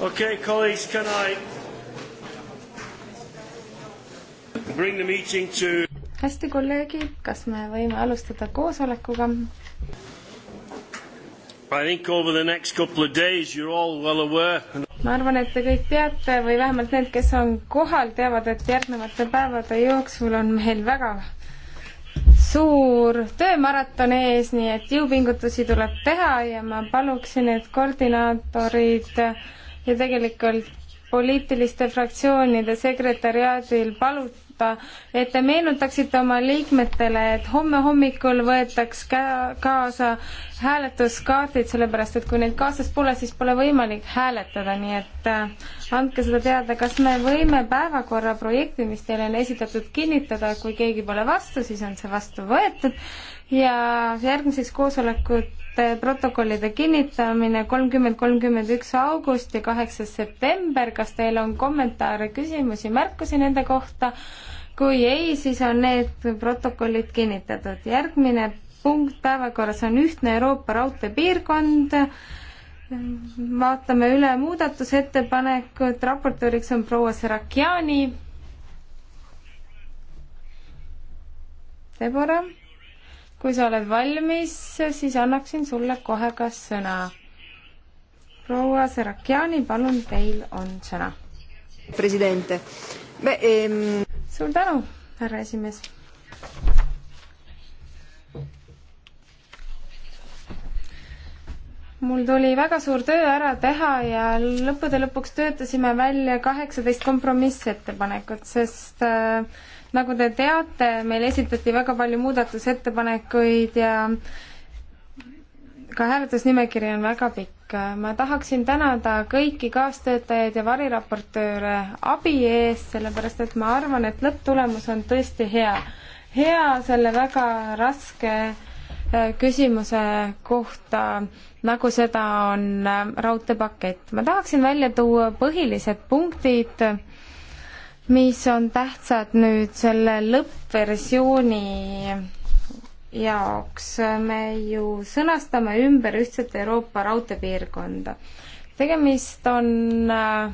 Okay, colleagues, can I bring the meeting to hästi, kolleegid, kas me võime alustada koosolekuga? I think over the next couple of days you are all well aware ma arvan, et te kõik teate või vähemalt need, kes on kohal, teavad, et järgnevate päevade jooksul on meil väga suur töömaraton ees, nii et jõupingutusi tuleb teha ja ma paluksin, et koordinaatorid ja tegelikult poliitiliste fraktsioonide sekretäriaadil paluta, et te meenutaksite oma liikmetele, et homme hommikul võetaks kaasa hääletuskaardid, sellepärast et kui neid kaasas pole, siis pole võimalik hääletada, nii et äh, andke seda teada, kas me võime päevakorra projekti, mis teile on esitatud, kinnitada, kui keegi pole vastu, siis on see vastu võetud ja järgmiseks koosolekut koosolekute protokollide kinnitamine kolmkümmend, kolmkümmend üks august ja kaheksas september, kas teil on kommentaare, küsimusi, märkusi nende kohta? kui ei, siis on need protokollid kinnitatud. järgmine punkt päevakorras on ühtne Euroopa raudteepiirkond. vaatame üle muudatusettepanekud, raportööriks on proua Serakiani. Deborah? kui sa oled valmis, siis annaksin sulle kohe ka sõna. proua Serakjani, palun, teil on sõna. president. Ehm... suur tänu, härra esimees. mul tuli väga suur töö ära teha ja lõppude lõpuks töötasime välja kaheksateist kompromissettepanekut, sest äh, nagu te teate, meil esitati väga palju muudatusettepanekuid ja ka hääletusnimekiri on väga pikk. ma tahaksin tänada kõiki kaastöötajaid ja variraportööre abi eest, sellepärast et ma arvan, et lõpptulemus on tõesti hea. hea selle väga raske äh, küsimuse kohta, nagu seda on äh, raudteepakett. ma tahaksin välja tuua põhilised punktid mis on tähtsad nüüd selle lõppversiooni jaoks. me ju sõnastame ümber ühtset Euroopa raudteepiirkonda. tegemist on äh,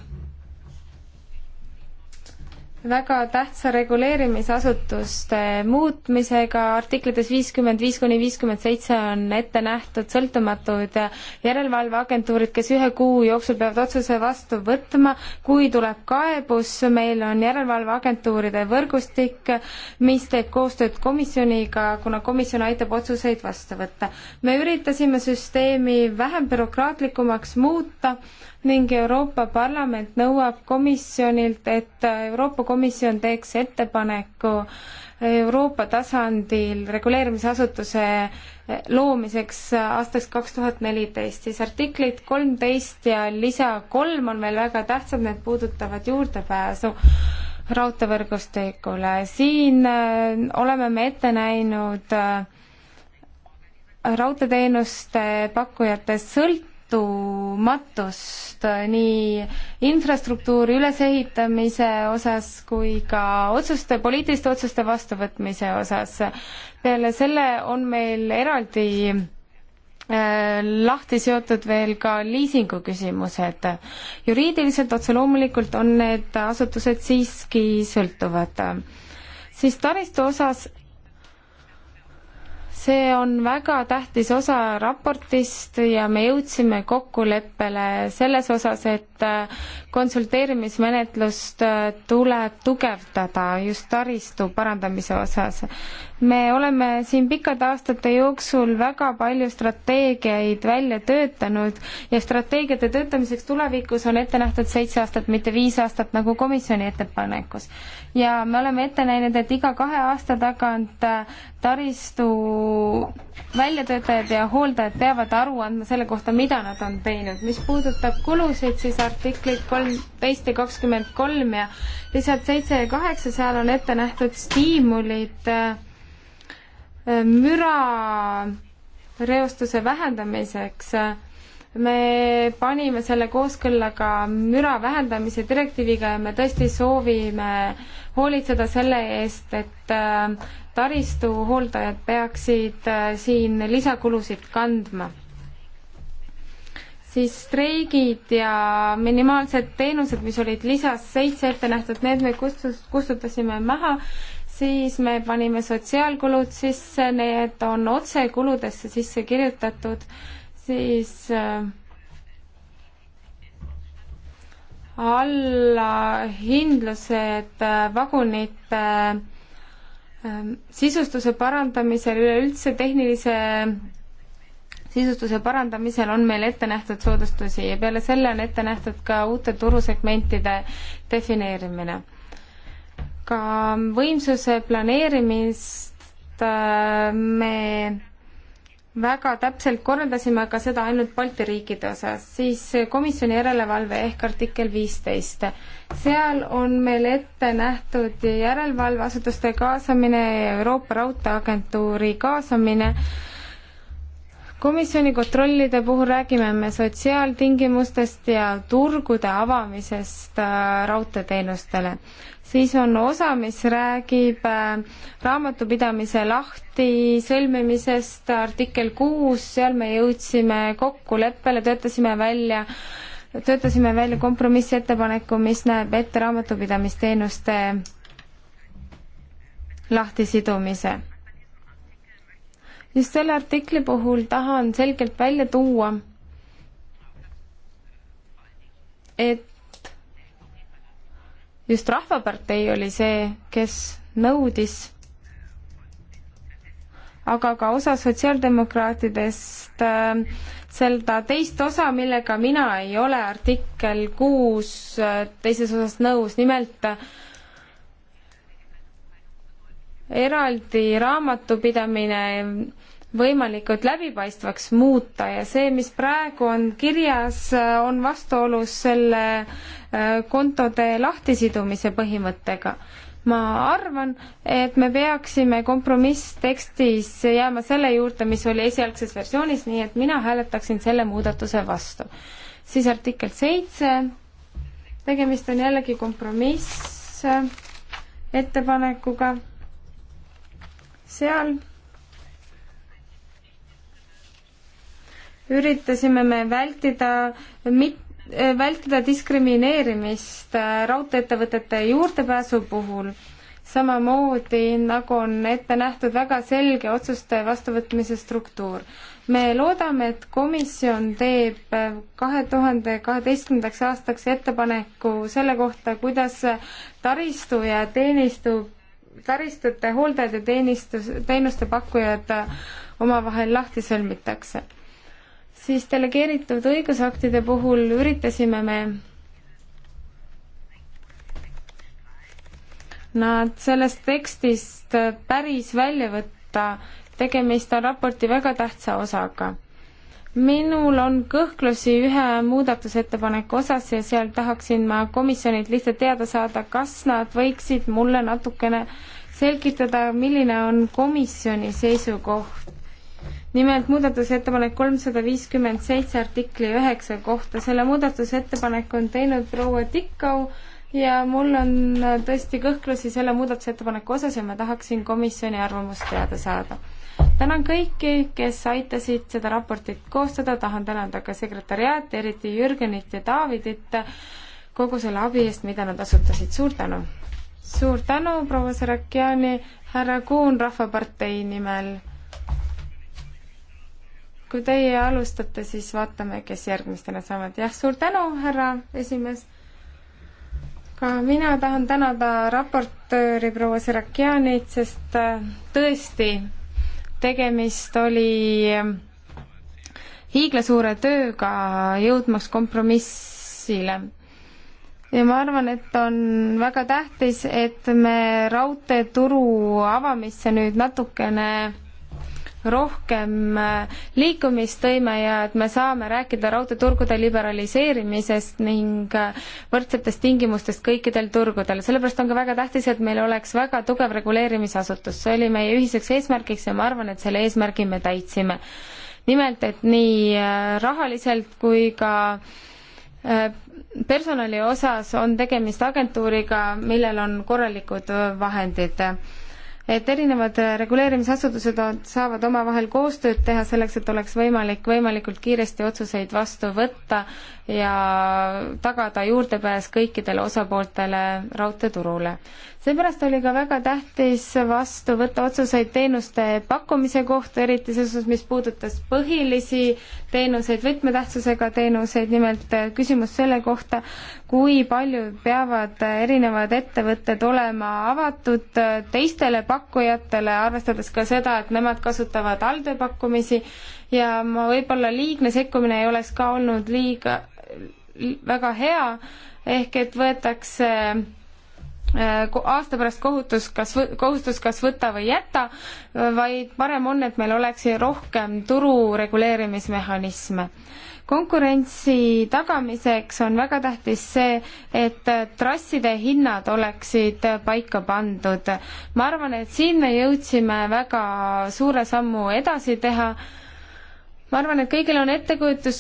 väga tähtsa reguleerimisasutuste muutmisega, artiklites viiskümmend viis kuni viiskümmend seitse on ette nähtud sõltumatud järelevalveagentuurid, kes ühe kuu jooksul peavad otsuse vastu võtma, kui tuleb kaebus, meil on järelevalveagentuuride võrgustik, mis teeb koostööd komisjoniga, kuna komisjon aitab otsuseid vastu võtta. me üritasime süsteemi vähem bürokraatlikumaks muuta, ning Euroopa Parlament nõuab komisjonilt, et Euroopa Komisjon teeks ettepaneku Euroopa tasandil reguleerimisasutuse loomiseks aastaks kaks tuhat neliteist, siis artiklid kolmteist ja lisa kolm on meil väga tähtsad, need puudutavad juurdepääsu raudteevõrgustikule. siin äh, oleme me ette näinud äh, raudteeteenuste pakkujate sõlt-, sõltumatust nii infrastruktuuri ülesehitamise osas kui ka otsuste, poliitiliste otsuste vastuvõtmise osas. peale selle on meil eraldi äh, lahti seotud veel ka liisingu küsimused. juriidiliselt otse loomulikult on need asutused siiski sõltuvad. siis taristu osas see on väga tähtis osa raportist ja me jõudsime kokkuleppele selles osas, et äh, konsulteerimismenetlust äh, tuleb tugevdada just taristu parandamise osas me oleme siin pikkade aastate jooksul väga palju strateegiaid välja töötanud ja strateegiate töötamiseks tulevikus on ette nähtud seitse aastat, mitte viis aastat nagu komisjoni ettepanekus. ja me oleme ette näinud, et iga kahe aasta tagant äh, taristu väljatöötajad ja hooldajad peavad aru andma selle kohta, mida nad on teinud. mis puudutab kulusid, siis artiklid kolmteist ja kakskümmend kolm ja lisad seitse ja kaheksa, seal on ette nähtud stiimulid äh, müra reostuse vähendamiseks me panime selle kooskõlla ka müra vähendamise direktiiviga ja me tõesti soovime hoolitseda selle eest, et äh, taristu hooldajad peaksid äh, siin lisakulusid kandma. siis streigid ja minimaalsed teenused, mis olid lisas seitse ette nähtud, need me kustus, kustutasime maha siis me panime sotsiaalkulud sisse, need on otsekuludesse sisse kirjutatud, siis äh, allahindlused äh, vagunite äh, sisustuse parandamisel, üleüldse tehnilise sisustuse parandamisel on meil ette nähtud soodustusi ja peale selle on ette nähtud ka uute turusegmentide defineerimine ka võimsuse planeerimist äh, me väga täpselt korraldasime, aga seda ainult Balti riikide osas, siis komisjoni järelevalve ehk artikkel viisteist. seal on meil ette nähtud järelevalveasutuste kaasamine ja Euroopa Raudteeagentuuri kaasamine. komisjoni kontrollide puhul räägime me sotsiaaltingimustest ja turgude avamisest äh, raudteeteenustele siis on osa, mis räägib äh, raamatupidamise lahti sõlmimisest, artikkel kuus, seal me jõudsime kokkuleppele, töötasime välja töötasime välja kompromissettepaneku, mis näeb ette raamatupidamisteenuste lahtisidumise. just selle artikli puhul tahan selgelt välja tuua, et just Rahvapartei oli see, kes nõudis, aga ka osa sotsiaaldemokraatidest äh, seda teist osa, millega mina ei ole artikkel kuus äh, teises osas nõus, nimelt äh, eraldi raamatupidamine võimalikult läbipaistvaks muuta ja see, mis praegu on kirjas, on vastuolus selle äh, kontode lahtisidumise põhimõttega. ma arvan, et me peaksime kompromisstekstis jääma selle juurde, mis oli esialgses versioonis, nii et mina hääletaksin selle muudatuse vastu. siis artikkel seitse, tegemist on jällegi kompromiss äh, ettepanekuga seal üritasime me vältida mit-, vältida diskrimineerimist äh, raudteeettevõtete juurdepääsu puhul, samamoodi nagu on ette nähtud väga selge otsuste vastuvõtmise struktuur. me loodame, et komisjon teeb äh, kahe tuhande kaheteistkümnendaks aastaks ettepaneku selle kohta, kuidas taristu ja teenistu, taristute hooldajad ja teenistus, teenuste pakkujad äh, omavahel lahti sõlmitakse siis delegeeritud õigusaktide puhul üritasime me nad sellest tekstist päris välja võtta, tegemist on raporti väga tähtsa osaga. minul on kõhklusi ühe muudatusettepaneku osas ja seal tahaksin ma komisjonilt lihtsalt teada saada, kas nad võiksid mulle natukene selgitada, milline on komisjoni seisukoht nimelt muudatusettepanek kolmsada viiskümmend seitse artikli üheksa kohta. selle muudatusettepaneku on teinud proua Tikkau ja mul on tõesti kõhklusi selle muudatusettepaneku osas ja ma tahaksin komisjoni arvamust teada saada. tänan kõiki, kes aitasid seda raportit koostada, tahan tänada ka sekretäriaati, eriti Jürgenit ja Davidit kogu selle abi eest, mida nad asutasid, suur tänu! suur tänu, proua Sarakjani, härra Kuun Rahvapartei nimel kui teie alustate, siis vaatame, kes järgmistena saavad. jah, suur tänu, härra esimees. ka mina tahan tänada raportööri proua Serakianit, sest äh, tõesti, tegemist oli äh, hiiglasuure tööga jõudmaks kompromissile. ja ma arvan, et on väga tähtis, et me raudteeturu avamisse nüüd natukene rohkem äh, liikumist tõime ja et me saame rääkida raudteeturgude liberaliseerimisest ning äh, võrdsetest tingimustest kõikidel turgudel. sellepärast on ka väga tähtis, et meil oleks väga tugev reguleerimisasutus, see oli meie ühiseks eesmärgiks ja ma arvan, et selle eesmärgi me täitsime. nimelt, et nii äh, rahaliselt kui ka personali osas on tegemist agentuuriga, millel on korralikud vahendid et erinevad reguleerimisasutused on, saavad omavahel koostööd teha selleks, et oleks võimalik võimalikult kiiresti otsuseid vastu võtta ja tagada juurdepääs kõikidele osapooltele raudteeturule. seepärast oli ka väga tähtis vastu võtta otsuseid teenuste pakkumise kohta, eriti selles osas, mis puudutas põhilisi teenuseid, võtmetähtsusega teenuseid, nimelt küsimus selle kohta, kui palju peavad erinevad ettevõtted olema avatud teistele pakkujatele, arvestades ka seda, et nemad kasutavad alltööpakkumisi ja ma võib-olla liigne sekkumine ei oleks ka olnud liiga väga hea, ehk et võetakse äh, aasta pärast kohutus, kas, kohustus kas võta või jäta, vaid parem on, et meil oleks rohkem turu reguleerimismehhanisme. konkurentsi tagamiseks on väga tähtis see, et trasside hinnad oleksid paika pandud. ma arvan, et siin me jõudsime väga suure sammu edasi teha ma arvan, et kõigil on ettekujutus,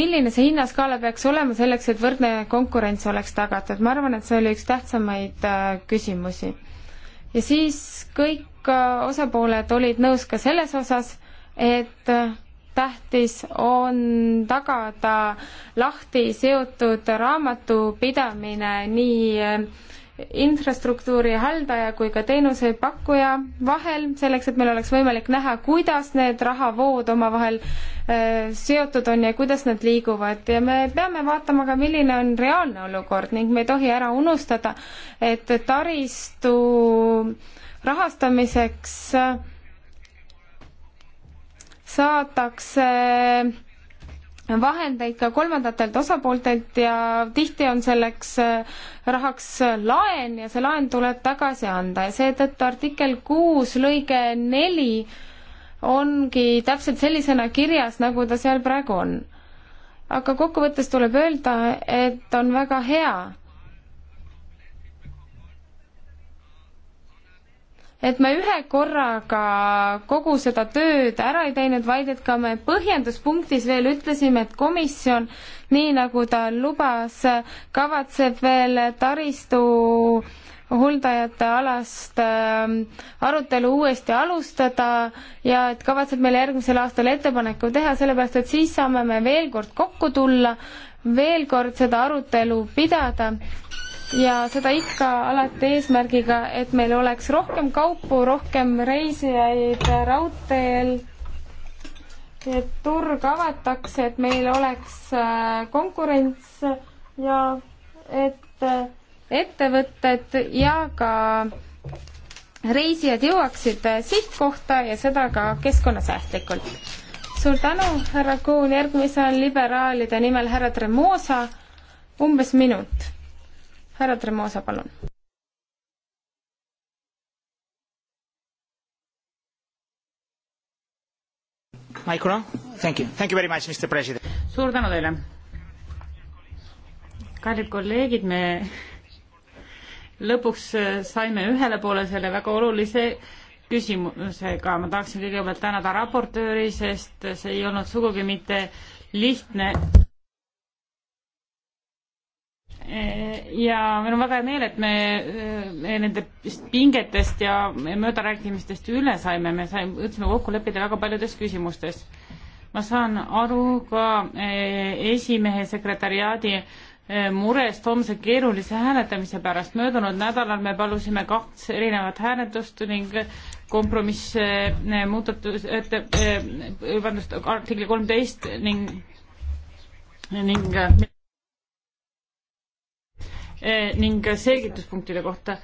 milline see hinnaskaala peaks olema selleks, et võrdne konkurents oleks tagatud. ma arvan, et see oli üks tähtsamaid äh, küsimusi. ja siis kõik äh, osapooled olid nõus ka selles osas, et äh, tähtis on tagada lahti seotud raamatupidamine nii infrastruktuuri haldaja kui ka teenusepakkuja vahel, selleks et meil oleks võimalik näha, kuidas need rahavood omavahel äh, seotud on ja kuidas nad liiguvad ja me peame vaatama ka, milline on reaalne olukord ning me ei tohi ära unustada, et taristu rahastamiseks saadakse vahendeid ka kolmandatelt osapooltelt ja tihti on selleks äh, rahaks laen ja see laen tuleb tagasi anda ja seetõttu artikkel kuus lõige neli ongi täpselt sellisena kirjas, nagu ta seal praegu on. aga kokkuvõttes tuleb öelda, et on väga hea, et me ühe korraga kogu seda tööd ära ei teinud, vaid et ka me põhjenduspunktis veel ütlesime, et komisjon, nii nagu ta lubas, kavatseb veel taristu hooldajate alast ähm, arutelu uuesti alustada ja et kavatseb meile järgmisel aastal ettepaneku teha, sellepärast et siis saame me veel kord kokku tulla, veel kord seda arutelu pidada ja seda ikka alati eesmärgiga, et meil oleks rohkem kaupu, rohkem reisijaid raudteel, et turg avatakse, et meil oleks äh, konkurents ja et äh, ettevõtted ja ka reisijad jõuaksid äh, sihtkohta ja seda ka keskkonnasäästlikult. suur tänu, härra Kuhn, järgmisel liberaalide nimel härra Tremosa, umbes minut härra Tremosa, palun. Micro, thank you, thank you very much, Mr President. suur tänu teile. kallid kolleegid, me lõpuks saime ühele poole selle väga olulise küsimusega, ma tahaksin kõigepealt tänada raportööri, sest see ei olnud sugugi mitte lihtne ja meil on väga hea meel, et me, me nendest pingetest ja möödarääkimistest üle saime, me saime, jõudsime kokku leppida väga paljudes küsimustes. ma saan aru ka eh, esimehe sekretariaadi eh, murest homse keerulise hääletamise pärast. möödunud nädalal me palusime kaks erinevat hääletust ning kompromiss eh, muudatus, ette, vabandust, artikli kolmteist ning, ning Eh, ning selgituspunktide kohta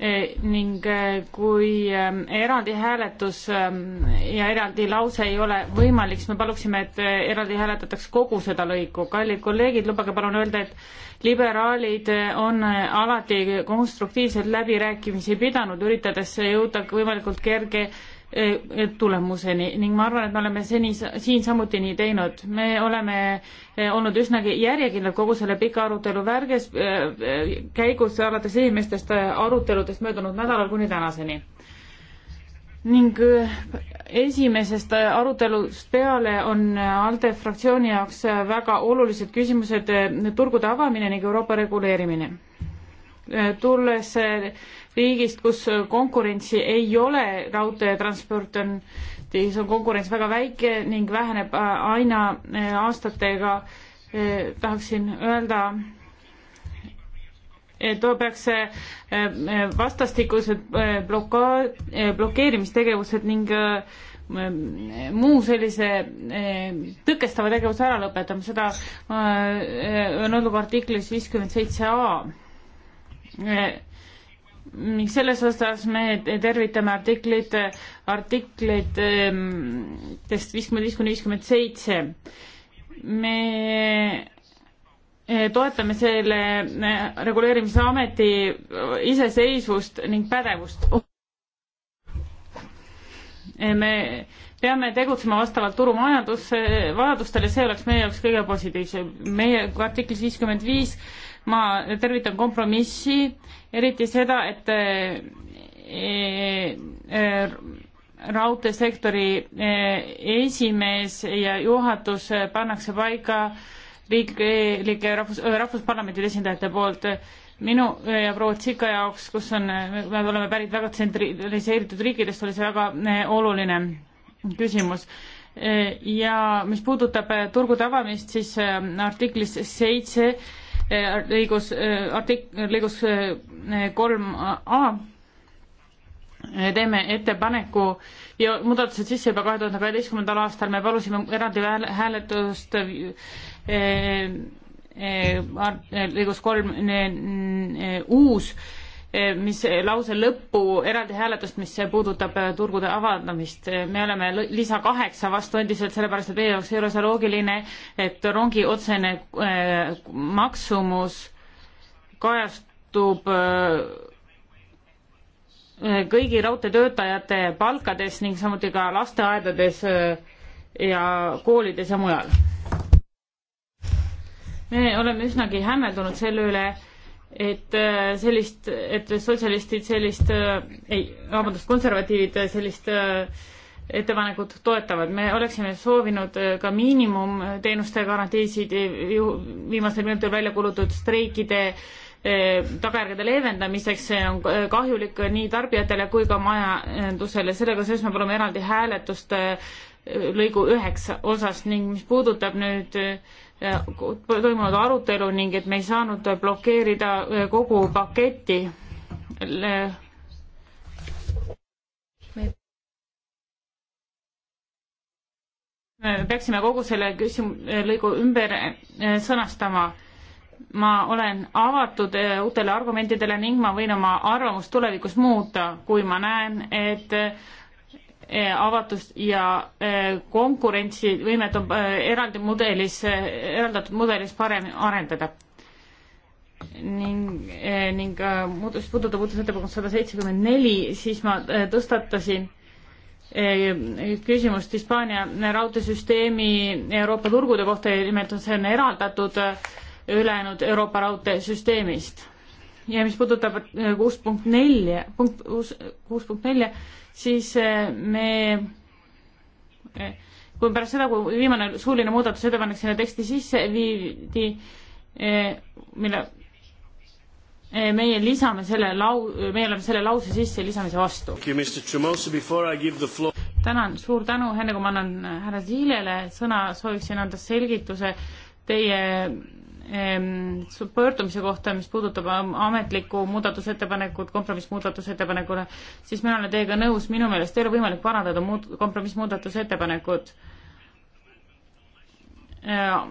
eh, ning eh, kui ehm, eraldi hääletus ehm, ja eraldi lause ei ole võimalik, siis me paluksime, et eraldi hääletataks kogu seda lõiku. kallid kolleegid, lubage palun öelda, et liberaalid on alati konstruktiivselt läbirääkimisi pidanud, üritades jõuda võimalikult kerge Eh, tulemuseni ning ma arvan, et me oleme seni siin samuti nii teinud. me oleme eh, olnud üsnagi järjekindlad kogu selle pika arutelu värges äh, käigus alates esimestest aruteludest möödunud nädalal kuni tänaseni. ning äh, esimesest arutelust peale on ALDE fraktsiooni jaoks väga olulised küsimused äh, turgude avamine ning Euroopa reguleerimine. tulles riigist, kus konkurentsi ei ole, raudteetransport on, siis on konkurents väga väike ning väheneb äh, aina äh, aastatega, äh, tahaksin öelda, et peaks vastastikused bloka-, blokeerimistegevused ning muu sellise tõkestava tegevuse ära lõpetama, seda on olukord artiklis viiskümmend seitse A selles osas me tervitame artiklit, artiklitest ehm, viiskümmend viis kuni viiskümmend seitse. me eh, toetame selle eh, reguleerimisameti eh, iseseisvust ning pädevust. me peame tegutsema vastavalt turumajanduse vajadustele, see oleks meie jaoks kõige positiivsem. meie artiklis viiskümmend viis ma tervitan kompromissi eriti seda, et äh, äh, äh, raudteesektori esimees ja juhatus pannakse paika riiklike rahvus, rahvusparlamentide esindajate poolt. minu ja proua Tsika jaoks, kus on, me oleme pärit väga tsentraliseeritud riikidest, oli see väga oluline küsimus. ja mis puudutab turgude avamist, siis artiklis seitse 7 lõigus äh, äh, artik-, lõigus äh, kolm A teeme ettepaneku ja muudatused sisse juba kahe tuhande kaheteistkümnendal aastal, me palusime eraldi hääletust lõigus kolm uus Eh, mis lause lõppu eraldi hääletust, mis puudutab eh, turgude avaldamist. Eh, me oleme lisa kaheksa vastu endiselt, sellepärast et meie jaoks ei ole see loogiline, et rongi otsene äh, maksumus kajastub äh, kõigi raudteetöötajate palkades ning samuti ka lasteaedades äh, ja koolides ja mujal. me oleme üsnagi hämmeldunud selle üle et äh, sellist, et sotsialistid sellist, äh, ei, vabandust, konservatiivid sellist äh, ettepanekut toetavad. me oleksime soovinud ka miinimumteenuste garantiisid viimastel minutitel välja kulutatud streikide tagajärgede leevendamiseks, see on kahjulik nii tarbijatele kui ka majandusele, sellega seoses me palume eraldi hääletust lõigu üheksa osas ning mis puudutab nüüd äh, Äh, toimunud arutelu ning et me ei saanud blokeerida äh, kogu paketti. Äh, me peaksime kogu selle küsimuse lõigu ümber sõnastama. ma olen avatud uutele argumentidele ning ma võin oma arvamust tulevikus muuta, kui ma näen, et Eh, avatust ja eh, konkurentsivõimet on eh, eraldi mudelis, eraldatud mudelis parem arendada. ning, ning muutus, puudutab muudatusettepanekut sada seitsekümmend neli, siis ma tõstatasin küsimust Hispaania raudteesüsteemi Euroopa turgude kohta ja nimelt on see on eraldatud ülejäänud Euroopa raudteesüsteemist. ja mis puudutab kuus punkt nelja, punkt kuus, kuus punkt nelja, siis eh, me, eh, kui pärast seda, kui viimane suuline muudatusettepanek sinna teksti sisse viidi, eh, mille meie lisame selle lau-, meie oleme selle lause sisse lisamise vastu. tänan, suur tänu, enne kui ma annan härra Siilele sõna, sooviksin anda selgituse teie Ehm, pöördumise kohta, mis puudutab ametlikku muudatusettepanekut kompromissmuudatusettepanekule, siis mina olen teiega nõus, minu meelest ei ole võimalik parandada muud kompromissmuudatusettepanekut. Ehm,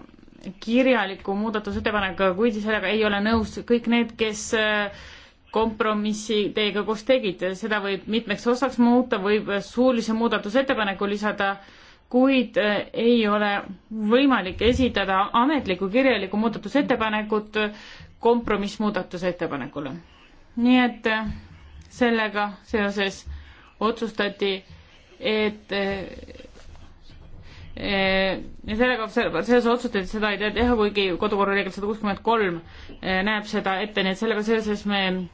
kirjaliku muudatusettepanekuga, kuigi sellega ei ole nõus kõik need, kes eh, kompromissi teiega koos tegid, seda võib mitmeks osaks muuta, võib suulise muudatusettepaneku lisada äh, kuid äh, ei ole võimalik esitada ametlikku kirjalikku muudatusettepanekut kompromissmuudatusettepanekule. nii et äh, sellega seoses otsustati, et äh, ja sellega, selles otsustati, et seda ei tea teha, kuigi kodukorra reegel sada kuuskümmend kolm näeb seda ette, nii et sellega seoses me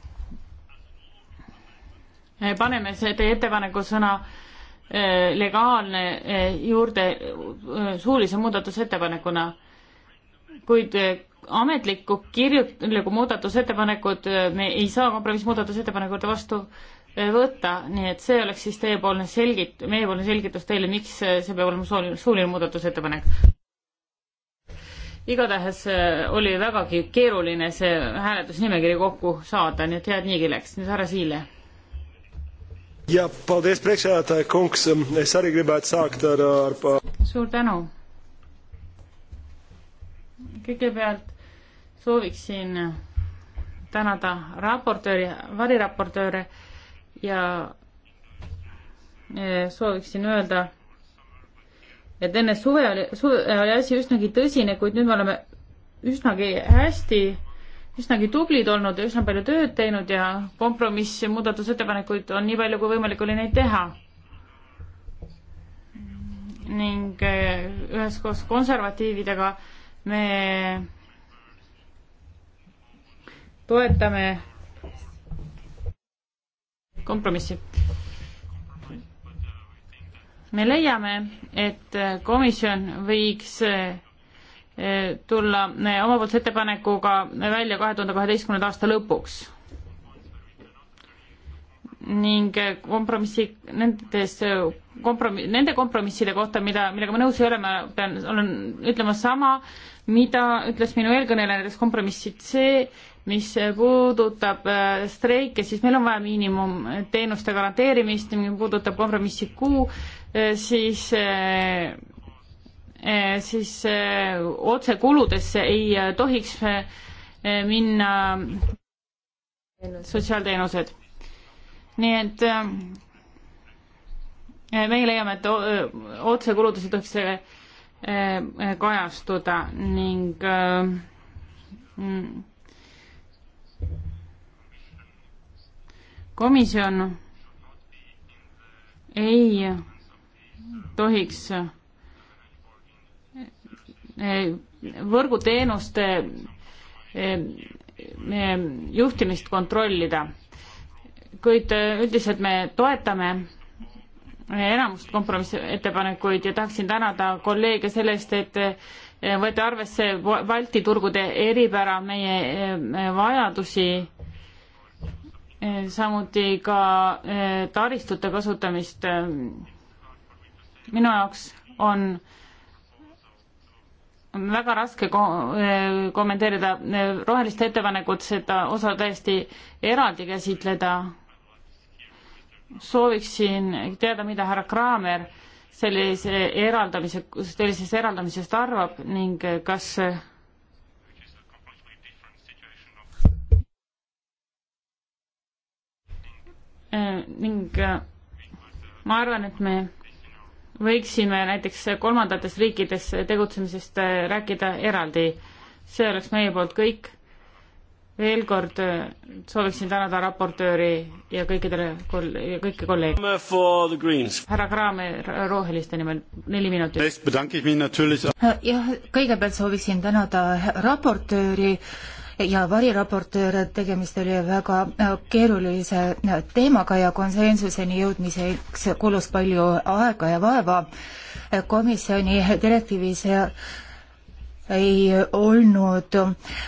paneme see teie ettepaneku sõna äh, Äh, legaalne äh, juurde äh, suulise muudatusettepanekuna. kuid ametlikku kirjut-, nagu muudatusettepanekud, me ei saa kompromissmuudatusettepanekute vastu võtta, nii et see oleks siis teiepoolne selgit-, meiepoolne selgitus teile, miks see peab olema suuline, suuline muudatusettepanek. igatahes oli vägagi keeruline see hääletusnimekiri kokku saada, nii et head niigi läks. nüüd härra Siile Jā, paldies priekšsēdētāji kungs. Es arī gribētu sākt ar. ar... Suur tänu. kõigepealt sooviksin äh, tänada raportööri, variraportööre ja äh, sooviksin öelda, et enne suve oli, suve oli asi üsnagi tõsine, kuid nüüd me oleme üsnagi hästi üsnagi tublid olnud ja üsna palju tööd teinud ja kompromissi muudatusettepanekuid on nii palju kui võimalik oli neid teha. ning eh, üheskoos konservatiividega me toetame kompromissi. me leiame, et komisjon võiks eh, tulla eh, omapoolse ettepanekuga välja kahe tuhande kaheteistkümnenda aasta lõpuks. ning eh, kompromissi, nendes eh, kompromiss, nende kompromisside kohta, mida, millega ma nõus ei ole, ma pean, olen ütlema sama, mida ütles minu eelkõneleja, näiteks kompromissid C, mis puudutab streike, siis meil on vaja miinimumteenuste garanteerimist, puudutab kompromissi Q, siis Eh, siis eh, otsekuludesse ei eh, tohiks minna sotsiaalteenused. nii et meie leiame, et otsekuludes ei tohiks see kajastuda ning mm. komisjon ei tohiks võrguteenuste e, e, juhtimist kontrollida. kuid e, üldiselt me toetame enamust kompromissettepanekuid ja tahaksin tänada kolleege selle eest, et võeti arvesse Balti turgude eripära, meie vajadusi, samuti ka taristute kasutamist. minu jaoks on äh, on väga raske ko-, eh, kommenteerida eh, roheliste ettepanekut, seda osa täiesti eraldi käsitleda. sooviksin teada, mida härra Kraamer sellise eraldamise, sellisest eraldamisest arvab ning kas eh, ning ma arvan, et me võiksime näiteks kolmandates riikides tegutsemisest äh, rääkida eraldi. see oleks meie poolt kõik. veel kord äh, sooviksin tänada raportööri ja kõikidele kol-, kõiki kolleege. härra Kraamer Roheliste nimel neli minutit. Äh, jah, kõigepealt sooviksin tänada raportööri äh, ja variraportööre, tegemist oli väga äh, keerulise äh, teemaga ja konsensuseni jõudmiseks kulus palju aega ja vaeva. Äh, komisjoni direktiivis ei olnud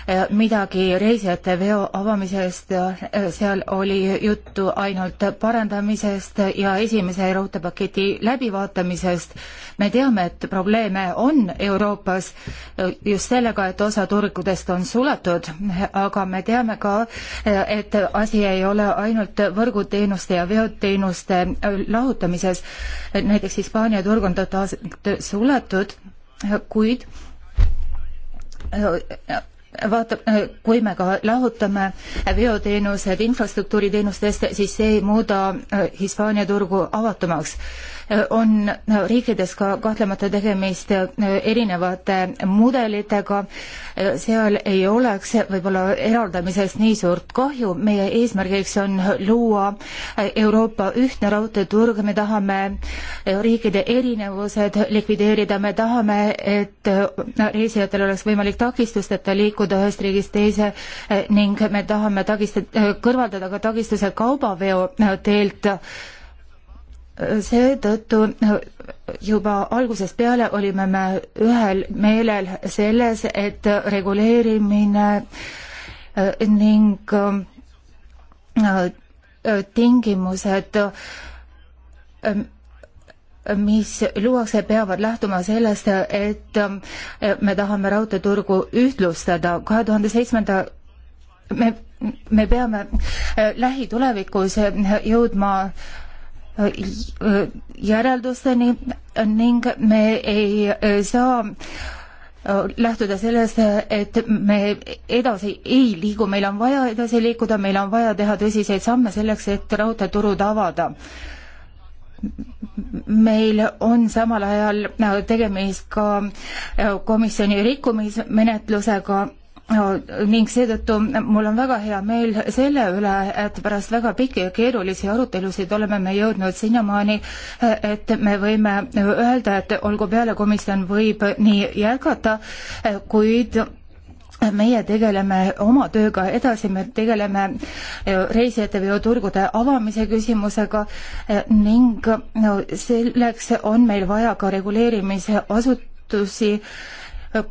eh, midagi reisijate veo avamisest, eh, seal oli juttu ainult parandamisest ja esimese raudteepaketi läbivaatamisest. me teame, et probleeme on Euroopas eh, just sellega, et osa turgudest on suletud, aga me teame ka, et asi ei ole ainult võrguteenuste ja veoteenuste lahutamises, näiteks Hispaania turg on totaalselt suletud, kuid vaatab, kui me ka lahutame veoteenused infrastruktuuriteenustest, siis see ei muuda Hispaania turgu avatumaks on riikides ka kahtlemata tegemist äh, erinevate äh, mudelitega, äh, seal ei oleks võib-olla eraldamisest nii suurt kahju, meie eesmärgiks on luua Euroopa ühtne raudteeturg, me tahame riikide erinevused likvideerida, me tahame, et reisijatel oleks võimalik takistusteta liikuda ühest riigist teise ning me tahame tagist-, kõrvaldada ka takistused kaubaveo teelt seetõttu juba algusest peale olime me ühel meelel selles, et reguleerimine äh, ning äh, tingimused, ähm, mis luuakse, peavad lähtuma sellest, et äh, me tahame raudteeturgu ühtlustada. kahe tuhande seitsmenda me, me peame lähitulevikus jõudma äh, järeldusteni ning me ei saa äh, lähtuda sellest, et me edasi ei liigu, meil on vaja edasi liikuda, meil on vaja teha tõsiseid samme selleks, et raudteeturud avada. meil on samal ajal äh, tegemist ka äh, komisjoni rikkumismenetlusega ning seetõttu mul on väga hea meel selle üle, et pärast väga pikki ja keerulisi arutelusid oleme me jõudnud sinnamaani, et me võime öelda, et olgu peale, komisjon võib nii jätkata, kuid meie tegeleme oma tööga edasi, me tegeleme reisijateveoturgude avamise küsimusega ning no selleks on meil vaja ka reguleerimise asutusi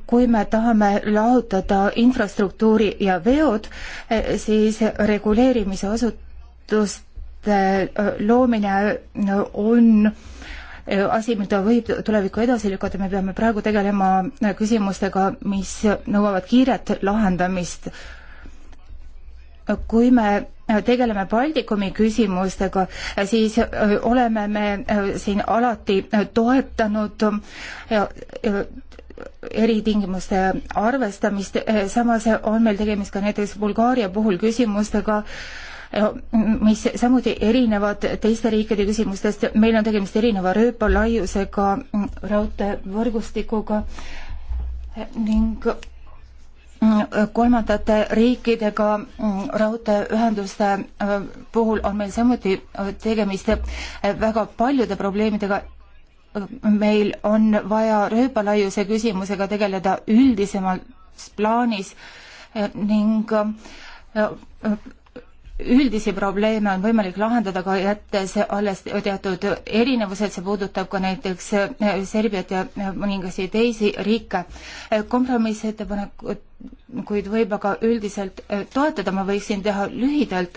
kui me tahame lahutada infrastruktuuri ja veod, siis reguleerimise asutuste äh, loomine äh, on äh, asi, mida võib tulevikku edasi lükata, me peame praegu tegelema küsimustega, mis nõuavad kiiret lahendamist. kui me tegeleme Baltikumi küsimustega, siis oleme me siin alati toetanud ja, ja eritingimuste arvestamist, eh, samas on meil tegemist ka näiteks Bulgaaria puhul küsimustega, eh, mis samuti erinevad teiste riikide küsimustest, meil on tegemist erineva rööpalaiusega, mm, raudteevõrgustikuga eh, ning mm, kolmandate riikidega mm, raudteeühenduste puhul on meil samuti tegemist väga paljude probleemidega, meil on vaja rööpalaiuse küsimusega tegeleda üldisemas plaanis eh, ning eh, eh, üldisi probleeme on võimalik lahendada ka jättes alles teatud erinevused, see puudutab ka näiteks Serbiat ja mõningasi teisi riike. kompromissettepanekuid võib aga üldiselt toetada, ma võiksin teha lühidalt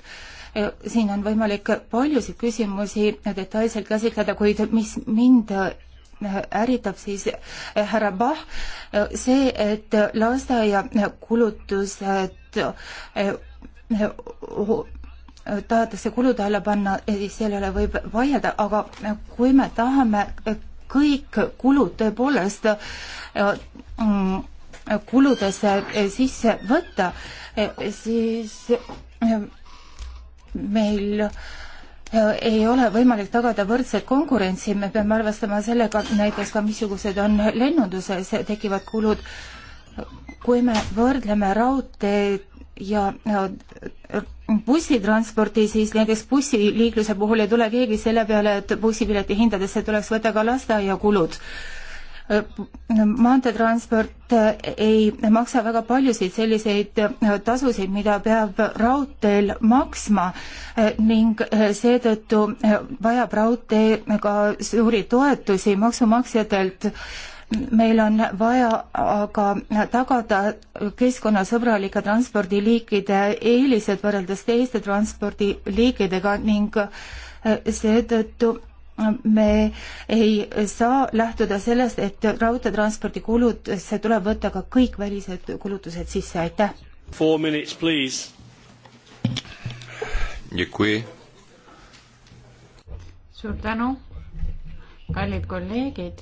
Äh, siin on võimalik paljusid küsimusi detailselt käsitleda, kuid mis mind äh, ärritab siis äh, härra Bach see, et lasteaiakulutused tahetakse kulude alla panna, sellele võib vaielda, aga kui me tahame kõik kulud tõepoolest mm, kuludesse sisse võtta, siis meil äh, ei ole võimalik tagada võrdset konkurentsi, me peame arvestama sellega näiteks ka, missugused on lennunduses tekivad kulud. kui me võrdleme raudteed ja, ja äh, bussitransporti, siis näiteks bussiliikluse puhul ei tule keegi selle peale, et bussipileti hindadesse tuleks võtta ka lasteaiakulud maanteetransport eh, ei maksa väga paljusid selliseid eh, tasusid, mida peab raudteel maksma eh, ning seetõttu vajab raudtee ka suuri toetusi maksumaksjatelt meil on vaja aga tagada keskkonnasõbralike transpordiliikide eelised võrreldes teiste transpordiliikidega ning seetõttu me ei saa lähtuda sellest, et raudteetranspordi kuludesse tuleb võtta ka kõik välised kulutused sisse, aitäh. Four minutes, please. suur tänu, kallid kolleegid.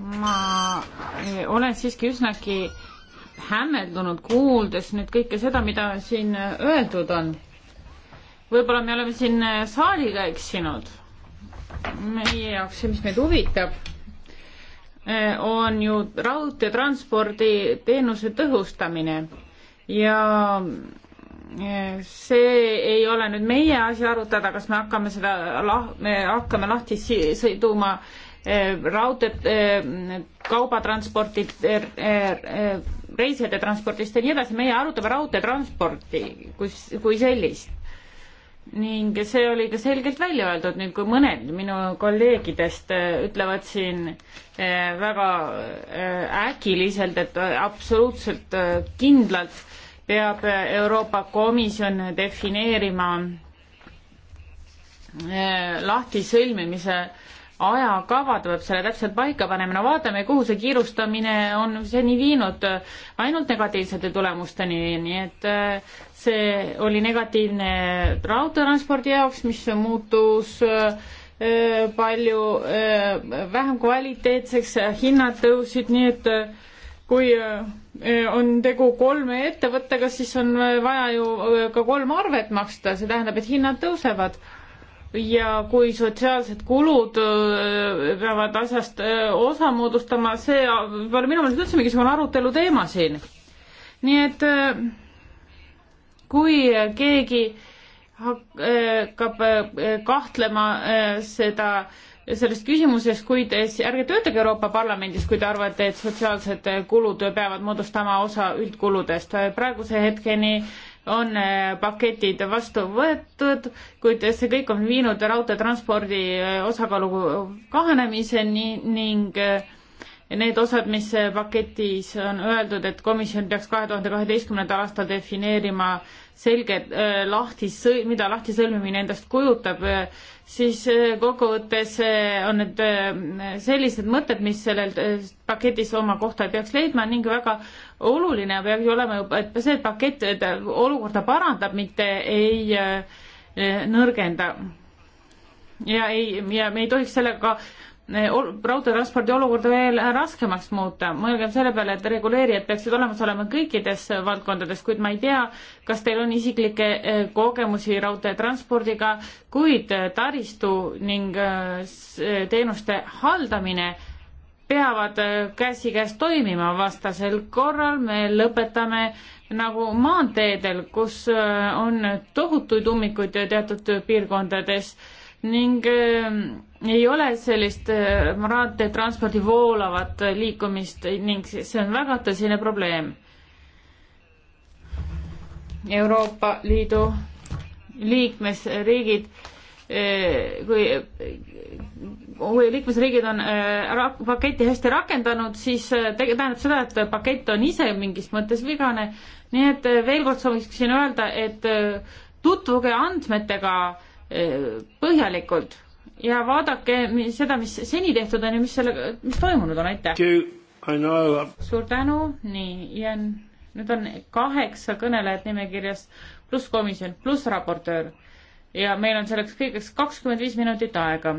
ma olen siiski üsnagi hämmeldunud, kuuldes nüüd kõike seda, mida siin öeldud on võib-olla me oleme siin äh, saaliga eksinud. meie jaoks see, mis meid huvitab, äh, on ju raudteetranspordi teenuse tõhustamine ja äh, see ei ole nüüd meie asi arutada, kas me hakkame seda lah-, me hakkame lahti si-, sõiduma raudteed, kaubatranspordilt, reisijate transpordist ja nii edasi, meie arutame raudteetransporti kui, kui sellist ning see oli ka selgelt välja öeldud, nüüd kui mõned minu kolleegidest äh, ütlevad siin äh, väga äh, äkiliselt, et absoluutselt kindlalt peab Euroopa Komisjon defineerima lahtisõlmimise ajakava, ta peab selle täpselt paika panema, no vaatame, kuhu see kiirustamine on seni viinud, ainult negatiivsete tulemusteni, nii et see oli negatiivne raudteetranspordi jaoks, mis muutus äh, palju äh, vähem kvaliteetseks, hinnad tõusid, nii et äh, kui on tegu kolme ettevõttega, siis on vaja ju ka kolm arvet maksta, see tähendab, et hinnad tõusevad. ja kui sotsiaalsed kulud peavad asjast osa moodustama, see pole minu meelest üldse mingisugune arutelu teema siin. nii et äh, kui keegi hakkab äh, kahtlema äh, seda, selles küsimuses, kuid ärge töötage Euroopa Parlamendis, kui te arvate, et sotsiaalsed äh, kulud peavad moodustama osa üldkuludest. praeguse hetkeni on paketid vastu võetud, kuid see kõik on viinud raudteetranspordi osakaalu kahanemiseni ning, ning need osad, mis paketis on öeldud, et komisjon peaks kahe tuhande kaheteistkümnendal aastal defineerima selgelt äh, lahti, mida lahti sõlmimine endast kujutab, äh, siis äh, kokkuvõttes äh, on need äh, sellised mõtted, mis sellel äh, paketis oma kohta peaks leidma ning väga oluline peaks olema juba, et see pakett olukorda parandab, mitte ei nõrgenda. ja ei, ja me ei tohiks sellega Eh, raudteetranspordi olukorda veel raskemaks muuta. mõelgem selle peale, et reguleerijad peaksid olemas olema kõikides valdkondades, kuid ma ei tea, kas teil on isiklikke eh, kogemusi raudteetranspordiga, kuid eh, taristu ning teenuste haldamine peavad käsikäes toimima, vastasel korral me lõpetame nagu maanteedel, kus on tohutuid ummikuid teatud piirkondades ning ehm, ei ole sellist ehm, raadteetranspordi voolavat äh, liikumist ning see on väga tõsine probleem. Euroopa Liidu liikmesriigid ehm, kui, kui liikmesriigid on äh, paketi hästi rakendanud, siis äh, tähendab seda, et pakett on ise mingis mõttes vigane. nii et veel kord sooviksin öelda, et tutvuge andmetega põhjalikult ja vaadake mis, seda, mis seni tehtud on ja mis sellega, mis toimunud on, aitäh! suur tänu, nii, ja nüüd on kaheksa kõnelejat nimekirjas, pluss komisjon, pluss raportöör. ja meil on selleks kõigeks kakskümmend viis minutit aega.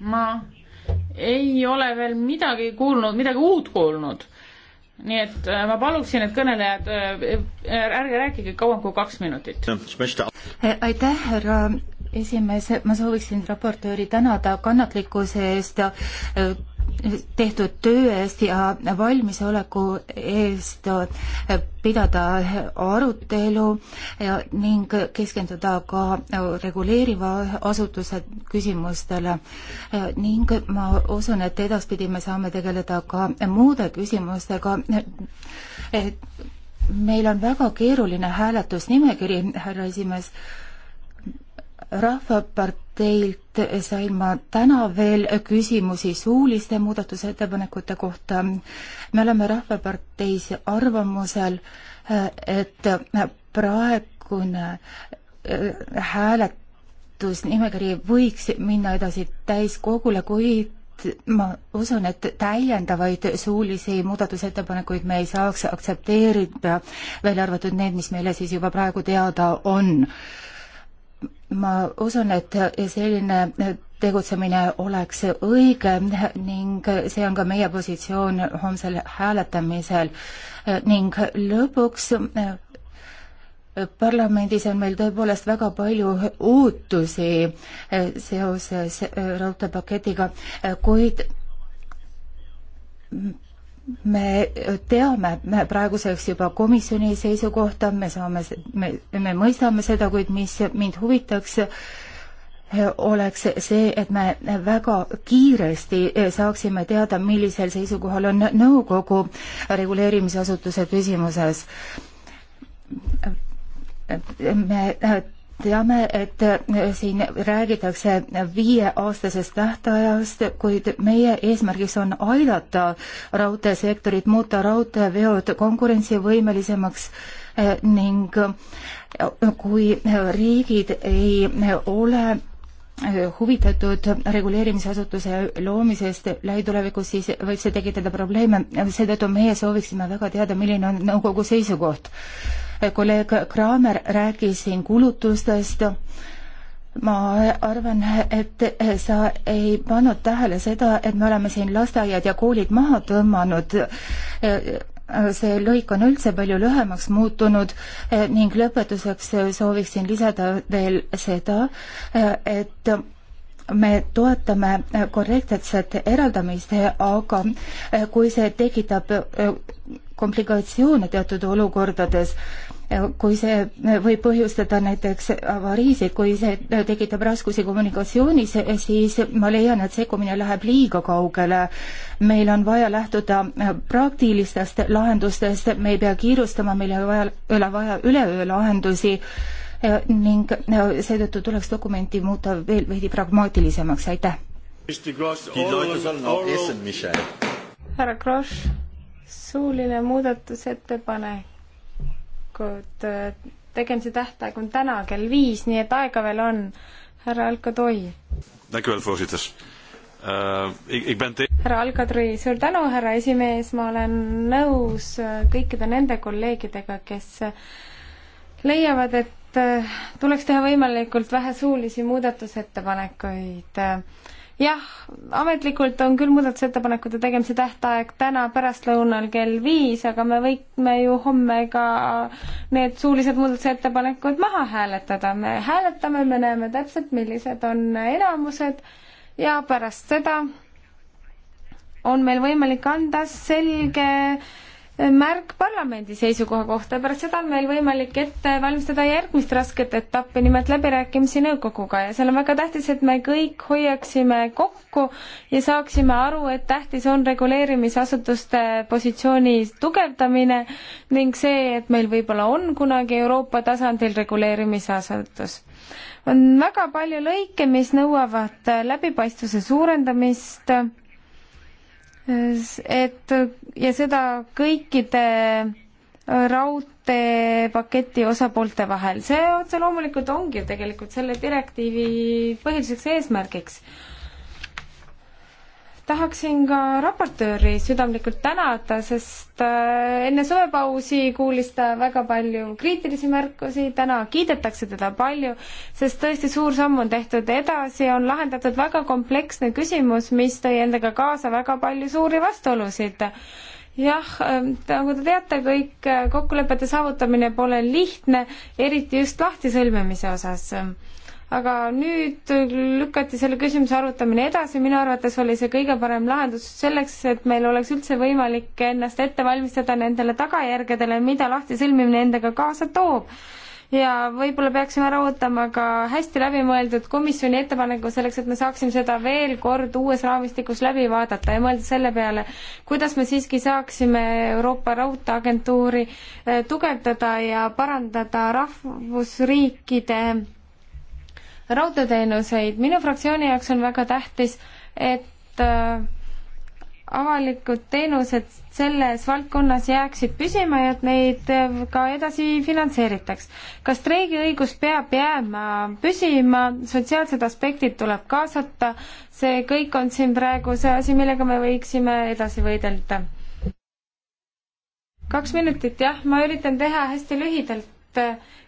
ma ei ole veel midagi kuulnud, midagi uut kuulnud nii et äh, ma paluksin, et kõnelejad, äh, äh, ärge rääkige kauem kui kaks minutit. aitäh, härra esimees, ma sooviksin raportööri tänada kannatlikkuse eest tehtud töö eest ja valmisoleku eest pidada arutelu ja, ning keskenduda ka reguleeriva asutuse küsimustele. ning ma usun, et edaspidi me saame tegeleda ka muude küsimustega et meil on väga keeruline hääletusnimekiri, härra esimees. rahvapart-, Teilt sain ma täna veel küsimusi suuliste muudatusettepanekute kohta. me oleme Rahvaparteis arvamusel, et praegune äh, hääletusnimekiri võiks minna edasi täiskogule, kuid ma usun, et täiendavaid suulisi muudatusettepanekuid me ei saaks aktsepteerida, välja arvatud need, mis meile siis juba praegu teada on ma usun, et selline tegutsemine oleks õige ning see on ka meie positsioon homsel hääletamisel ning lõpuks parlamendis on meil tõepoolest väga palju ootusi seoses raudteepaketiga, kuid me teame me praeguseks juba komisjoni seisukohta, me saame, me, me mõistame seda, kuid mis mind huvitaks, oleks see, et me väga kiiresti saaksime teada, millisel seisukohal on nõukogu reguleerimisasutuse küsimuses. me teame, et äh, siin räägitakse viieaastasest tähtajast, kuid meie eesmärgiks on aidata raudteesektorit muuta raudteeveod konkurentsivõimelisemaks äh, ning äh, kui riigid ei ole huvitatud reguleerimisasutuse loomisest lähitulevikus, siis võib see tekitada probleeme, seetõttu meie sooviksime väga teada, milline on nõukogu seisukoht. kolleeg Kraamer rääkis siin kulutustest, ma arvan, et sa ei pannud tähele seda, et me oleme siin lasteaiad ja koolid maha tõmmanud see lõik on üldse palju lühemaks muutunud eh, ning lõpetuseks eh, sooviksin lisada veel seda, eh, et me toetame korrektset eraldamist, aga kui see tekitab komplikatsioone teatud olukordades, kui see võib põhjustada näiteks avariisid, kui see tekitab raskusi kommunikatsioonis, siis ma leian, et sekkumine läheb liiga kaugele. meil on vaja lähtuda praktilistest lahendustest, me ei pea kiirustama, meil ei vaja, ole vaja üleöö lahendusi ning seetõttu tuleks dokumenti muuta veel veidi pragmaatilisemaks, aitäh. härra Kross, suuline muudatusettepanek ettepanekud äh, tegemise tähtaeg on täna kell viis, nii et aega veel on. härra Alkadoi. Eh, härra Alkadoi, suur tänu, härra esimees, ma olen nõus äh, kõikide nende kolleegidega, kes äh, leiavad, et tuleks teha võimalikult vähe suulisi muudatusettepanekuid jah, ametlikult on küll muudatusettepanekute tegemise tähtaeg täna pärastlõunal kell viis, aga me võime ju homme ka need suulised muudatusettepanekud maha hääletada. me hääletame, me näeme täpselt, millised on enamused ja pärast seda on meil võimalik anda selge äh, märk parlamendi seisukoha kohta ja pärast seda on meil võimalik ette valmistada järgmist rasket etappi, nimelt läbirääkimisi nõukoguga ja seal on väga tähtis, et me kõik hoiaksime kokku ja saaksime aru, et tähtis on reguleerimisasutuste positsiooni tugevdamine ning see, et meil võib-olla on kunagi Euroopa tasandil reguleerimisasutus on väga palju lõike, mis nõuavad läbipaistvuse suurendamist et ja seda kõikide raudteepaketi osapoolte vahel. see otse loomulikult ongi ju tegelikult selle direktiivi põhiliseks eesmärgiks tahaksin ka raportööri südamlikult tänada, sest äh, enne suvepausi kuulis ta väga palju kriitilisi märkusi, täna kiidetakse teda palju, sest tõesti suur samm on tehtud edasi, on lahendatud väga kompleksne küsimus, mis tõi endaga kaasa väga palju suuri vastuolusid jah, äh, nagu te teate, kõik äh, kokkulepete saavutamine pole lihtne, eriti just lahtisõlmimise osas aga nüüd lükati selle küsimuse arutamine edasi, minu arvates oli see kõige parem lahendus selleks, et meil oleks üldse võimalik ennast ette valmistada nendele tagajärgedele, mida lahtisõlmimine endaga kaasa toob. ja võib-olla peaksime ära ootama ka hästi läbimõeldud komisjoni ettepaneku selleks, et me saaksime seda veel kord uues raamistikus läbi vaadata ja mõelda selle peale, kuidas me siiski saaksime Euroopa Raudteeagentuuri eh, tugevdada ja parandada rahvusriikide raudteeteenuseid. minu fraktsiooni jaoks on väga tähtis, et äh, avalikud teenused selles valdkonnas jääksid püsima ja et neid äh, ka edasi finantseeritaks. ka streigiõigus peab jääma püsima, sotsiaalsed aspektid tuleb kaasata, see kõik on siin praegu see asi, millega me võiksime edasi võidelda. kaks minutit, jah, ma üritan teha hästi lühidalt.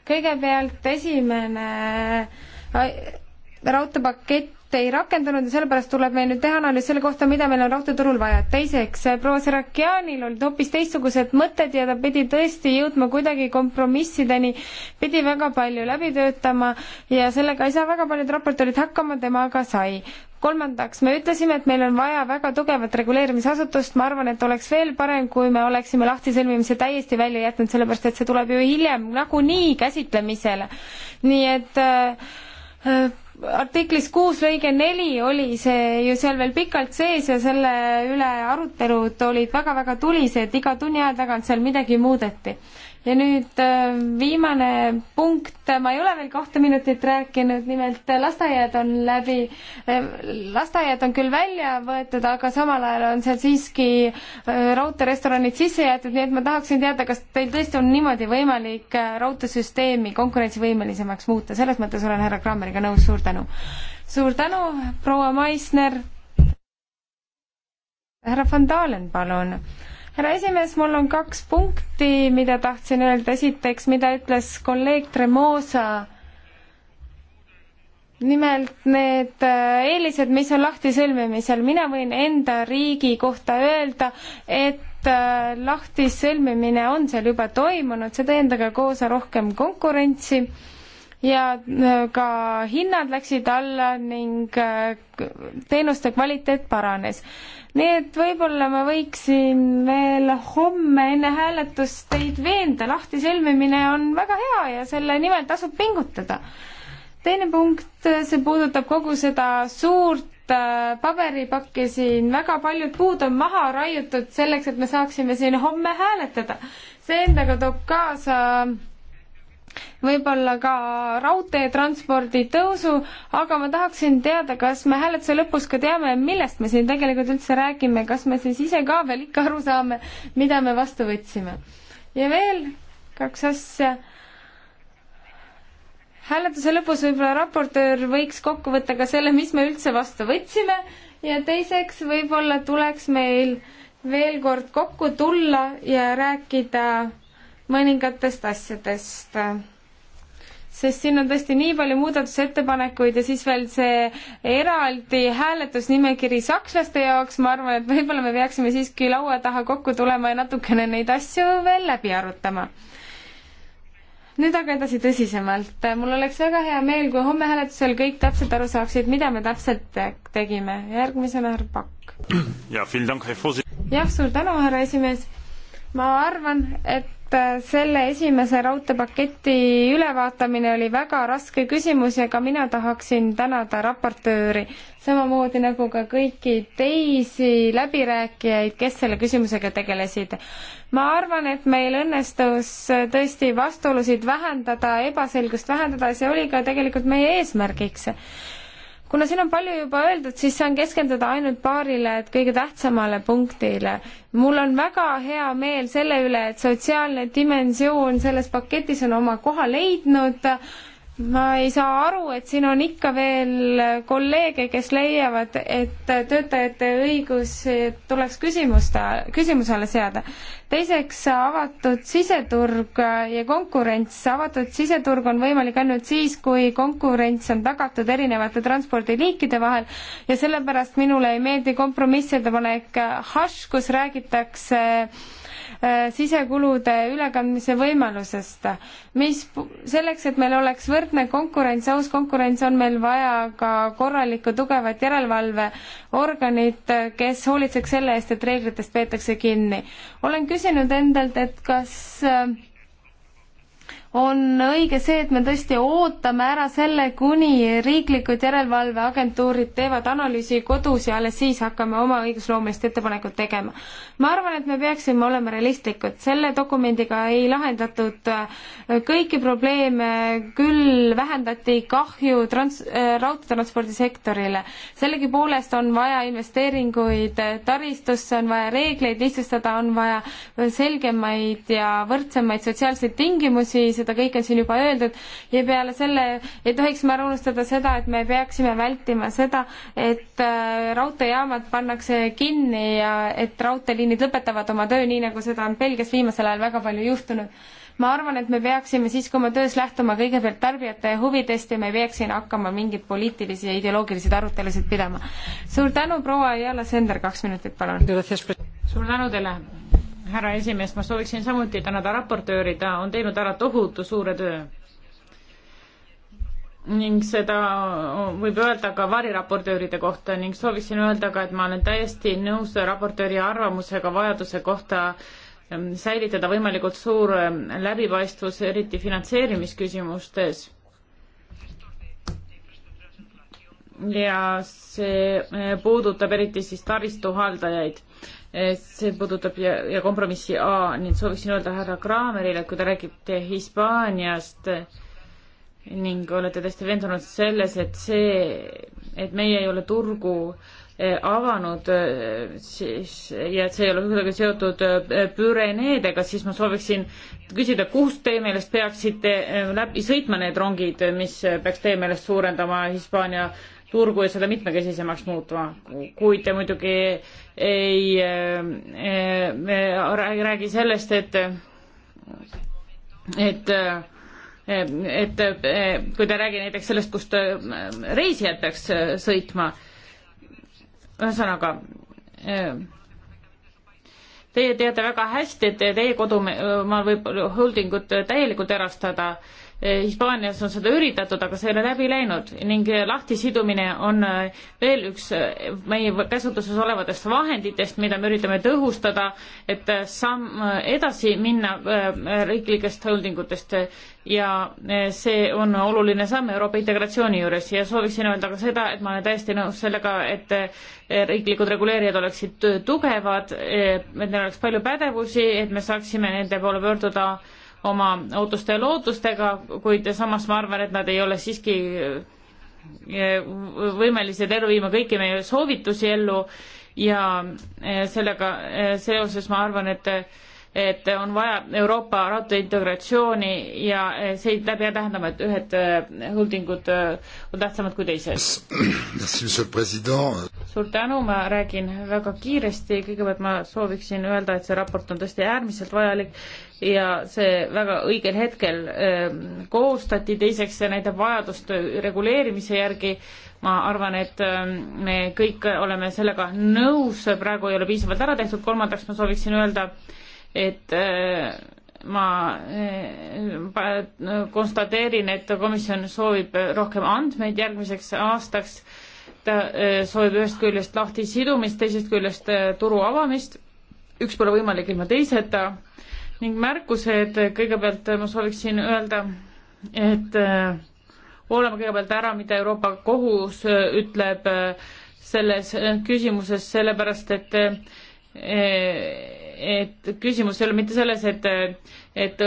kõigepealt esimene äh, raudteepakett ei rakendunud ja sellepärast tuleb meil nüüd teha analüüs selle kohta, mida meil on raudteeturul vaja. teiseks, proua Serakianil olid hoopis teistsugused mõtted ja ta pidi tõesti jõudma kuidagi kompromissideni, pidi väga palju läbi töötama ja sellega ei saa väga paljud raportöörid hakkama, tema aga sai kolmandaks, me ütlesime, et meil on vaja väga tugevat reguleerimisasutust, ma arvan, et oleks veel parem, kui me oleksime lahtisõlmimise täiesti välja jätnud, sellepärast et see tuleb ju hiljem nagunii käsitlemisele. nii et äh, Äh, artiklis kuus lõige neli oli see ju seal veel pikalt sees ja selle üle arutelud olid väga-väga tulised, iga tunni aja tagant seal midagi muudeti ja nüüd äh, viimane punkt, ma ei ole veel kahte minutit rääkinud, nimelt äh, lasteaiad on läbi, äh, lasteaiad on küll välja võetud, aga samal ajal on seal siiski raudteerestoranid sisse jäetud, nii et ma tahaksin teada, kas teil tõesti on niimoodi võimalik raudteesüsteemi konkurentsivõimelisemaks muuta, selles mõttes olen härra Krammeriga nõus, suur tänu. suur tänu, proua Maisner. härra Van Dalen, palun härra esimees, mul on kaks punkti, mida tahtsin öelda. esiteks, mida ütles kolleeg Tremosa. nimelt need äh, eelised, mis on lahtisõlmimisel. mina võin enda riigi kohta öelda, et äh, lahtisõlmimine on seal juba toimunud, see täiendaga koos rohkem konkurentsi ja äh, ka hinnad läksid alla ning äh, teenuste kvaliteet paranes. nii et võib-olla ma võiksin veel homme enne hääletust teid veenda, lahtisõlmimine on väga hea ja selle nimel tasub pingutada. teine punkt, äh, see puudutab kogu seda suurt paberipakki siin, väga paljud puud on maha raiutud selleks, et me saaksime siin homme hääletada. see endaga toob kaasa äh, võib-olla ka raudteetranspordi tõusu, aga ma tahaksin teada, kas me hääletuse lõpus ka teame, millest me siin tegelikult üldse räägime, kas me siis ise ka veel ikka aru saame, mida me vastu võtsime. ja veel kaks asja. hääletuse lõpus võib-olla raportöör võiks kokku võtta ka selle, mis me üldse vastu võtsime ja teiseks võib-olla tuleks meil veel kord kokku tulla ja rääkida mõningatest asjadest sest siin on tõesti nii palju muudatusettepanekuid ja siis veel see eraldi hääletusnimekiri sakslaste jaoks, ma arvan, et võib-olla me peaksime siiski laua taha kokku tulema ja natukene neid asju veel läbi arutama. nüüd aga edasi tõsisemalt. mul oleks väga hea meel, kui homme hääletusel kõik täpselt aru saaksid, mida me täpselt tegime. järgmisena härra Pakk. jah, suur tänu, härra esimees. ma arvan, et Äh, selle esimese raudteepaketi ülevaatamine oli väga raske küsimus ja ka mina tahaksin tänada raportööri, samamoodi nagu ka kõiki teisi läbirääkijaid, kes selle küsimusega tegelesid. ma arvan, et meil õnnestus äh, tõesti vastuolusid vähendada, ebaselgust vähendada, see oli ka tegelikult meie eesmärgiks kuna siin on palju juba öeldud, siis saan keskenduda ainult paarile, et kõige tähtsamale punktile. mul on väga hea meel selle üle, et sotsiaalne dimensioon selles paketis on oma koha leidnud ma ei saa aru, et siin on ikka veel kolleege, kes leiavad, et töötajate õigus tuleks küsimuste, küsimuse alla seada. teiseks, avatud siseturg ja konkurents. avatud siseturg on võimalik ainult siis, kui konkurents on tagatud erinevate transpordiliikide vahel ja sellepärast minule ei meeldi kompromisside panek Hush, kus räägitakse äh, Äh, sisekulude ülekandmise võimalusest. mis, selleks, et meil oleks võrdne konkurents, aus konkurents, on meil vaja ka korralikku tugevat järelevalveorganit, kes hoolitseks selle eest, et reeglitest peetakse kinni. olen küsinud endalt, et kas äh, on õige see, et me tõesti ootame ära selle, kuni riiklikud järelevalveagentuurid teevad analüüsi kodus ja alles siis hakkame oma õigusloomist ettepanekut tegema. ma arvan, et me peaksime olema realistlikud, selle dokumendiga ei lahendatud äh, kõiki probleeme, küll vähendati kahju trans-, äh, raudteetranspordisektorile. sellegipoolest on vaja investeeringuid taristusse, on vaja reegleid lihtsustada, on vaja selgemaid ja võrdsemaid sotsiaalseid tingimusi, seda kõike on siin juba öeldud ja peale selle ei tohiks me ära unustada seda, et me peaksime vältima seda, et äh, raudteejaamad pannakse kinni ja et raudteeliinid lõpetavad oma töö, nii nagu seda on Belgias viimasel ajal väga palju juhtunud ma arvan, et me peaksime siis, kui oma töös lähtuma kõigepealt tarbijate huvidest ja me ei peaks siin hakkama mingeid poliitilisi ja ideoloogilisi arutelusid pidama. suur tänu, proua Jalla Sender, kaks minutit, palun. suur tänu teile, härra esimees, ma sooviksin samuti tänada raportööri, ta on teinud ära tohutu suure töö. ning seda võib öelda ka variraportööride kohta ning sooviksin öelda ka, et ma olen täiesti nõus raportööri arvamusega vajaduse kohta ähm, säilitada võimalikult suur ähm, läbipaistvus, eriti finantseerimisküsimustes. ja see äh, puudutab eriti siis taristuhaldajaid see puudutab ja, ja kompromissi A, nii et sooviksin öelda härra Kraamerile, et kui te räägite Hispaaniast eh, ning olete täiesti veendunud selles, et see, et meie ei ole turgu eh, avanud, eh, siis ja et see ei ole kuidagi seotud Püreneedega, siis ma sooviksin küsida, kust teie meelest peaksite läbi sõitma need rongid, mis peaks teie meelest suurendama Hispaania turgu ja seda mitmekesisemaks muutma, kuid te muidugi ei äh, äh räägi sellest, et, et äh, et äh, kui te räägi näiteks sellest, kust reisijad peaks sõitma, ühesõnaga, teie teate väga hästi, et teie kodumaal võib holdingut täielikult erastada äh, Hispaanias on seda üritatud, aga see ei ole läbi läinud ning lahtisidumine on äh, veel üks äh, meie käsutuses olevatest vahenditest, mida me üritame tõhustada, et äh, samm edasi minna riiklikest holdingutest ja see on oluline samm Euroopa integratsiooni juures ja sooviksin öelda ka seda, et ma olen täiesti nõus sellega, et riiklikud reguleerijad oleksid tugevad, et neil oleks palju pädevusi, et me saaksime nende poole pöörduda oma ootuste ja lootustega, kuid samas ma arvan, et nad ei ole siiski eh, võimelised ellu viima kõiki meie soovitusi ellu ja eh, sellega eh, seoses ma arvan, et et on vaja Euroopa raudteeintegratsiooni ja see ei pea tähendama, et ühed holdingud on tähtsamad kui teised. suur tänu, ma räägin väga kiiresti, kõigepealt ma sooviksin öelda, et see raport on tõesti äärmiselt vajalik ja see väga õigel hetkel ähm, koostati, teiseks see näitab vajadust reguleerimise järgi, ma arvan, et ähm, me kõik oleme sellega nõus, praegu ei ole piisavalt ära tehtud, kolmandaks ma sooviksin öelda, et äh, ma äh, konstateerin, et komisjon soovib rohkem andmeid järgmiseks aastaks, ta äh, soovib ühest küljest lahti sidumist, teisest küljest turu avamist, üks pole võimalik ilma teiseta ning märkused, kõigepealt äh, ma sooviksin öelda, et kuulame äh, kõigepealt ära, mida Euroopa Kohus äh, ütleb selles küsimuses, sellepärast et et küsimus ei ole mitte selles, et, et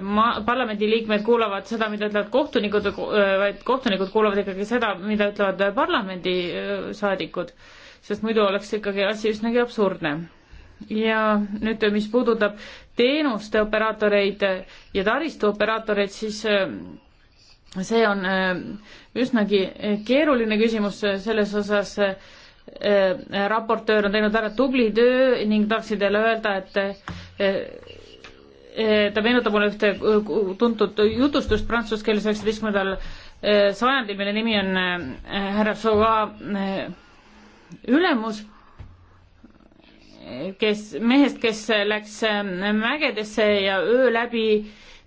ma-, parlamendiliikmed kuulavad seda, mida ütlevad kohtunikud, vaid kohtunikud kuulavad ikkagi seda, mida ütlevad parlamendisaadikud, sest muidu oleks ikkagi asi üsnagi absurdne ja nüüd, mis puudutab teenuste operaatoreid ja taristuoperaatoreid, siis äh, see on äh, üsnagi äh, keeruline küsimus selles osas. raportöör on teinud ära tubli töö ning tahaksin teile öelda, et ta meenutab mulle ühte tuntud jutustust prantsuse keeles üheksateistkümnendal sajandil, mille nimi on härra Sauva ülemus kes, mehest, kes läks ähm, mägedesse ja öö läbi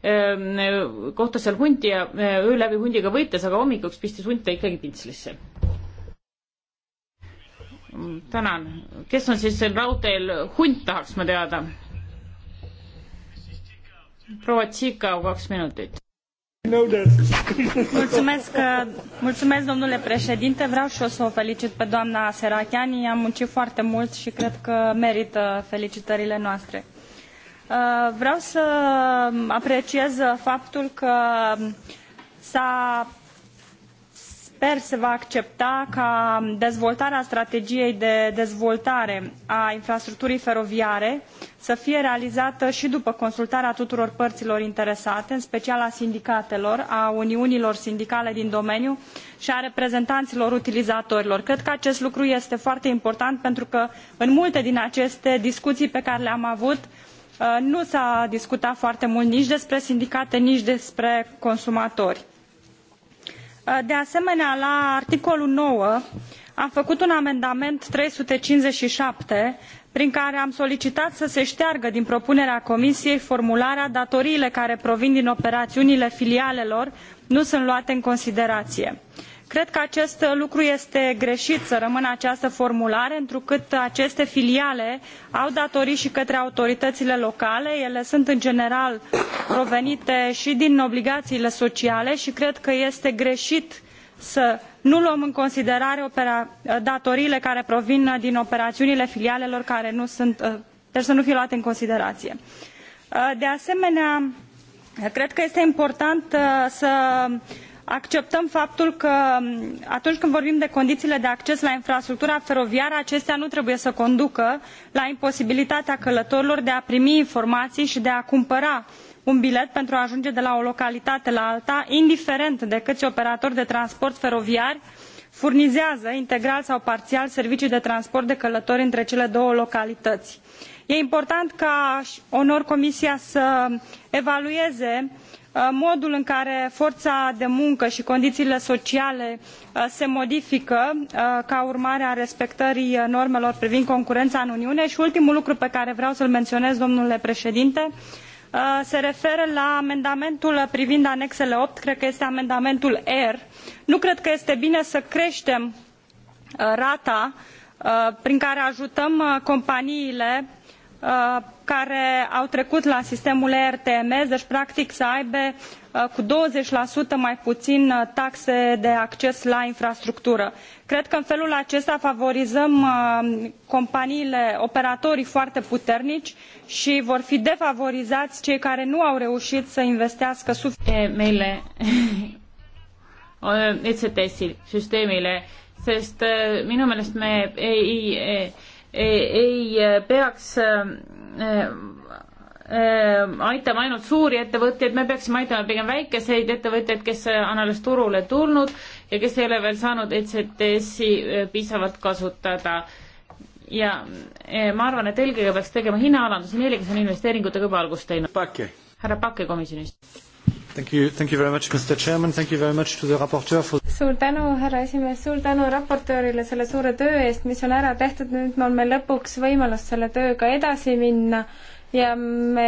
ähm, kohtas seal hunti ja äh, öö läbi hundiga võites, aga hommikuks pistis hunt ta ikkagi pintslisse. tänan. kes on siis seal raudteel hunt, tahaks ma teada? proua Tsikau, kaks minutit Mulțumesc, mulțumesc, domnule președinte. Vreau și eu să o felicit pe doamna Serachiani. Am muncit foarte mult și cred că merită felicitările noastre. Uh, vreau să apreciez faptul că s-a sper se va accepta ca dezvoltarea strategiei de dezvoltare a infrastructurii feroviare să fie realizată i după consultarea tuturor părilor interesate în special a sindicatelor a uniunilor sindicale din domeniu i a reprezentanilor utilizatorilor. cred că acest lucru este foarte important pentru că în multe din aceste discuii pe care le am avut uh, nu s a discutat foarte mult nici despre sindicate nici despre consumatori. Uh, de asemenea la articolul nouă am făcut un amendament trei sute cincizeci și șapte prin care am solicitat să se teargă din propunerea comisiei formularea datoriile care provin din operaiunile filialelor nu sunt luate în consideraie cred că acest lucru este greit să rămână această formulare întrucât aceste filiale au datorii i către autorităile locale ele sunt în general provenite i din obligaiile sociale i cred că este greit să nu luăm în considerare datoriile care provin din operaiunile filialelor care nu sunt uh, deci să nu fie luate în consideraie. Uh, de asemenea cred că este important uh, să acceptăm faptul că um, atunci când vorbim de condiiile de acces la infrastructura feroviară acestea nu trebuie să conducă la imposibilitatea călătorilor de a primi informaii i de a cumpăra un bilet pentru a ajunge de la o localitate la alta indiferent de câi operatori de transport feroviar furnizează integral sau parial servicii de transport de călători între cele două localităi. e important ca onor comisia să evalueze Uh, modul în care fora de muncă i condiiile sociale uh, se modifică uh, ca urmare a respectării normelor privind concurena în uniune i ultimul lucru pe care vreau să l menionez domnule preedinte se referă la amendamentul privind anexele opt cred că este amendamentul r. nu cred că este bine să cretem rata prin care ajutăm companiile care au trecut la sistemul ERTMS, deci practic să aibă uh, cu 20% mai puțin uh, taxe de acces la infrastructură. Cred că în felul acesta favorizăm uh, companiile, operatorii foarte puternici și vor fi defavorizați cei care nu au reușit să investească suficient. Meile ECTS-il, süsteemile, sest minu meelest me ei, ei, e ei, ei peaks Äh, äh, aitama ainult suuri ettevõtteid, me peaksime aitama pigem väikeseid ettevõtteid, kes on alles turule tulnud ja kes ei ole veel saanud ECTS-i äh, piisavalt kasutada. ja ma arvan, et eelkõige peaks tegema hinnaalandusi neile, kes on investeeringutega juba algust teinud. härra Pakke komisjonist Thank you, thank you very much, Mr Chairman, thank you very much to the raporteur for suur tänu, härra esimees, suur tänu raportöörile selle suure töö eest, mis on ära tehtud, nüüd on meil lõpuks võimalus selle tööga edasi minna ja me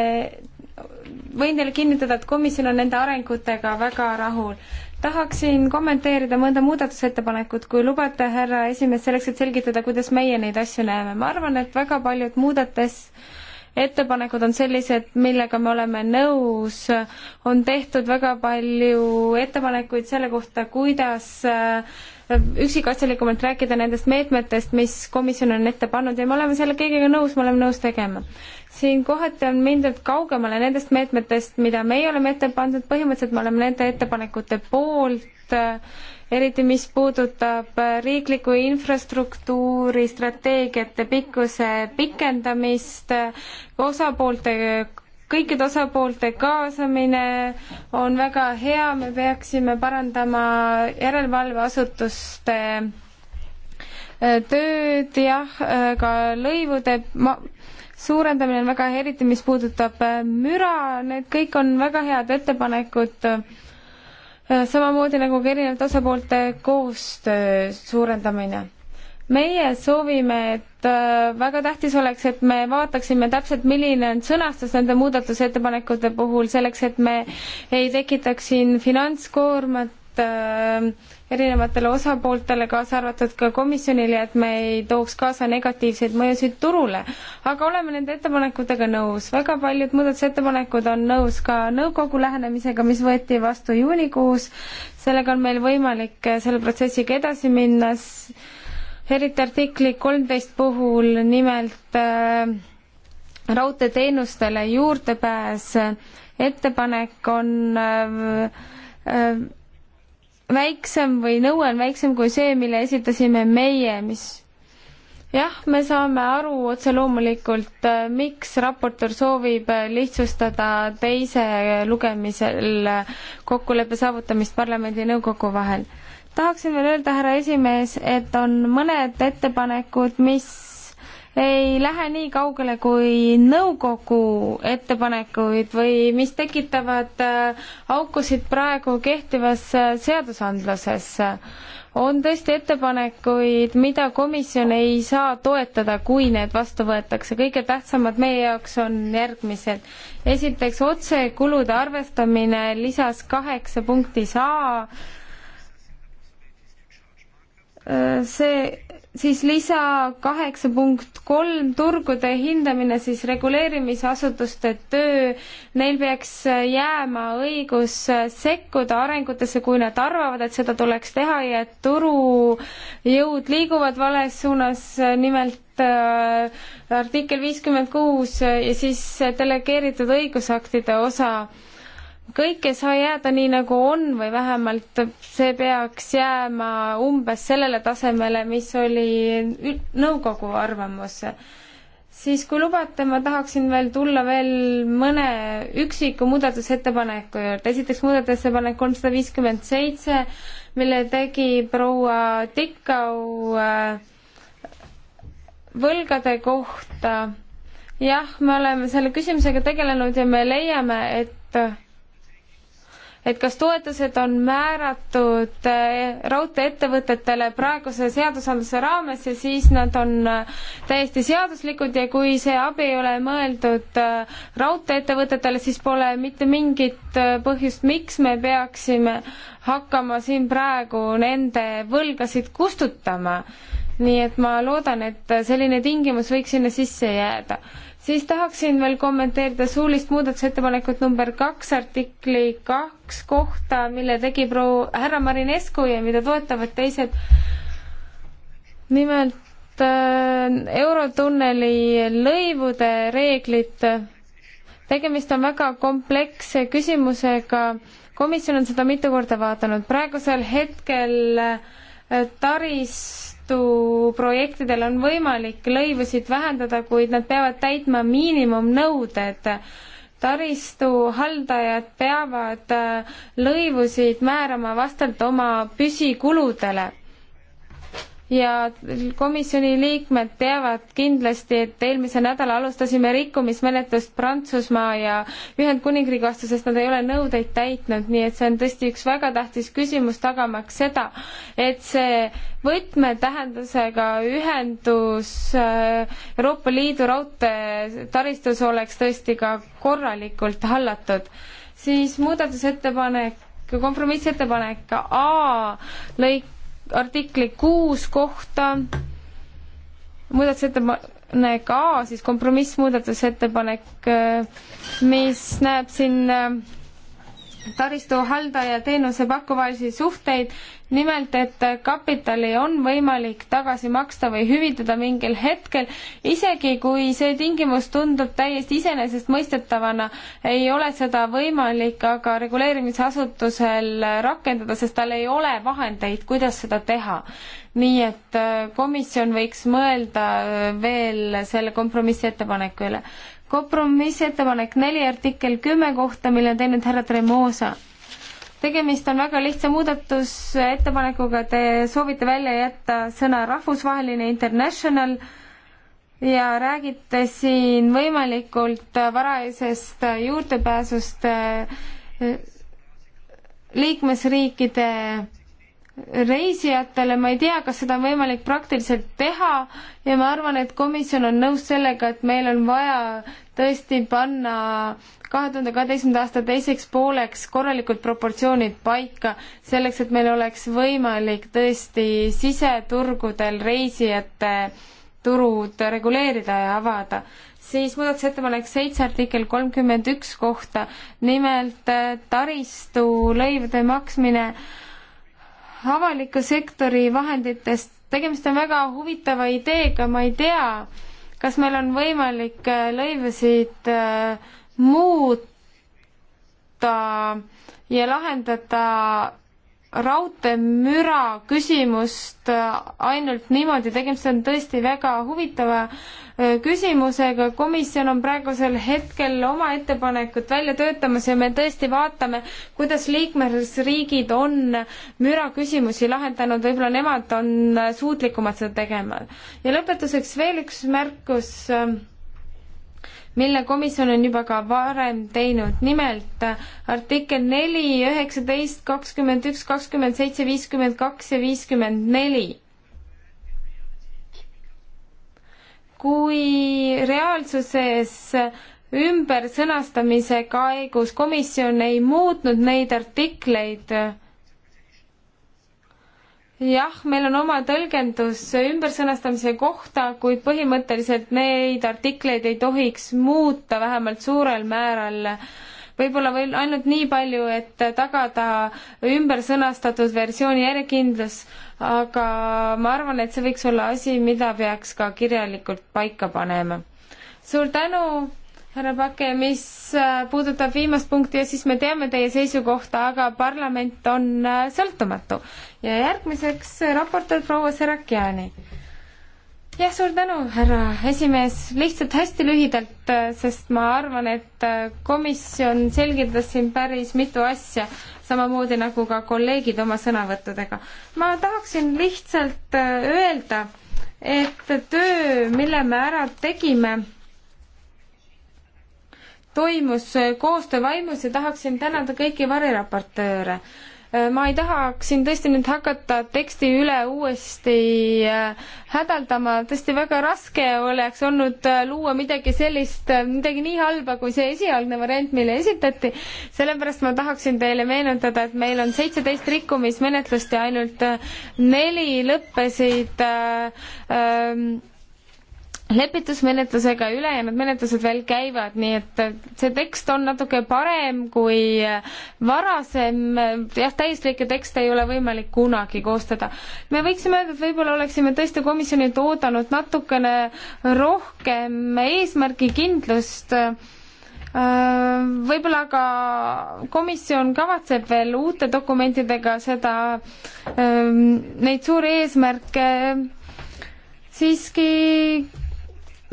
võin teile kinnitada, et komisjon on nende arengutega väga rahul. tahaksin kommenteerida mõnda muudatusettepanekut, kui lubate, härra esimees, selleks, et selgitada, kuidas meie neid asju näeme. ma arvan, et väga paljud muudates äh, ettepanekud on sellised, millega me oleme nõus, on tehtud väga palju ettepanekuid selle kohta, kuidas äh, üksikasjalikumalt rääkida nendest meetmetest, mis komisjon on ette pannud ja me oleme selle kõigega nõus, me oleme nõus tegema. siin kohati on mindud kaugemale nendest meetmetest, mida meie oleme ette pandud, põhimõtteliselt me oleme nende ettepanekute poolt, äh, eriti mis puudutab riikliku infrastruktuuri strateegiate pikkuse pikendamist, osapoolte kõikide osapoolte kaasamine on väga hea, me peaksime parandama järelevalveasutuste äh, tööd, jah, äh, ka lõivude ma-, suurendamine on väga hea, eriti mis puudutab äh, müra, need kõik on väga head ettepanekud Äh, samamoodi nagu ka erinevate osapoolte koostöö suurendamine meie soovime, et äh, väga tähtis oleks, et me vaataksime täpselt, milline on sõnastus nende muudatusettepanekute puhul, selleks et me ei tekitaks siin finantskoormat äh, erinevatele osapooltele, kaasa arvatud ka komisjonile, et me ei tooks kaasa negatiivseid mõjusid turule. aga oleme nende ettepanekutega nõus, väga paljud muudatusettepanekud on nõus ka nõukogu lähenemisega, mis võeti vastu juunikuus, sellega on meil võimalik eh, selle protsessiga edasi minna, eriti artikli kolmteist puhul nimelt äh, raudteeteenustele juurdepääs, ettepanek on äh, äh, väiksem või nõue on väiksem kui see, mille esitasime meie, mis jah, me saame aru otse loomulikult, äh, miks raportöör soovib äh, lihtsustada teise lugemisel äh, kokkuleppe saavutamist parlamendi ja nõukogu vahel. tahaksin veel öelda, härra esimees, et on mõned ettepanekud, mis ei lähe nii kaugele kui nõukogu ettepanekuid või mis tekitavad äh, aukusid praegu kehtivas äh, seadusandluses. on tõesti ettepanekuid, mida komisjon ei saa toetada, kui need vastu võetakse. kõige tähtsamad meie jaoks on järgmised. esiteks otsekulude arvestamine lisas kaheksa punktis A. Äh, see siis lisa kaheksa punkt kolm, turgude hindamine, siis reguleerimisasutuste töö, neil peaks jääma õigus sekkuda arengutesse, kui nad arvavad, et seda tuleks teha ja et turujõud liiguvad vales suunas, nimelt äh, artikkel viiskümmend kuus ja siis delegeeritud õigusaktide osa kõik ei saa jääda nii, nagu on või vähemalt see peaks jääma umbes sellele tasemele, mis oli nõukogu arvamus. siis, kui lubate, ma tahaksin veel tulla veel mõne üksiku muudatusettepaneku juurde. esiteks muudatusettepanek kolmsada viiskümmend seitse, mille tegi proua Tikau äh, võlgade kohta. jah, me oleme selle küsimusega tegelenud ja me leiame, et et kas toetused on määratud eh, raudteeettevõtetele praeguse seadusandluse raames ja siis nad on eh, täiesti seaduslikud ja kui see abi ei ole mõeldud eh, raudteeettevõtetele, siis pole mitte mingit põhjust, miks me peaksime hakkama siin praegu nende võlgasid kustutama nii et ma loodan, et selline tingimus võiks sinna sisse jääda siis tahaksin veel kommenteerida suulist muudatusettepanekut number kaks artikli kaks kohta, mille tegi proua härra Marinescu ja mida toetavad teised. nimelt äh, Eurotunneli lõivude reeglid. tegemist on väga kompleksse küsimusega. komisjon on seda mitu korda vaadanud. praegusel hetkel äh, taris projektidel on võimalik lõivusid vähendada, kuid nad peavad täitma miinimumnõuded. taristu haldajad peavad äh, lõivusid määrama vastavalt oma püsikuludele ja komisjoni liikmed teavad kindlasti, et eelmisel nädalal alustasime rikkumismenetlust Prantsusmaa ja Ühendkuningriigi vastu, sest nad ei ole nõudeid täitnud, nii et see on tõesti üks väga tähtis küsimus, tagamaks seda, et see võtmetähendusega ühendus äh, Euroopa Liidu raudteetaristus oleks tõesti ka korralikult hallatud. siis muudatusettepanek, kompromissettepanek A lõik artikli kuus kohta muudatusettepanek A, siis kompromissmuudatusettepanek, mis näeb siin äh, taristu haldaja teenuse pakkuvahelisi suhteid, nimelt et kapitali on võimalik tagasi maksta või hüvitada mingil hetkel, isegi kui see tingimus tundub täiesti iseenesestmõistetavana, ei ole seda võimalik aga reguleerimisasutusel rakendada, sest tal ei ole vahendeid, kuidas seda teha. nii et äh, komisjon võiks mõelda äh, veel selle kompromissettepaneku üle kompromissettepanek neli artikkel kümme kohta, mille on teinud härra Tremosa. tegemist on väga lihtsa muudatusettepanekuga, te soovite välja jätta sõna rahvusvaheline international ja räägite siin võimalikult varajasest juurdepääsust eh, liikmesriikide reisijatele, ma ei tea, kas seda on võimalik praktiliselt teha ja ma arvan, et komisjon on nõus sellega, et meil on vaja tõesti panna kahe tuhande kaheteistkümnenda aasta teiseks pooleks korralikud proportsioonid paika, selleks et meil oleks võimalik tõesti siseturgudel reisijate turud reguleerida ja avada siis muudatusettepanek seitse artikkel kolmkümmend üks kohta, nimelt äh, taristu lõivude maksmine äh, avaliku sektori vahenditest, tegemist on väga huvitava ideega, ma ei tea, kas meil on võimalik äh, lõivusid äh, muuta ja lahendada raudteemüra küsimust äh, ainult niimoodi, tegemist on tõesti väga huvitava äh, küsimusega, komisjon on praegusel hetkel oma ettepanekut välja töötamas ja me tõesti vaatame, kuidas liikmesriigid on müraküsimusi lahendanud, võib-olla nemad on äh, suutlikumad seda tegema. ja lõpetuseks veel üks märkus mille komisjon on juba ka varem teinud, nimelt artikkel neli, üheksateist, kakskümmend üks, kakskümmend seitse, viiskümmend kaks ja viiskümmend neli. kui reaalsuses ümbersõnastamise käigus komisjon ei muutnud neid artikleid, jah, meil on oma tõlgendus ümbersõnastamise kohta, kuid põhimõtteliselt neid artikleid ei tohiks muuta vähemalt suurel määral võib-olla veel ainult nii palju, et tagada ümbersõnastatud versiooni järjekindlus, aga ma arvan, et see võiks olla asi, mida peaks ka kirjalikult paika panema. suur tänu härra Pake, mis äh, puudutab viimast punkti ja siis me teame teie seisukohta, aga parlament on äh, sõltumatu. ja järgmiseks äh, raportöör proua Serakiani. jah, suur tänu, härra esimees, lihtsalt hästi lühidalt, sest ma arvan, et komisjon selgitas siin päris mitu asja, samamoodi nagu ka kolleegid oma sõnavõttudega. ma tahaksin lihtsalt öelda, et töö, mille me ära tegime toimus koostöö vaimus ja tahaksin tänada kõiki variraportööre. Äh, ma ei tahaks siin tõesti nüüd hakata teksti üle uuesti äh, hädaldama, tõesti väga raske oleks olnud äh, luua midagi sellist, midagi nii halba kui see esialgne variant, mille esitati. sellepärast ma tahaksin teile meenutada, et meil on seitseteist rikkumismenetlust ja ainult neli lõppesid äh, äh, lepitusmenetlusega ja ülejäänud menetlused veel käivad, nii et see tekst on natuke parem kui äh, varasem, jah, täiuslikke tekste ei ole võimalik kunagi koostada. me võiksime öelda, et võib-olla oleksime tõesti komisjonilt oodanud natukene rohkem eesmärgikindlust, äh, võib-olla ka komisjon kavatseb veel uute dokumentidega seda, ähm, neid suuri eesmärke siiski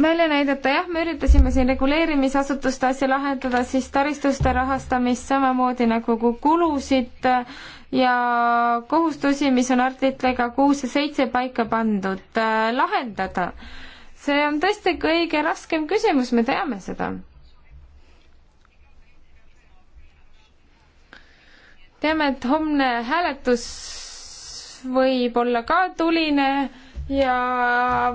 välja näidata, jah, me üritasime siin reguleerimisasutuste asja lahendada, siis taristuste rahastamist samamoodi nagu kui kulusid ja kohustusi, mis on artiklitega kuus ja seitse paika pandud äh,, lahendada. see on tõesti kõige raskem küsimus, me teame seda. teame, et homne hääletus võib olla ka tuline ja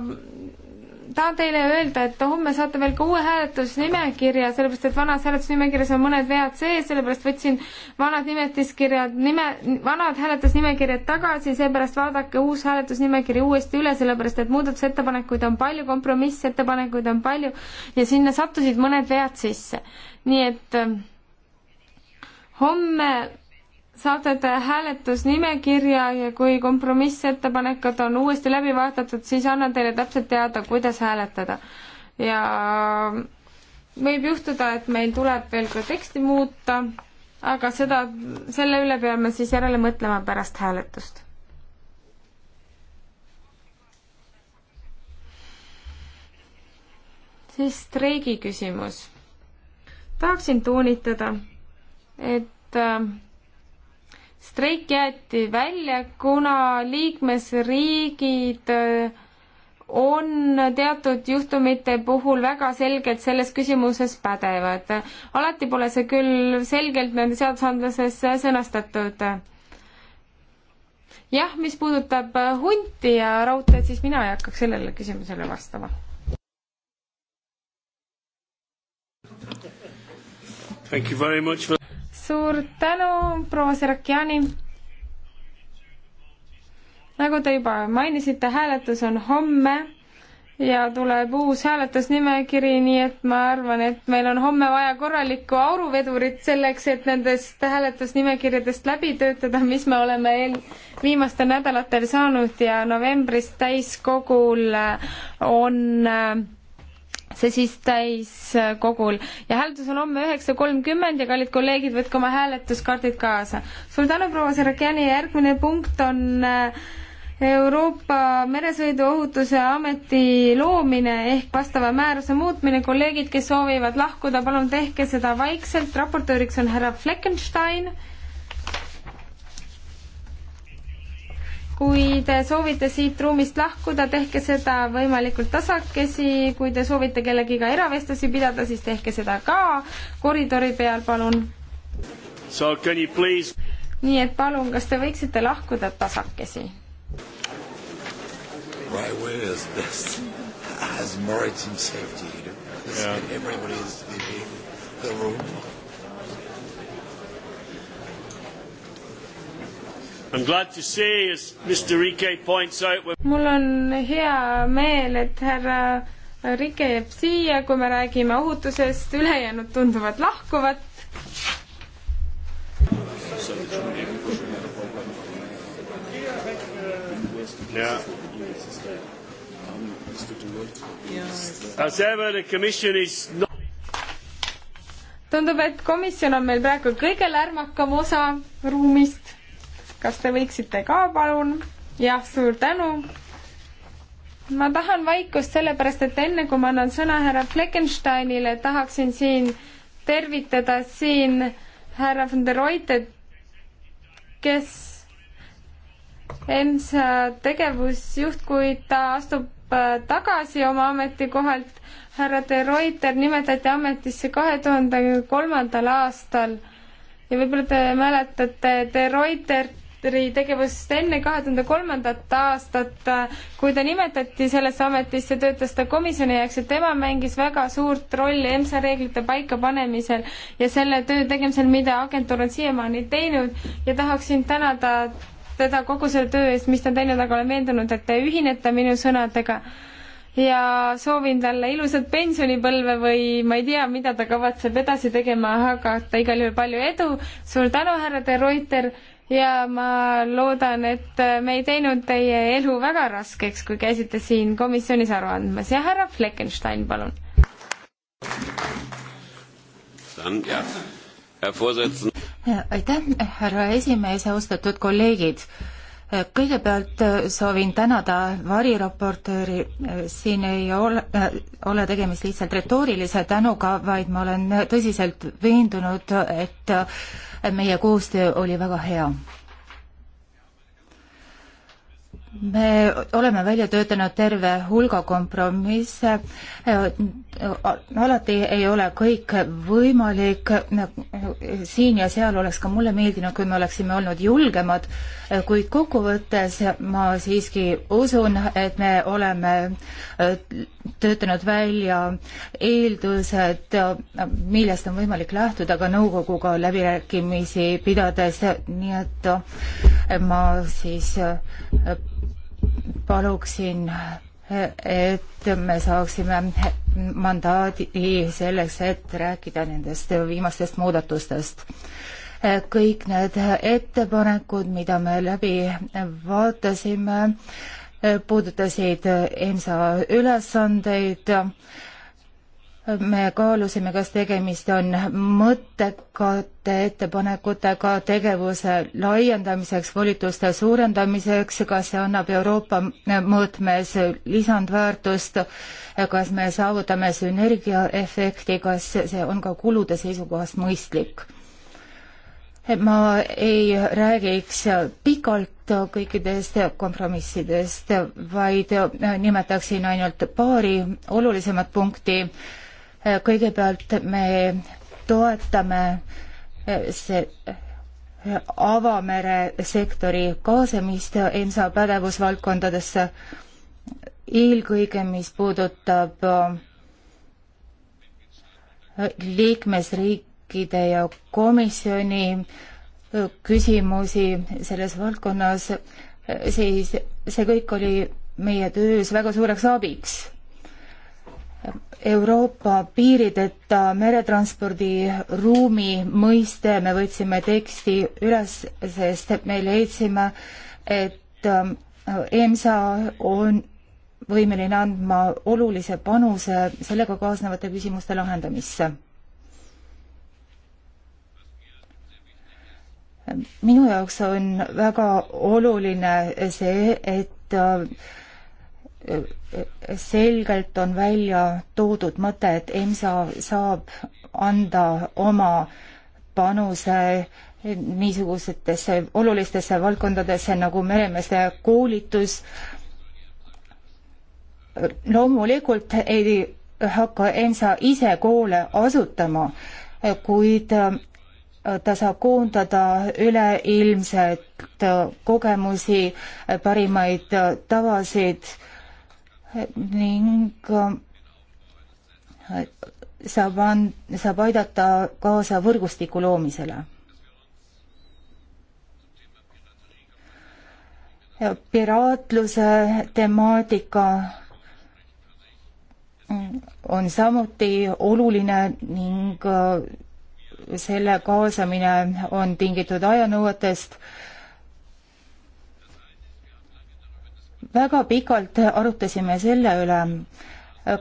tahan teile öelda, et homme saate veel ka uue hääletusnimekirja, sellepärast et vanas hääletusnimekirjas on mõned vead sees, sellepärast võtsin vanad nimetiskirjad, nime, vanad hääletusnimekirjad tagasi, seepärast vaadake uus hääletusnimekiri uuesti üle, sellepärast et muudatusettepanekuid on palju, kompromissettepanekuid on palju ja sinna sattusid mõned vead sisse. nii et eh, homme saadete hääletusnimekirja ja kui kompromissettepanekud on uuesti läbi vaadatud, siis annan teile täpselt teada, kuidas hääletada. ja võib juhtuda, et meil tuleb veel ka teksti muuta, aga seda, selle üle peame siis järele mõtlema pärast hääletust. siis streigi küsimus. tahaksin toonitada, et äh, streik jäeti välja, kuna liikmesriigid äh, on teatud juhtumite puhul väga selgelt selles küsimuses pädevad. alati pole see küll selgelt nende seadusandluses sõnastatud. jah, mis puudutab äh, hunti ja raudteed, siis mina ei hakkaks sellele küsimusele vastama. For suur tänu, proua Serakiani. nagu te juba mainisite, hääletus on homme ja tuleb uus hääletusnimekiri, nii et ma arvan, et meil on homme vaja korralikku auruvedurit selleks, et nendest hääletusnimekirjadest läbi töötada, mis me oleme eel-, viimastel nädalatel saanud ja novembris täiskogul on äh, see siis täiskogul äh, ja hääletus on homme üheksa kolmkümmend ja kallid kolleegid, võtke oma hääletuskaardid kaasa. suur tänu, proua Sarakiani, järgmine punkt on äh, Euroopa Meresõiduohutuse Ameti loomine ehk vastava määruse muutmine. kolleegid, kes soovivad lahkuda, palun tehke seda vaikselt. raportööriks on härra Fleckenstein kui te soovite siit ruumist lahkuda, tehke seda võimalikult tasakesi, kui te soovite kellegiga eravestlusi pidada, siis tehke seda ka koridori peal, palun. nii et palun, kas te võiksite lahkuda tasakesi? Right way is best as merits and safety. You know? yeah. Everybody is leaving the room. mul on hea meel, et härra Rike jääb siia, kui me räägime ohutusest, ülejäänud tunduvad lahkuvat. Yeah. As ever, the commission is not tundub, et komisjon on meil praegu kõige lärmakam osa ruumist kas te võiksite ka palun? jah, suur tänu. ma tahan vaikust sellepärast, et enne kui ma annan sõna härra Fleckensteinile, tahaksin siin tervitada siin härra von der Reutet, kes EMSA tegevusjuht, kuid ta astub äh, tagasi oma ametikohalt. härra de Reuter nimetati ametisse kahe tuhande kolmandal aastal ja võib-olla te mäletate de Reutert ministri tegevust enne kahe tuhande kolmandat aastat, äh, kui ta nimetati sellesse ametisse, töötas ta komisjoni jaoks ja tema mängis väga suurt rolli EMSA reeglite paikapanemisel ja selle töö tegemisel, mida agentuur on siiamaani teinud ja tahaksin tänada teda kogu selle töö eest, mis ta on teinud, aga olen veendunud, et te ühinete minu sõnadega ja soovin talle ilusat pensionipõlve või ma ei tea, mida ta kavatseb edasi tegema hakata, igal juhul palju edu. suur tänu, härra de Reuter ja ma loodan, et me ei teinud teie elu väga raskeks, kui käisite siin komisjonis aru andmas ja härra Fleckenstein, palun. aitäh, härra esimees, austatud kolleegid kõigepealt äh, soovin tänada variraportööri, äh, siin ei ole, äh, ole tegemist lihtsalt retoorilise tänuga, vaid ma olen tõsiselt veendunud, et meie koostöö oli väga hea me oleme välja töötanud terve hulga kompromisse. Äh, äh, alati ei ole kõik võimalik. siin ja seal oleks ka mulle meeldinud, kui me oleksime olnud julgemad, äh, kuid kokkuvõttes ma siiski usun, et me oleme töötanud välja eeldused, millest on võimalik lähtuda ka nõukoguga läbirääkimisi pidades, nii et ma siis paluksin, et me saaksime mandaadi selleks, et rääkida nendest viimastest muudatustest kõik need ettepanekud, mida me läbi vaatasime, puudutasid EMSA ülesandeid, me kaalusime, kas tegemist on mõttekate ettepanekutega tegevuse laiendamiseks, volituste suurendamiseks, kas see annab Euroopa mõõtmes lisandväärtust, kas me saavutame sünergiaefekti, kas see on ka kulude seisukohast mõistlik? ma ei räägiks pikalt kõikidest kompromissidest, vaid nimetaksin ainult paari olulisemat punkti kõigepealt me toetame e, see e, avamere sektori kaasamist EMSA pädevusvaldkondadesse, eelkõige mis puudutab e, liikmesriikide ja komisjoni küsimusi selles valdkonnas, siis see kõik oli meie töös väga suureks abiks. Euroopa piirideta meretranspordiruumi mõiste me võtsime teksti üles, sest me leidsime, et ähm, EMSA on võimeline andma olulise panuse sellega kaasnevate küsimuste lahendamisse. minu jaoks on väga oluline see, et äh, selgelt on välja toodud mõte, et EMSA saab anda oma panuse niisugustesse olulistesse valdkondadesse nagu meremeeste koolitus. loomulikult ei hakka EMSA ise koole asutama, kuid äh, ta saab koondada üleilmset äh, kogemusi, äh, parimaid tavasid ning äh, saab an-, saab aidata kaasa võrgustiku loomisele. piraatluse temaatika on samuti oluline ning äh, selle kaasamine on tingitud ajanõuetest äh, väga pikalt arutasime selle üle,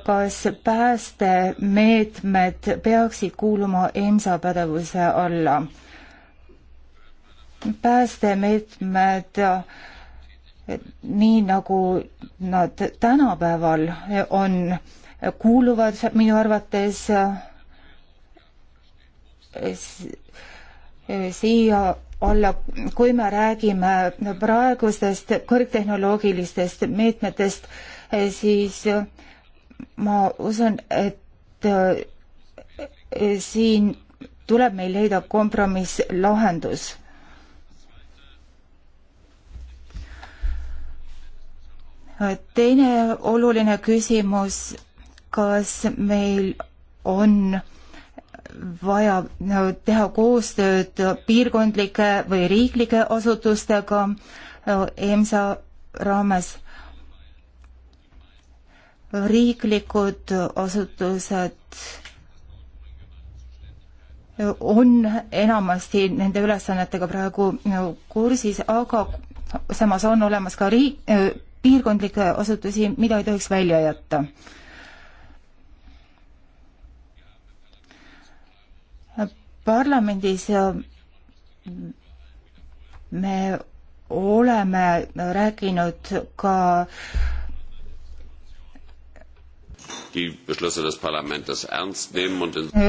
kas päästemeetmed peaksid kuuluma EMSA pädevuse alla. päästemeetmed nii nagu nad tänapäeval on, kuuluvad minu arvates siia olla, kui me räägime praegustest kõrgtehnoloogilistest meetmetest, eh, siis eh, ma usun, et eh, siin tuleb meil leida kompromisslahendus. teine oluline küsimus, kas meil on äh, vaja teha koostööd piirkondlike või riiklike asutustega EMSA raames. riiklikud asutused on enamasti nende ülesannetega praegu kursis, aga samas on olemas ka riik, piirkondlikke asutusi, mida ei tohiks välja jätta parlamendis me oleme rääkinud ka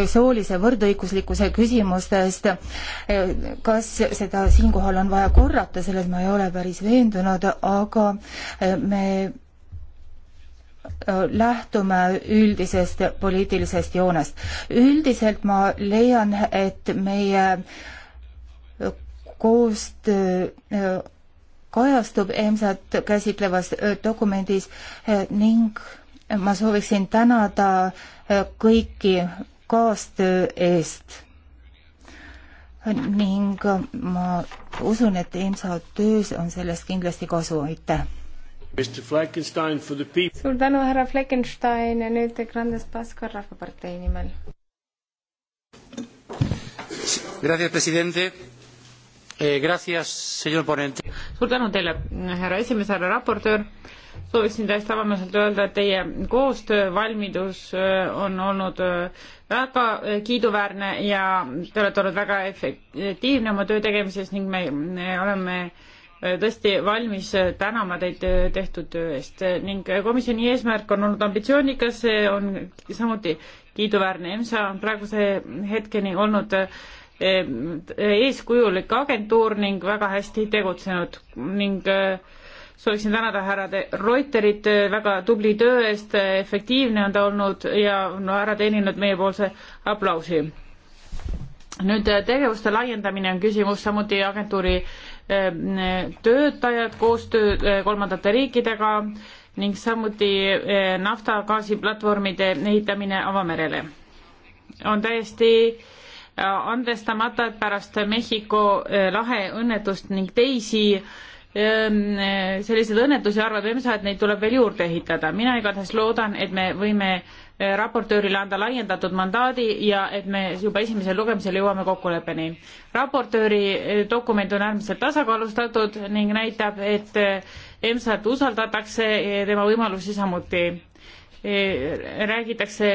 soolise võrdõiguslikkuse küsimustest. kas seda siinkohal on vaja korrata, selles ma ei ole päris veendunud, aga me Äh, lähtume üldisest poliitilisest joonest. üldiselt ma leian, et meie koostöö äh, kajastub EMSA-t käsitlevas äh, dokumendis ning ma sooviksin tänada kõiki kaastöö eest. ning ma usun, et EMSA töös on sellest kindlasti kasu, aitäh! suur tänu, härra Fleckenstein ja nüüd Grandes Pascual Rahvapartei nimel. Gracias, presidente. Eh, gracias, señor ponente. suur tänu teile, härra esimees, härra raportöör. sooviksin täiesti avameelselt öelda, et teie koostöövalmidus eh, on olnud eh, väga kiiduväärne ja te olete olnud väga efektiivne oma töö tegemises ning me, me oleme äh, Äh, tõesti valmis äh, tänama teid äh, tehtud töö eest ning komisjoni eesmärk on olnud ambitsioonikas, see on samuti kiiduväärne. EMSA on praeguse hetkeni olnud eeskujulik agentuur ning väga hästi tegutsenud ning sooviksin tänada härra Reuterit väga tubli töö eest, efektiivne on ta olnud ja on no, ära teeninud meiepoolse aplausi. nüüd tegevuste laiendamine on küsimus samuti agentuuri töötajad koostöö eh, kolmandate riikidega ning samuti eh, nafta, gaasiplatvormide ehitamine avamerele. on täiesti eh, andestamata, et pärast Mehhiko lahe õnnetust ning teisi Ehm, eh, selliseid õnnetusi harva teeme, et neid tuleb veel juurde ehitada. mina igatahes loodan, et me võime eh, raportöörile anda laiendatud mandaadi ja et me juba esimesel lugemisel jõuame kokkuleppeni. raportööri eh, dokument on äärmiselt tasakaalustatud ning näitab, et EMSA-t usaldatakse ja tema võimalusi samuti. räägitakse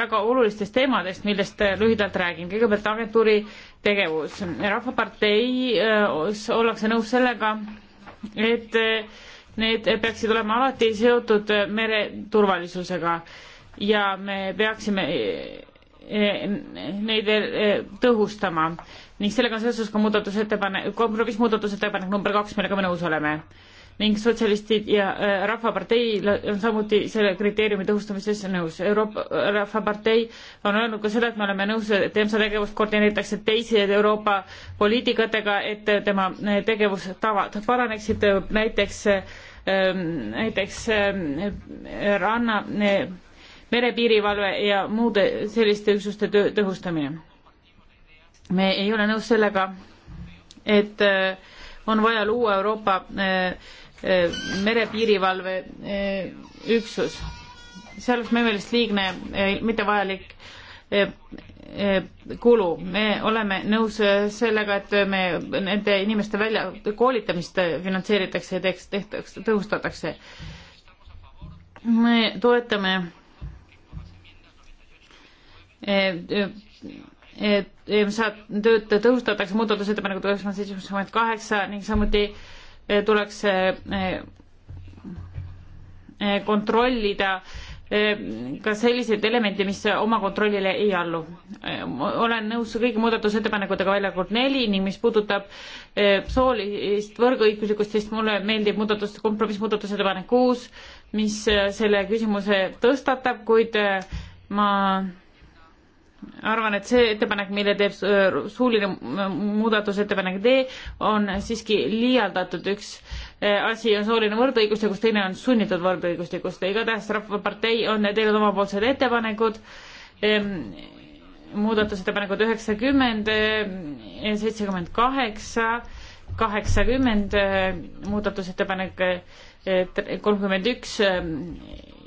väga olulistest teemadest, millest lühidalt räägin. kõigepealt agentuuri tegevus. rahvaparteis ollakse nõus sellega, et need peaksid olema alati seotud mere turvalisusega ja me peaksime e, e, neid veel tõhustama ning sellega on seoses ka muudatusettepanek, kompromissmuudatusettepanek number kaks, millega me nõus oleme ning sotsialistid ja äh, Rahvapartei on samuti selle kriteeriumi tõhustamises nõus. Euroopa äh, Rahvapartei on öelnud ka seda, et me oleme nõus, et EMSA tegevust koordineeritakse teise Euroopa poliitikatega, et tema äh, tegevustavad paraneksid, näiteks, ähm, näiteks ähm, ranna, merepiirivalve ja muude selliste üksuste töö tõhustamine. me ei ole nõus sellega, et on vaja luua Euroopa äh, Eh, merepiirivalve eh, üksus. see oleks meie meelest liigne, eh, mittevajalik kulu. me oleme nõus sellega, et me nende inimeste välja koolitamist finantseeritakse ja teeks, tehtaks, tõhustatakse. me toetame et EMSA tööd tõhustatakse muudatusettepanekut üheksakümmend seitse, üheksakümmend kaheksa ning samuti Eh, tuleks eh, eh, kontrollida ka selliseid elemente, mis oma kontrollile ei allu. olen nõus kõigi muudatusettepanekutega välja kord neli ning mis puudutab soolist võrguõiguslikkust, siis mulle meeldib muudatus, kompromissmuudatusettepanek kuus, mis selle küsimuse tõstatab, kuid ma arvan, et see ettepanek, mille teeb äh, suuline muudatusettepanek D, on siiski liialdatud, üks äh, asi on sooline võrdõiguslikkus, teine on sunnitud võrdõiguslikkus ja igatahes Rahvapartei on teinud omapoolsed ettepanekud, ähm, muudatusettepanekud üheksakümmend, äh, seitsekümmend kaheksa, kaheksakümmend, muudatusettepanek kolmkümmend üks ähm,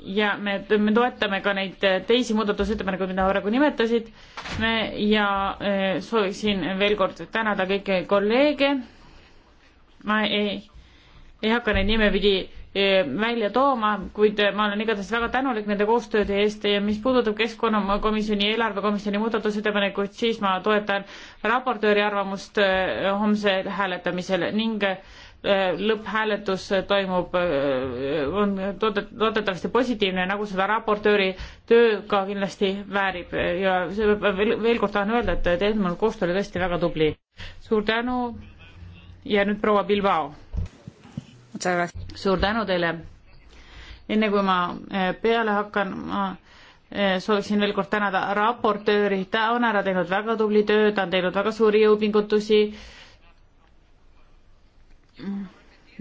ja me, me toetame ka neid teisi muudatusettepanekuid, mida praegu nimetasid. me ja eh, sooviksin veel kord tänada kõiki kolleege. ma ei, ei hakka neid nimepidi eh, välja tooma, kuid ma olen igatahes väga tänulik nende koostööde eest ja mis puudutab keskkonnakomisjoni, eelarvekomisjoni muudatusettepanekuid, siis ma toetan raportööri arvamust eh, homsel hääletamisel ning äh, Äh, lõpphääletus äh, toimub, äh, on toodet-, loodetavasti positiivne, nagu seda raportööri töö ka kindlasti väärib ja see peab veel, veel kord tahan öelda, et Edmund Kost oli tõesti väga tubli. suur tänu ja nüüd proua Bilbao. suur tänu teile. enne kui ma peale hakkan, ma sooviksin veel kord tänada raportööri, ta on ära teinud väga tubli töö, ta on teinud väga suuri jõupingutusi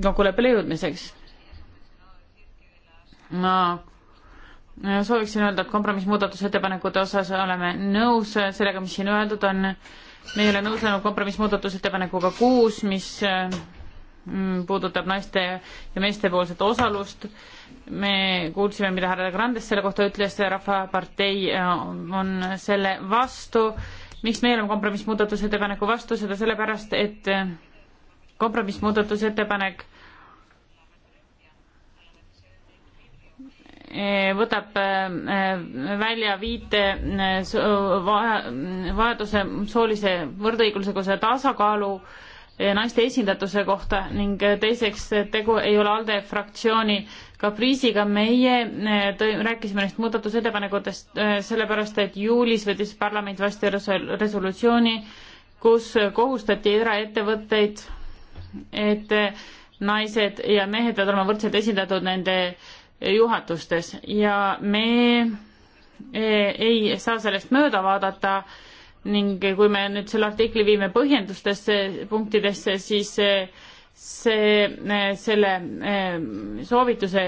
kokkuleppele jõudmiseks. ma sooviksin öelda, et kompromissmuudatusettepanekute osas oleme nõus sellega, mis siin öeldud on. me ei ole nõus olnud kompromissmuudatusettepanekuga kuus, mis mm, puudutab naiste ja meeste poolset osalust. me kuulsime, mida härra Grandes selle kohta ütles, Rahvapartei äh, on selle vastu. miks meie oleme kompromissmuudatusettepaneku vastu, seda sellepärast, et äh, kompromissmuudatusettepanek eh, võtab eh, välja viite eh, vajaduse soolise võrdõiguslikkuse tasakaalu naiste esindatuse kohta ning teiseks tegu ei ole ALDE fraktsiooni kapriisiga, meie tõi, rääkisime neist muudatusettepanekutest sellepärast, et juulis võttis parlament vastu resolutsiooni, kus kohustati eraettevõtteid et naised ja mehed peavad olema võrdselt esindatud nende juhatustes ja me e, ei saa sellest mööda vaadata ning kui me nüüd selle artikli viime põhjendustesse punktidesse, siis see, e, selle e, soovituse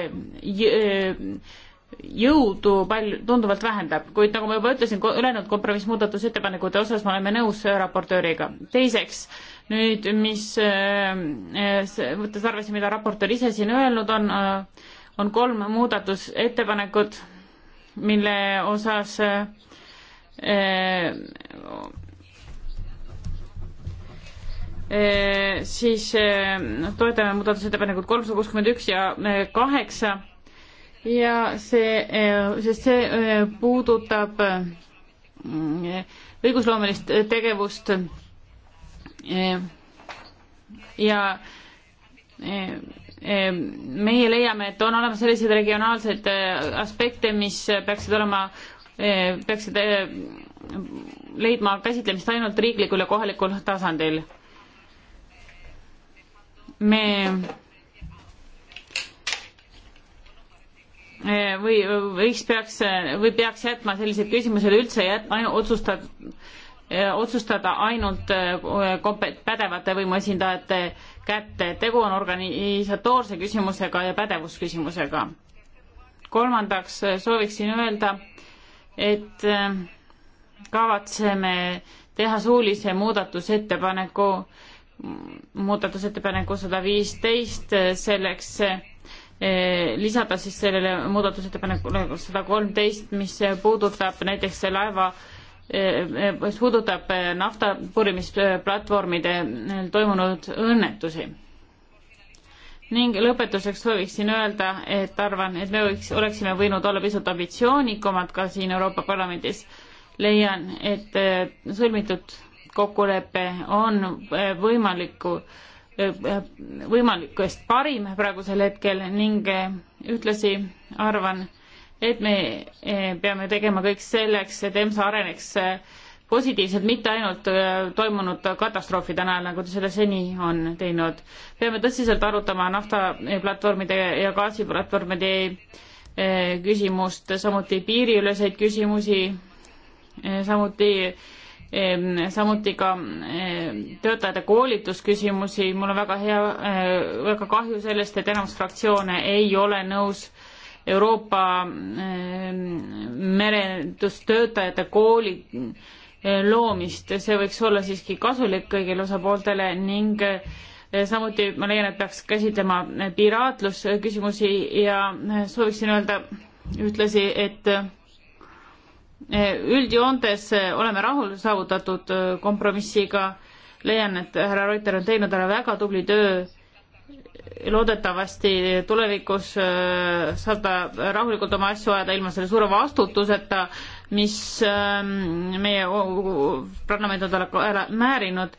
jõudu palju, tunduvalt vähendab, kuid nagu ma juba ütlesin, ülejäänud kompromissmuudatusettepanekute osas me oleme nõus raportööriga. teiseks, nüüd, mis äh, äh, võttes arvesse, mida raportöör ise siin öelnud on, äh, on kolm muudatusettepanekut, mille osas siis noh, toetame muudatusettepanekut kolmsada kuuskümmend üks ja kaheksa ja see, sest see puudutab õigusloomelist tegevust ja meie leiame, et on olemas selliseid regionaalseid aspekte, mis peaksid olema, peaksid leidma käsitlemist ainult riiklikul ja kohalikul tasandil. me või võiks, peaks või peaks jätma sellised küsimused üldse jät-, otsustat-, Eh, otsustada ainult eh, pädevate võimuesindajate kätte. tegu on organisatoorse küsimusega ja pädevusküsimusega. kolmandaks eh, sooviksin öelda, et kavatseme teha suulise muudatusettepaneku, muudatusettepaneku sada viisteist selleks lisada siis sellele muudatusettepanekule sada kolmteist, mis puudutab näiteks laeva mis puudutab eh, nafta purimisplatvormidel eh, toimunud õnnetusi. ning lõpetuseks sooviksin öelda, et arvan, et me võiks, oleksime võinud olla pisut ambitsioonikumad ka siin Euroopa Parlamendis. leian, et eh, sõlmitud kokkulepe on võimaliku, võimalikust parim praegusel hetkel ning ühtlasi arvan, et me eh, peame tegema kõik selleks, et EMSA areneks eh, positiivselt, mitte ainult eh, toimunud katastroofide najal, nagu ta seda seni on teinud. peame tõsiselt arutama naftaplatvormide ja gaasiplatvormide küsimust, samuti piiriüleseid küsimusi, samuti samuti ka töötajate koolitusküsimusi, mul on väga hea, väga kahju sellest, et enamus fraktsioone ei ole nõus äh, Euroopa ehm, merendustöötajate kooli eh, loomist, see võiks olla siiski kasulik kõigile osapooltele ning eh, samuti ma leian, et peaks käsitlema eh, piraatlusküsimusi ja sooviksin öelda ühtlasi, et üldjoontes oleme rahul saavutatud kompromissiga. leian, et härra Reuter on teinud ära väga tubli töö loodetavasti tulevikus äh, saab ta rahulikult oma asju ajada ilma selle suure vastutuseta, mis ähm, meie parlament on talle ära määrinud.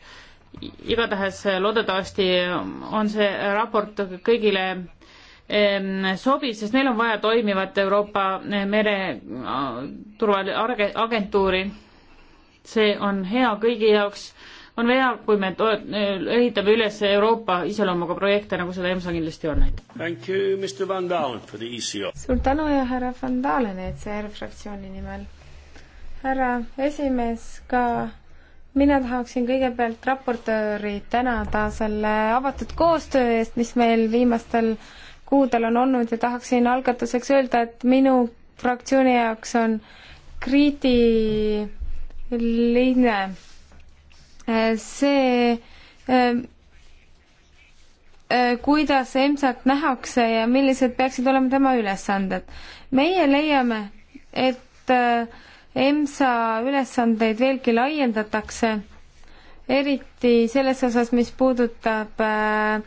igatahes loodetavasti on see raport kõigile ähm, sobiv, sest meil on vaja toimivat Euroopa äh, mereturvaagentuuri. Äh, see on hea kõigi jaoks on hea, kui me ehitame üles Euroopa iseloomuga projekte, nagu seda EMSA kindlasti on. suur tänu ja härra Van Dalen ECR fraktsiooni nimel. härra esimees, ka mina tahaksin kõigepealt raportööri tänada selle avatud koostöö eest, mis meil viimastel kuudel on olnud ja tahaksin algatuseks öelda, et minu fraktsiooni jaoks on kriitiline see ähm, äh, kuidas EMSA-t nähakse ja millised peaksid olema tema ülesanded. meie leiame, et äh, EMSA ülesandeid veelgi laiendatakse, eriti selles osas, mis puudutab äh,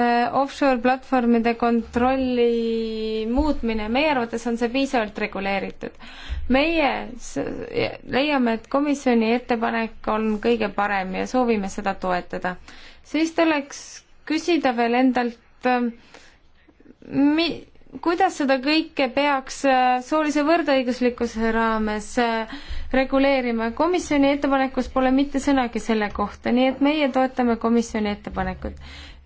Äh, offshore platvormide kontrolli muutmine, meie arvates on see piisavalt reguleeritud. meie leiame, et komisjoni ettepanek on kõige parem ja soovime seda toetada. siis tuleks küsida veel endalt, äh, mi-, kuidas seda kõike peaks äh, soolise võrdõiguslikkuse raames reguleerima, komisjoni ettepanekus pole mitte sõnagi selle kohta, nii et meie toetame komisjoni ettepanekut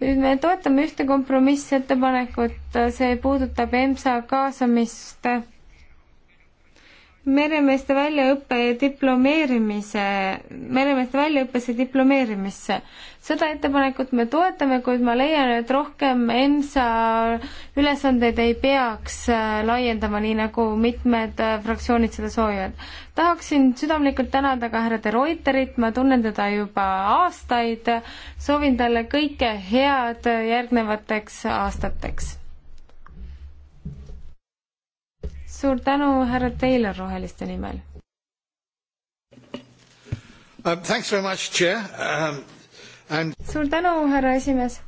nüüd me toetame ühte kompromissettepanekut, see puudutab EMSA kaasamist meremeeste väljaõppe ja diplomeerimise, meremeeste väljaõppesse diplomeerimisse. seda ettepanekut me toetame, kuid ma leian, et rohkem EMSA ülesandeid ei peaks äh, laiendama, nii nagu mitmed äh, fraktsioonid seda soovivad. tahaksin südamlikult tänada ka härra De Reuterit, ma tunnen teda juba aastaid, soovin talle kõike head äh, järgnevateks aastateks suur tänu, härra Taylor Roheliste nimel um,. Much, um, and... suur tänu, härra esimees.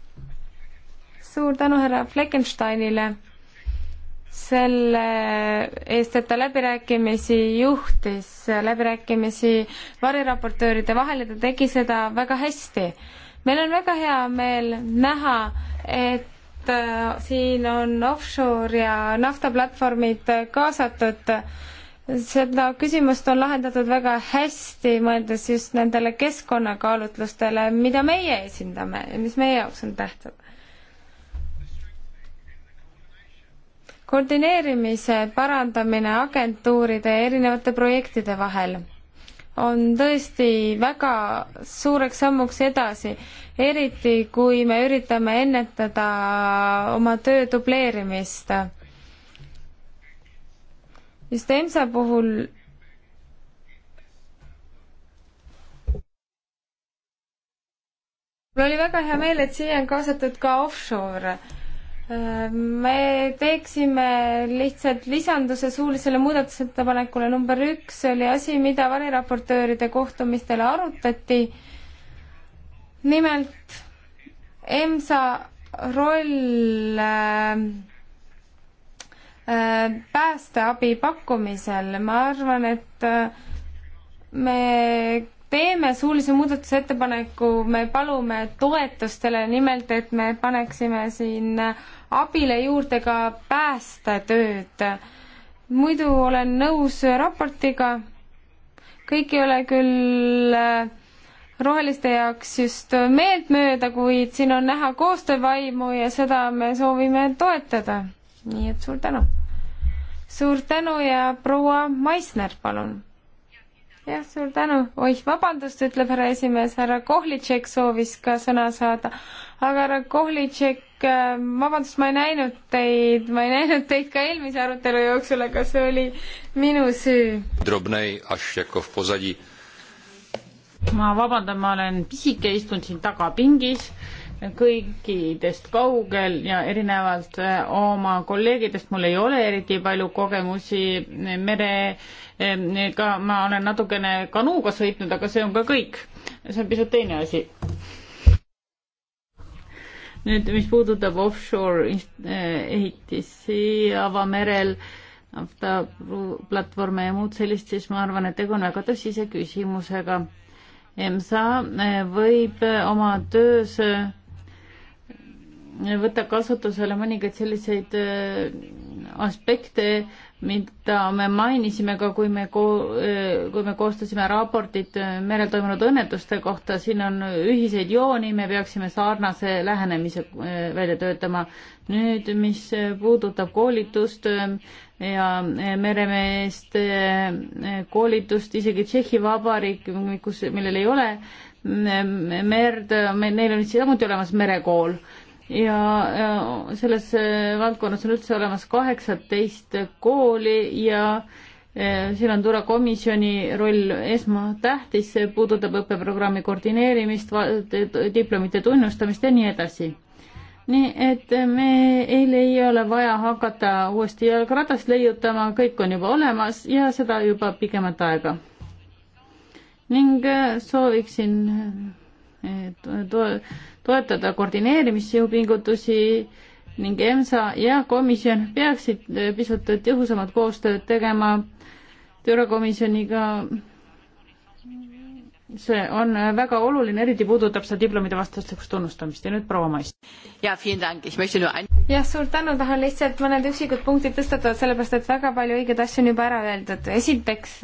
suur tänu härra Fleckensteinile selle eest, et ta läbirääkimisi juhtis, läbirääkimisi variraportööride vahel ja ta tegi seda väga hästi. meil on väga hea meel näha, et Äh, siin on offshore ja naftaplatvormid äh, kaasatud. seda küsimust on lahendatud väga hästi, mõeldes just nendele keskkonnakaalutlustele, mida meie esindame ja mis meie jaoks on tähtsad. koordineerimise parandamine agentuuride ja erinevate projektide vahel on tõesti väga suureks sammuks edasi, eriti kui me üritame ennetada oma töö dubleerimist. just EMSA puhul mul oli väga hea meel, et siia on kaasatud ka offshore Äh, me teeksime lihtsalt lisanduse suulisele muudatusettepanekule number üks, see oli asi, mida variraportööride kohtumistel arutati. nimelt EMSA roll äh, äh, päästeabi pakkumisel, ma arvan, et äh, me teeme suulise muudatusettepaneku, me palume toetustele, nimelt et me paneksime siin abile juurde ka päästetööd. muidu olen nõus raportiga, kõik ei ole küll äh, roheliste jaoks just meeltmööda, kuid siin on näha koostöövaimu ja seda me soovime toetada. nii et suur tänu! suur tänu ja proua Maisner, palun! jah, suur tänu. oih, vabandust, ütleb härra esimees, härra Kohlitšek soovis ka sõna saada. aga härra Kohlitšek, äh, vabandust, ma ei näinud teid, ma ei näinud teid ka eelmise arutelu jooksul, aga see oli minu süü. Drobnej Ašjakov posadi. ma vabandan, ma olen pisike, istun siin tagapingis kõikidest kaugel ja erinevalt äh, oma kolleegidest mul ei ole eriti palju kogemusi merega, äh, ma olen natukene kanuuga sõitnud, aga see on ka kõik. see on pisut teine asi. nüüd, mis puudutab offshore äh, ehitisi avamerel, platvorme ja muud sellist, siis ma arvan, et tegu on väga tõsise küsimusega. EMSA võib oma töös võtta kasutusele mõningaid selliseid äh, aspekte, mida me mainisime ka, kui me, äh, kui me koostasime raportit äh, merel toimunud õnnetuste kohta, siin on ühiseid jooni, me peaksime sarnase lähenemise välja töötama. nüüd, mis puudutab koolitust ja meremeeste koolitust, isegi Tšehhi Vabariik, kus, millel ei ole merd, meil, neil on samuti olemas merekool ja selles äh, valdkonnas on üldse olemas kaheksateist kooli ja äh, siin on Tura komisjoni roll esmatähtis, see puudutab õppeprogrammi koordineerimist, diplomite tunnustamist ja nii edasi. nii et meil ei ole vaja hakata uuesti jalgratast leiutama, kõik on juba olemas ja seda juba pikemat aega. ning äh, sooviksin Eh, toetada koordineerimisjõupingutusi ning EMSA ja komisjon peaksid eh, pisut tõhusamat koostööd tegema töörakomisjoniga. see on väga oluline, eriti puudutab seda diplomide vastastikust tunnustamist ja nüüd proua Maist. jah, suur tänu, tahan lihtsalt mõned üksikud punktid tõstatada, sellepärast et väga palju õigeid asju on juba ära öeldud. esiteks,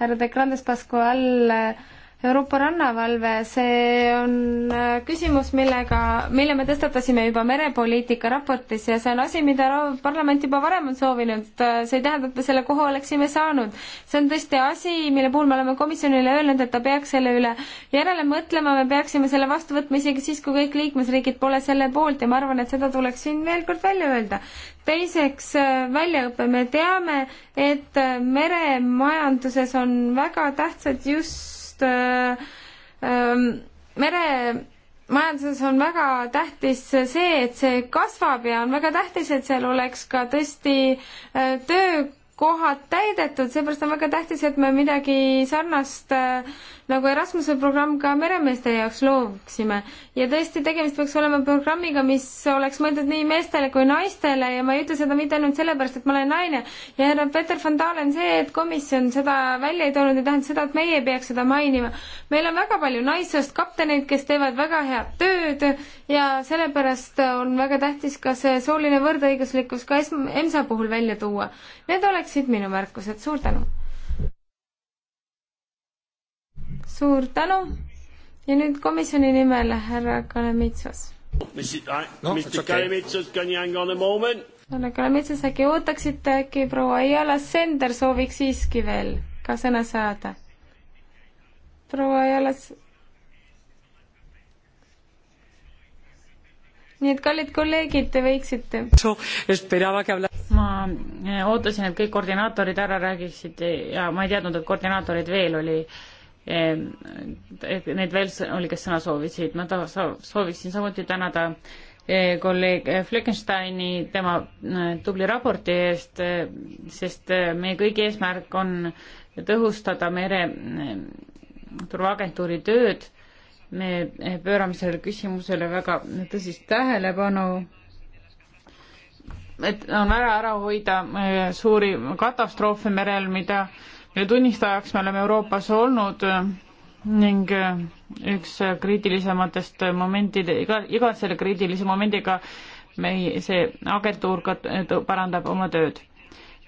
härra De Grandes Pascual äh, Euroopa rannavalve, see on äh, küsimus, millega, mille me tõstatasime juba merepoliitika raportis ja see on asi, mida parlament juba varem on soovinud, äh, see ei tähenda, et me selle koha oleksime saanud. see on tõesti asi, mille puhul me oleme komisjonile öelnud, et ta peaks selle üle järele mõtlema, me peaksime selle vastu võtma isegi siis, kui kõik liikmesriigid pole selle poolt ja ma arvan, et seda tuleks siin veel kord välja öelda teiseks äh, väljaõpe, me teame, et meremajanduses on väga tähtsad just tegevust äh, ähm, meremajanduses on väga tähtis see, et see kasvab ja on väga tähtis, et seal oleks ka tõesti äh, töökohad täidetud, seepärast on väga tähtis, et me midagi sarnast äh, nagu Erasmuse programm ka meremeeste jaoks looksime. ja tõesti, tegemist peaks olema programmiga, mis oleks mõeldud nii meestele kui naistele ja ma ei ütle seda mitte ainult sellepärast, et ma olen naine. ja härra Peter von Dahlen, see, et komisjon seda välja ei toonud, ei tähenda seda, et meie ei peaks seda mainima. meil on väga palju naissoost kapteneid, kes teevad väga head tööd ja sellepärast on väga tähtis ka see sooline võrdõiguslikkus ka EMSA puhul välja tuua. Need oleksid minu märkused, suur tänu! suur tänu ja nüüd komisjoni nimel härra Kalemitsas. härra Kalemitsas, äkki ootaksite, äkki proua Ayala Sender sooviks siiski veel ka sõna saada? proua Ayala. nii et kallid kolleegid, te võiksite. ma eh, ootasin, et kõik koordinaatorid ära räägiksid ja ma ei teadnud, et koordinaatoreid veel oli äh, need veel oli, kes sõna soovisid. ma ta-, sooviksin samuti tänada e, kolleeg e, Fleckensteini tema e, tubli raporti eest, sest meie kõigi eesmärk on tõhustada mere turvaagentuuri tööd. me pöörame sellele küsimusele väga tõsist tähelepanu. et on vaja ära hoida suuri katastroofe merel, mida äh, tunnistajaks me oleme Euroopas olnud äh, ning äh, üks äh, kriitilisematest momentide, iga, iga selle kriitilise momendiga meie, see agentuur ka parandab oma tööd.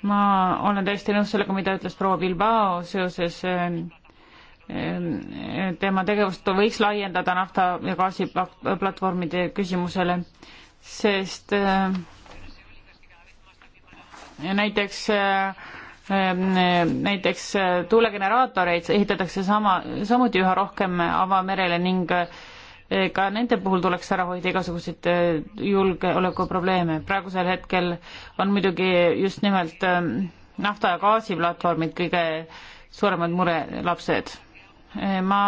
ma olen täiesti nõus sellega, mida ütles proua Bilbao seoses ähm, ähm, tema tegevust võiks laiendada nafta ja gaasiplatvormide küsimusele, sest näiteks äh, Ehm, ehm, näiteks äh, tuulegeneraatoreid ehitatakse sama, samuti üha rohkem äh, avamerele ning äh, ka nende puhul tuleks ära hoida igasuguseid julgeolekuprobleeme. praegusel hetkel on muidugi just nimelt ähm, nafta- ja gaasiplatvormid kõige suuremad murelapsed. ma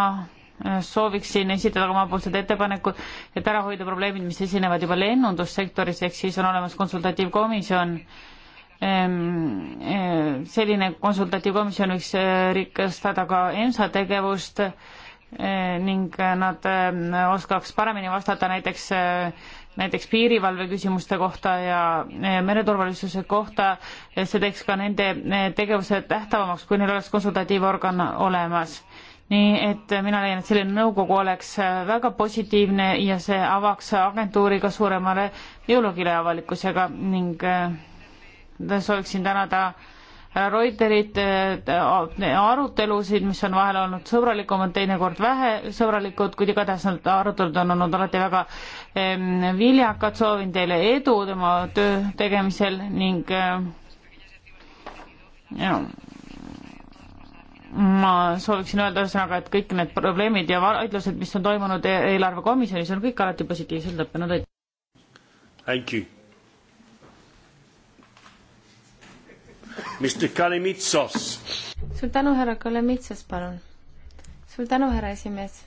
sooviksin esitada ka omapoolsed ettepanekud, et ära hoida probleemid, mis esinevad juba lennundussektoris, ehk siis on olemas konsultatiivkomisjon, E, selline konsultatiivkomisjon võiks e, rikastada ka EMSA tegevust e, ning nad oskaks paremini vastata näiteks, näiteks piirivalve küsimuste kohta ja mereturvalisuse kohta. see teeks ka nende tegevuse tähtavamaks, kui neil oleks konsultatiivorgan olemas. nii et mina leian, et selline nõukogu oleks väga positiivne ja see avaks agentuuri ka suuremale dialoogile avalikkusega ning Äh, sooviksin tänada äh, Reuterit äh, arutelusid, mis on vahel olnud sõbralikumad, teinekord vähe sõbralikud, kuid igatahes need arutelud on olnud alati väga viljakad, soovin teile edu tema töö tegemisel ning ja, ma sooviksin öelda ühesõnaga, et kõik need probleemid ja vaidlused, mis on toimunud e-, eelarvekomisjonis, on kõik alati positiivselt lõppenud. Thank you. Mr Kalimitsos. suur tänu, härra Kalimitsos, palun. suur tänu, härra esimees.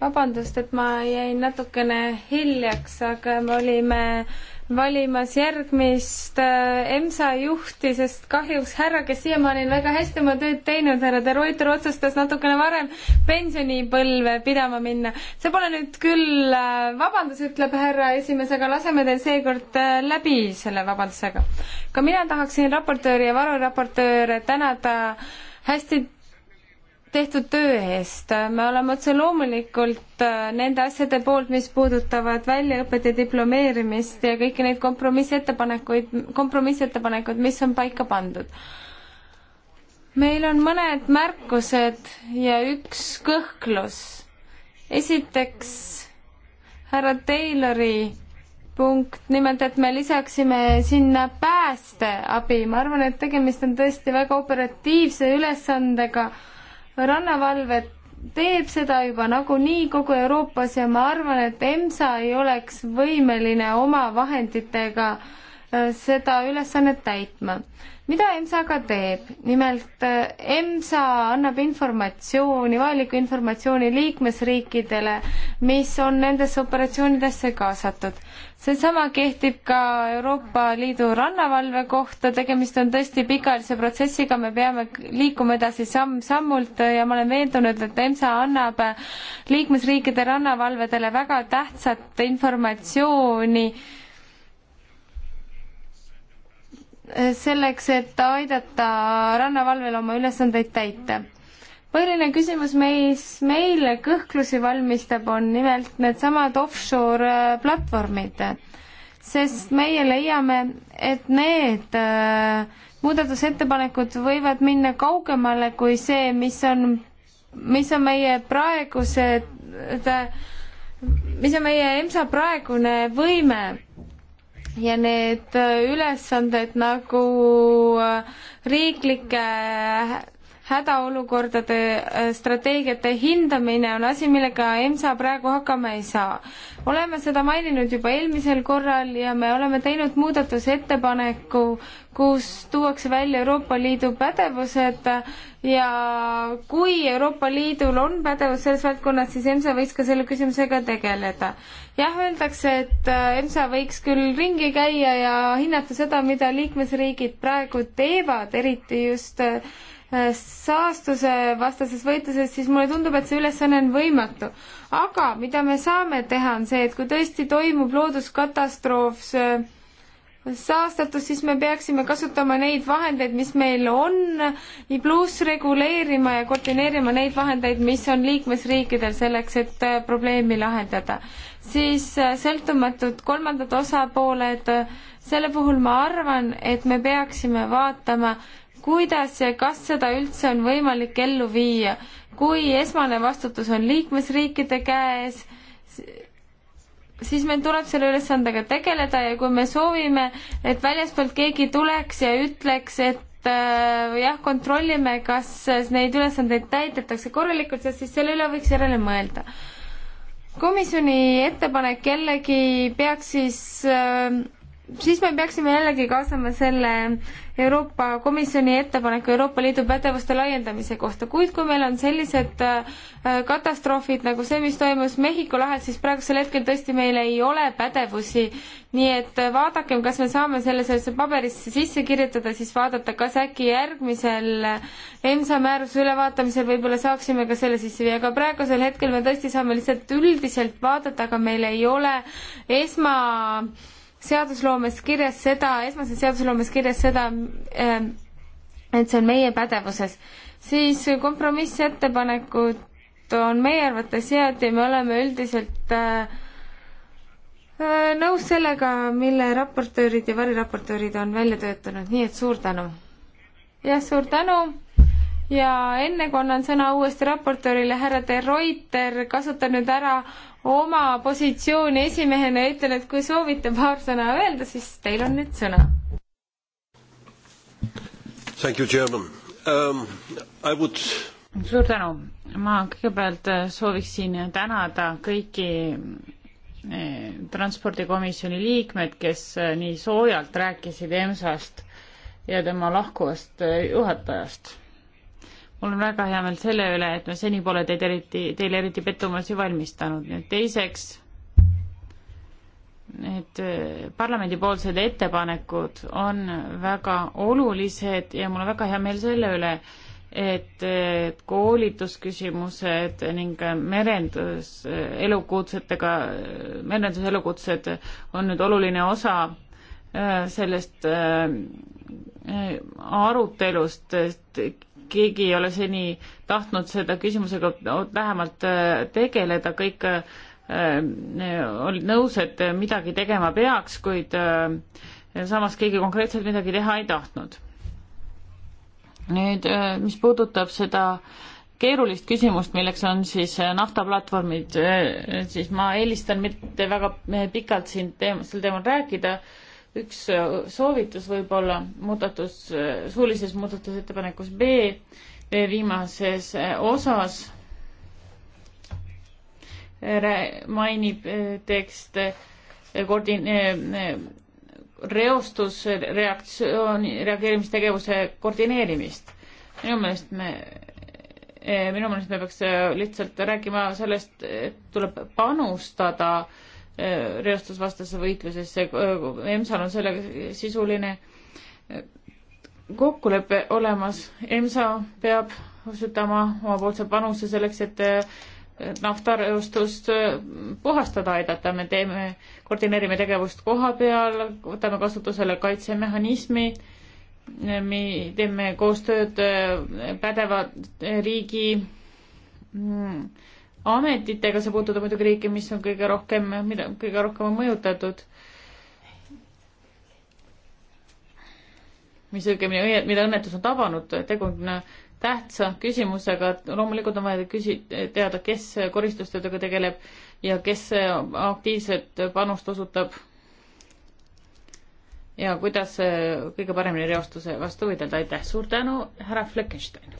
vabandust, et ma jäin natukene hiljaks, aga me olime valimas järgmist äh, EMSA juhti, sest kahjuks härra, kes siiamaani on väga hästi oma tööd teinud, härra De Reuter otsustas natukene varem pensionipõlve pidama minna. see pole nüüd küll äh, vabandus, ütleb härra esimees, aga laseme teil seekord äh, läbi selle vabandusega. ka mina tahaksin raportööri ja varuraportööre tänada hästi tehtud töö eest. me oleme otse loomulikult äh, nende asjade poolt, mis puudutavad väljaõpet ja diplomeerimist ja kõiki neid kompromissettepanekuid, kompromissettepanekuid, mis on paika pandud. meil on mõned märkused ja üks kõhklus. esiteks härra Taylori punkt, nimelt et me lisaksime sinna päästeabi, ma arvan, et tegemist on tõesti väga operatiivse ülesandega rannavalve teeb seda juba nagunii kogu Euroopas ja ma arvan, et EMSA ei oleks võimeline oma vahenditega äh, seda ülesannet täitma mida EMSA aga teeb? nimelt äh, EMSA annab informatsiooni, vajalikku informatsiooni liikmesriikidele, mis on nendesse operatsioonidesse kaasatud. seesama kehtib ka Euroopa Liidu rannavalve kohta, tegemist on tõesti pikaajalise protsessiga, me peame liikuma edasi samm-sammult ja ma olen veendunud, et EMSA annab liikmesriikide rannavalvedele väga tähtsat informatsiooni selleks, et aidata rannavalvel oma ülesandeid täita. põhiline küsimus, mis meile kõhklusi valmistab, on nimelt needsamad offshore äh, platvormid, sest meie leiame, et need äh, muudatusettepanekud võivad minna kaugemale kui see, mis on, mis on meie praegused, äh, mis on meie EMSA praegune võime ja need ülesanded nagu riiklike hädaolukordade äh, strateegiate hindamine on asi, millega EMSA praegu hakkama ei saa. oleme seda maininud juba eelmisel korral ja me oleme teinud muudatusettepaneku, kus tuuakse välja Euroopa Liidu pädevused ja kui Euroopa Liidul on pädevus selles valdkonnas, siis EMSA võiks ka selle küsimusega tegeleda. jah, öeldakse, et äh, EMSA võiks küll ringi käia ja hinnata seda, mida liikmesriigid praegu teevad, eriti just äh, saastuse vastases võitluses, siis mulle tundub, et see ülesanne on võimatu. aga mida me saame teha, on see, et kui tõesti toimub looduskatastroof, saastatus, siis me peaksime kasutama neid vahendeid, mis meil on, pluss reguleerima ja koordineerima neid vahendeid, mis on liikmesriikidel selleks, et äh, probleemi lahendada. siis äh, sõltumatud kolmandad osapooled, äh, selle puhul ma arvan, et me peaksime vaatama, kuidas ja kas seda üldse on võimalik ellu viia, kui esmane vastutus on liikmesriikide käes, siis meil tuleb selle ülesandega tegeleda ja kui me soovime, et väljaspoolt keegi tuleks ja ütleks, et äh, jah, kontrollime, kas neid ülesandeid täidetakse korralikult, sest siis selle üle võiks järele mõelda. komisjoni ettepanek jällegi peaks siis äh, siis me peaksime jällegi kaasama selle Euroopa Komisjoni ettepaneku Euroopa Liidu pädevuste laiendamise kohta, kuid kui meil on sellised äh, katastroofid nagu see, mis toimus Mehhiko lahel, siis praegusel hetkel tõesti meil ei ole pädevusi, nii et äh, vaadakem, kas me saame selle sellesse paberisse sisse kirjutada, siis vaadata, kas äkki järgmisel äh, EMSA määruse ülevaatamisel võib-olla saaksime ka selle sisse viia, aga praegusel hetkel me tõesti saame lihtsalt üldiselt vaadata, aga meil ei ole esma seadusloomes kirjas seda, esmases seadusloomes kirjas seda, ähm, et see on meie pädevuses, siis kompromissettepanekud on meie arvates head ja me oleme üldiselt äh, äh, nõus sellega, mille raportöörid ja variraportöörid on välja töötanud, nii et suur tänu! jah, suur tänu! ja enne kui annan sõna uuesti raportöörile, härra de Reuter, kasutan nüüd ära oma positsiooni esimehena ja ütlen, et kui soovite paar sõna öelda, siis teil on nüüd sõna. Thank you, Chairman um,. I would suur tänu, ma kõigepealt äh, sooviksin tänada kõiki äh, transpordikomisjoni liikmed, kes äh, nii soojalt rääkisid EMSA-st ja tema lahkuvast juhatajast mul on väga hea meel selle üle, et me seni pole teid eriti, teile eriti pettumusi valmistanud. nüüd teiseks, need äh, parlamendipoolsed ettepanekud on väga olulised ja mul on väga hea meel selle üle, et äh, koolitusküsimused ning merendus, äh, elukutsetega, merenduselukutsed on nüüd oluline osa sellest arutelust, et keegi ei ole seni tahtnud seda küsimusega vähemalt äh, tegeleda, kõik äh, olid nõus, et midagi tegema peaks, kuid äh, samas keegi konkreetselt midagi teha ei tahtnud. nüüd, mis puudutab seda keerulist küsimust, milleks on siis naftaplatvormid, siis ma eelistan mitte väga pikalt siin teem-, sel teemal rääkida üks soovitus võib-olla muudatus, suulises muudatusettepanekus B viimases osas mainib eh, tekst eh, koordine-, eh, reostusreaktsiooni, reageerimistegevuse koordineerimist. minu meelest me, minu meelest me peaks lihtsalt rääkima sellest, et tuleb panustada äh, reostusvastase võitlusesse. Äh, EMSA-l on sellega sisuline äh, kokkulepe olemas. EMSA peab osutama omapoolse panuse selleks, et äh, naftareostust puhastada aidata. me teeme, koordineerime tegevust koha peal, võtame kasutusele kaitsemehhanismi, me teeme koostööd pädeva riigi mm, ametitega, see puudutab muidugi riiki, mis on kõige rohkem, mida kõige rohkem on mõjutatud. mis õigemini, mida õnnetus on tabanud, tegu on tähtsa küsimusega, et loomulikult on vaja küsi-, teada, kes koristustöödega tegeleb ja kes aktiivset panust osutab ja kuidas kõige paremini reostuse vastu võidelda. aitäh, suur tänu, härra Fleckenstein!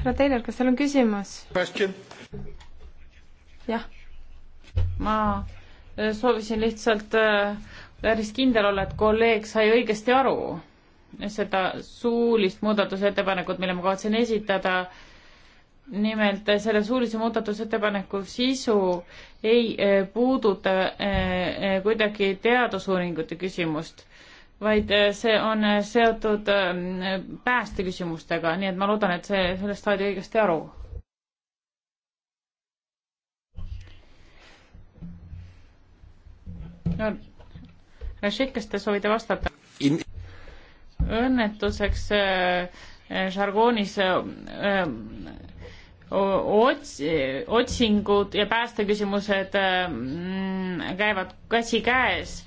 härra Taylor, kas teil on küsimus? jah. ma äh, soovisin lihtsalt äh, päris kindel olla, et kolleeg sai õigesti aru seda suulist muudatusettepanekut, mille ma kavatsen esitada. nimelt äh, selle suulise muudatusettepaneku sisu ei puuduta kuidagi teadusuuringute küsimust vaid eh, see on eh, seotud eh, päästeküsimustega, nii et ma loodan, et see, sellest saadi õigesti aru. no Rashid, kas te soovite vastata In...? õnnetuseks äh, žargoonis äh, ots-, otsingud ja päästeküsimused äh, käivad käsikäes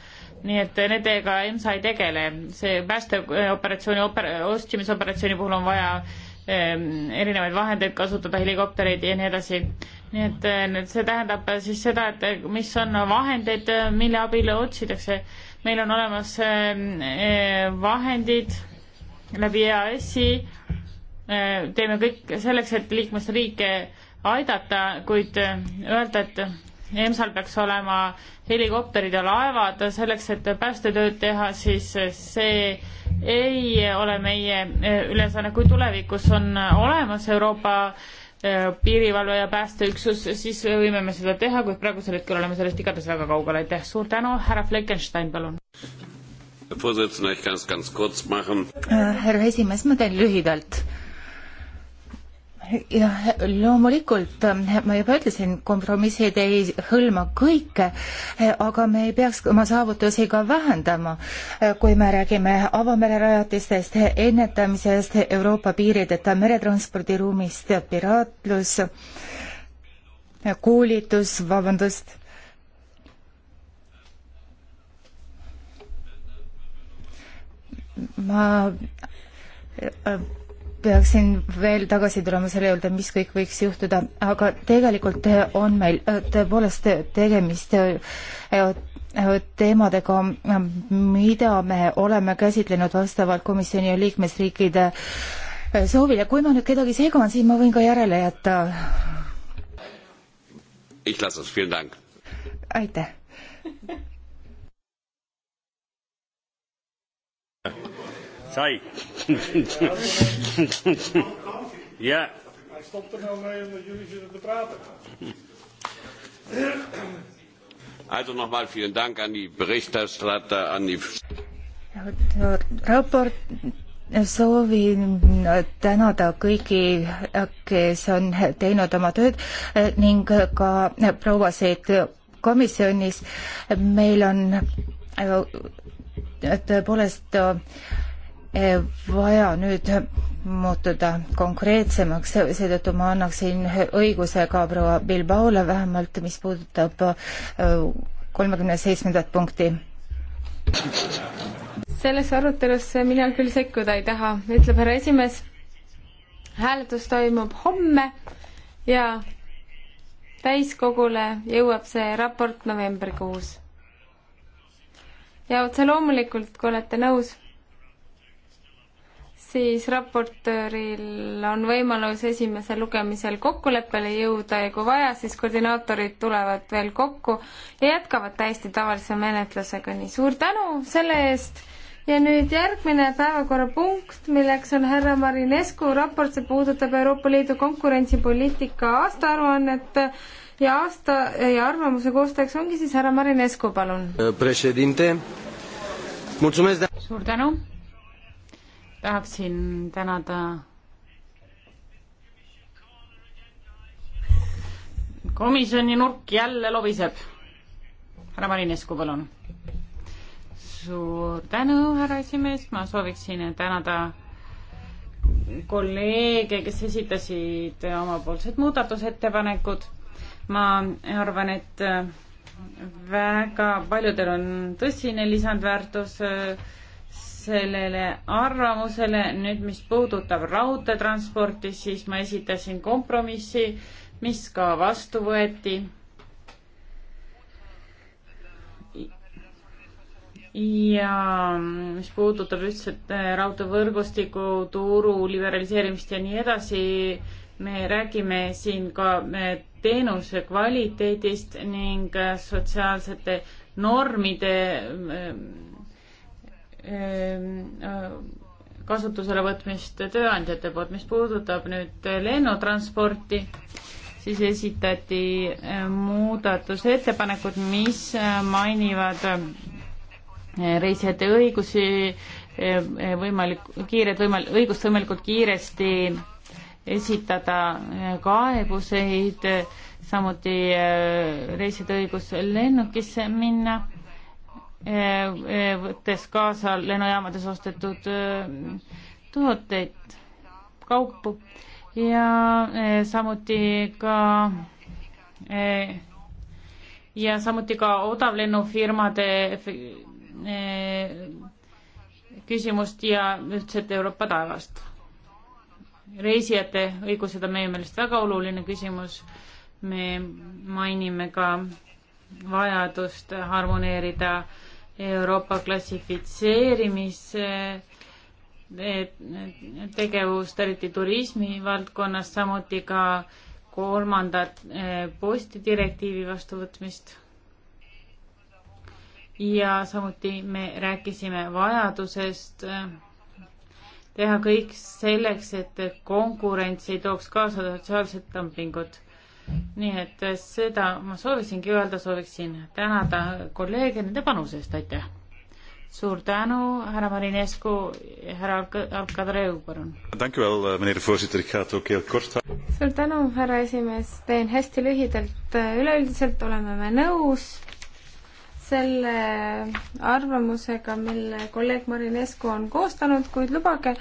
nii et nendega EMSA ei tegele, see päästeoperatsiooni oper-, ostimisoperatsiooni puhul on vaja ähm, erinevaid vahendeid kasutada, helikoptereid ja nii edasi. nii et äh, see tähendab siis seda, et äh, mis on vahendeid, äh, mille abil otsitakse. meil on olemas ähm, äh, vahendid läbi EAS-i äh,, teeme kõik selleks, et liikmesriike aidata, kuid öelda, et EMSA-l peaks olema helikopterid ja laevad selleks, et päästetööd teha, siis see ei ole meie e, ülesanne, kui tulevikus on olemas Euroopa e, piirivalve ja päästeüksus, siis võime me seda teha, kuid praegusel hetkel oleme sellest igatahes väga kaugel, aitäh, suur tänu, härra Fleckenstein, palun. härra äh, esimees, ma teen lühidalt jah, loomulikult eh, ma juba ütlesin, kompromissid ei hõlma kõike, eh, aga me ei peaks oma saavutusi ka vähendama. Eh, kui me räägime avamererajatistest, ennetamisest, Euroopa piirideta meretranspordiruumist, piraatlus, koolitus, vabandust ma peaksin veel tagasi tulema selle juurde, mis kõik võiks juhtuda, aga tegelikult on meil äh, tõepoolest tegemist äh, äh, teemadega, mida me oleme käsitlenud vastavalt komisjoni ja liikmesriikide soovile. kui ma nüüd kedagi segan, siis ma võin ka järele jätta. aitäh. sai. ja. Ik stop er nou mee omdat jullie zitten te praten. Also nochmal vielen Dank an die Berichterstatter, an die raport soovin tänada kõiki, kes on teinud oma tööd ning ka prouasid komisjonis. meil on tõepoolest vaja nüüd muutuda konkreetsemaks, seetõttu ma annaksin õiguse ka proua Bilbaole vähemalt, mis puudutab äh, kolmekümne seitsmendat punkti. sellesse arutelusse mina küll sekkuda ei taha, ütleb härra esimees. hääletus toimub homme ja täiskogule jõuab see raport novembrikuus. ja otse loomulikult, kui olete nõus siis raportööril on võimalus esimesel lugemisel kokkuleppele jõuda ja kui vaja, siis koordinaatorid tulevad veel kokku ja jätkavad täiesti tavalise menetlusega, nii suur tänu selle eest ja nüüd järgmine päevakorrapunkt, milleks on härra Marinescu raport, see puudutab Euroopa Liidu konkurentsipoliitika aastaaruannet ja aasta ja arvamuse koostajaks ongi siis härra Marinescu, palun. suur tänu tahaksin tänada komisjoni nurk jälle lobiseb. härra Marinescu, palun. suur tänu, härra esimees, ma sooviksin tänada kolleege, kes esitasid omapoolsed muudatusettepanekud. ma arvan, et väga paljudel on tõsine lisandväärtus äh, sellele arvamusele. nüüd, mis puudutab raudteetransporti, siis ma esitasin kompromissi, mis ka vastu võeti. ja mis puudutab üldset äh, raudteevõrgustiku turu liberaliseerimist ja nii edasi, me räägime siin ka äh, teenuse kvaliteedist ning äh, sotsiaalsete normide Ehm, äh, kasutusele võtmist tööandjate poolt. mis puudutab nüüd lennutransporti, siis esitati äh, muudatusettepanekud, mis äh, mainivad reisijate õigusi, võimalik, kiired võimal-, õigust võimalikult kiiresti esitada kaebuseid, samuti reisijate õigus lennukisse minna võttes kaasa lennujaamades ostetud äh, tooteid, kaupu ja äh, samuti ka äh, ja samuti ka odavlennufirmade küsimust ja ühtset Euroopa taevast. reisijate õigused on meie meelest väga oluline küsimus. me mainime ka vajadust harmoneerida äh, Euroopa klassifitseerimise tegevust, eriti turismi valdkonnas, samuti ka kolmandat eh, postidirektiivi vastuvõtmist. ja samuti me rääkisime vajadusest eh, teha kõik selleks, et konkurents ei tooks kaasa sotsiaalset dumpingut nii et eh, seda ma soovisingi öelda, sooviksin tänada kolleege nende panuse eest, aitäh! suur tänu, härra Marinescu, härra Alcadreu, palun! Uh, suur tänu, härra esimees, teen hästi lühidalt, eh, üleüldiselt oleme me nõus selle arvamusega, mille kolleeg Marinescu on koostanud, kuid lubage,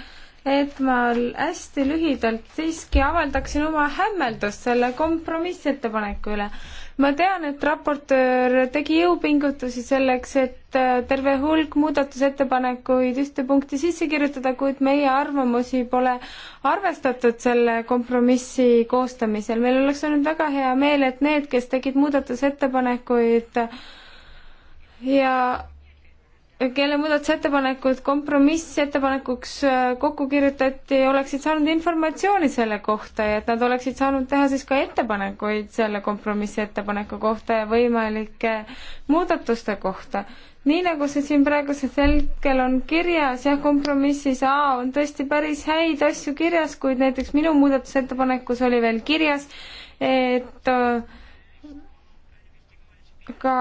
et ma hästi lühidalt siiski avaldaksin oma hämmeldust selle kompromissettepaneku üle. ma tean, et raportöör tegi jõupingutusi selleks, et äh, terve hulk muudatusettepanekuid ühte punkti sisse kirjutada, kuid meie arvamusi pole arvestatud selle kompromissi koostamisel. meil oleks olnud väga hea meel, et need, kes tegid muudatusettepanekuid ja kelle muudatusettepanekud kompromissettepanekuks äh, kokku kirjutati, oleksid saanud informatsiooni selle kohta ja et nad oleksid saanud teha siis ka ettepanekuid selle kompromissettepaneku kohta ja võimalike muudatuste kohta. nii nagu see siin praegusel hetkel on kirjas, jah, kompromissis A on tõesti päris häid asju kirjas, kuid näiteks minu muudatusettepanekus oli veel kirjas, et äh, ka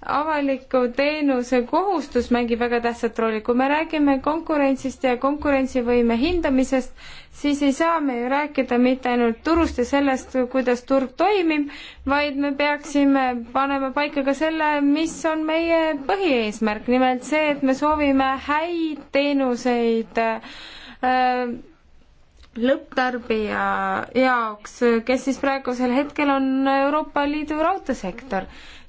avaliku teenuse kohustus mängib väga tähtsat rolli. kui me räägime konkurentsist ja konkurentsivõime hindamisest, siis ei saa me ju rääkida mitte ainult turust ja sellest, kuidas turg toimib, vaid me peaksime panema paika ka selle, mis on meie põhieesmärk, nimelt see, et me soovime häid teenuseid äh, lõpptarbija jaoks, kes siis praegusel hetkel on Euroopa Liidu raudteesektor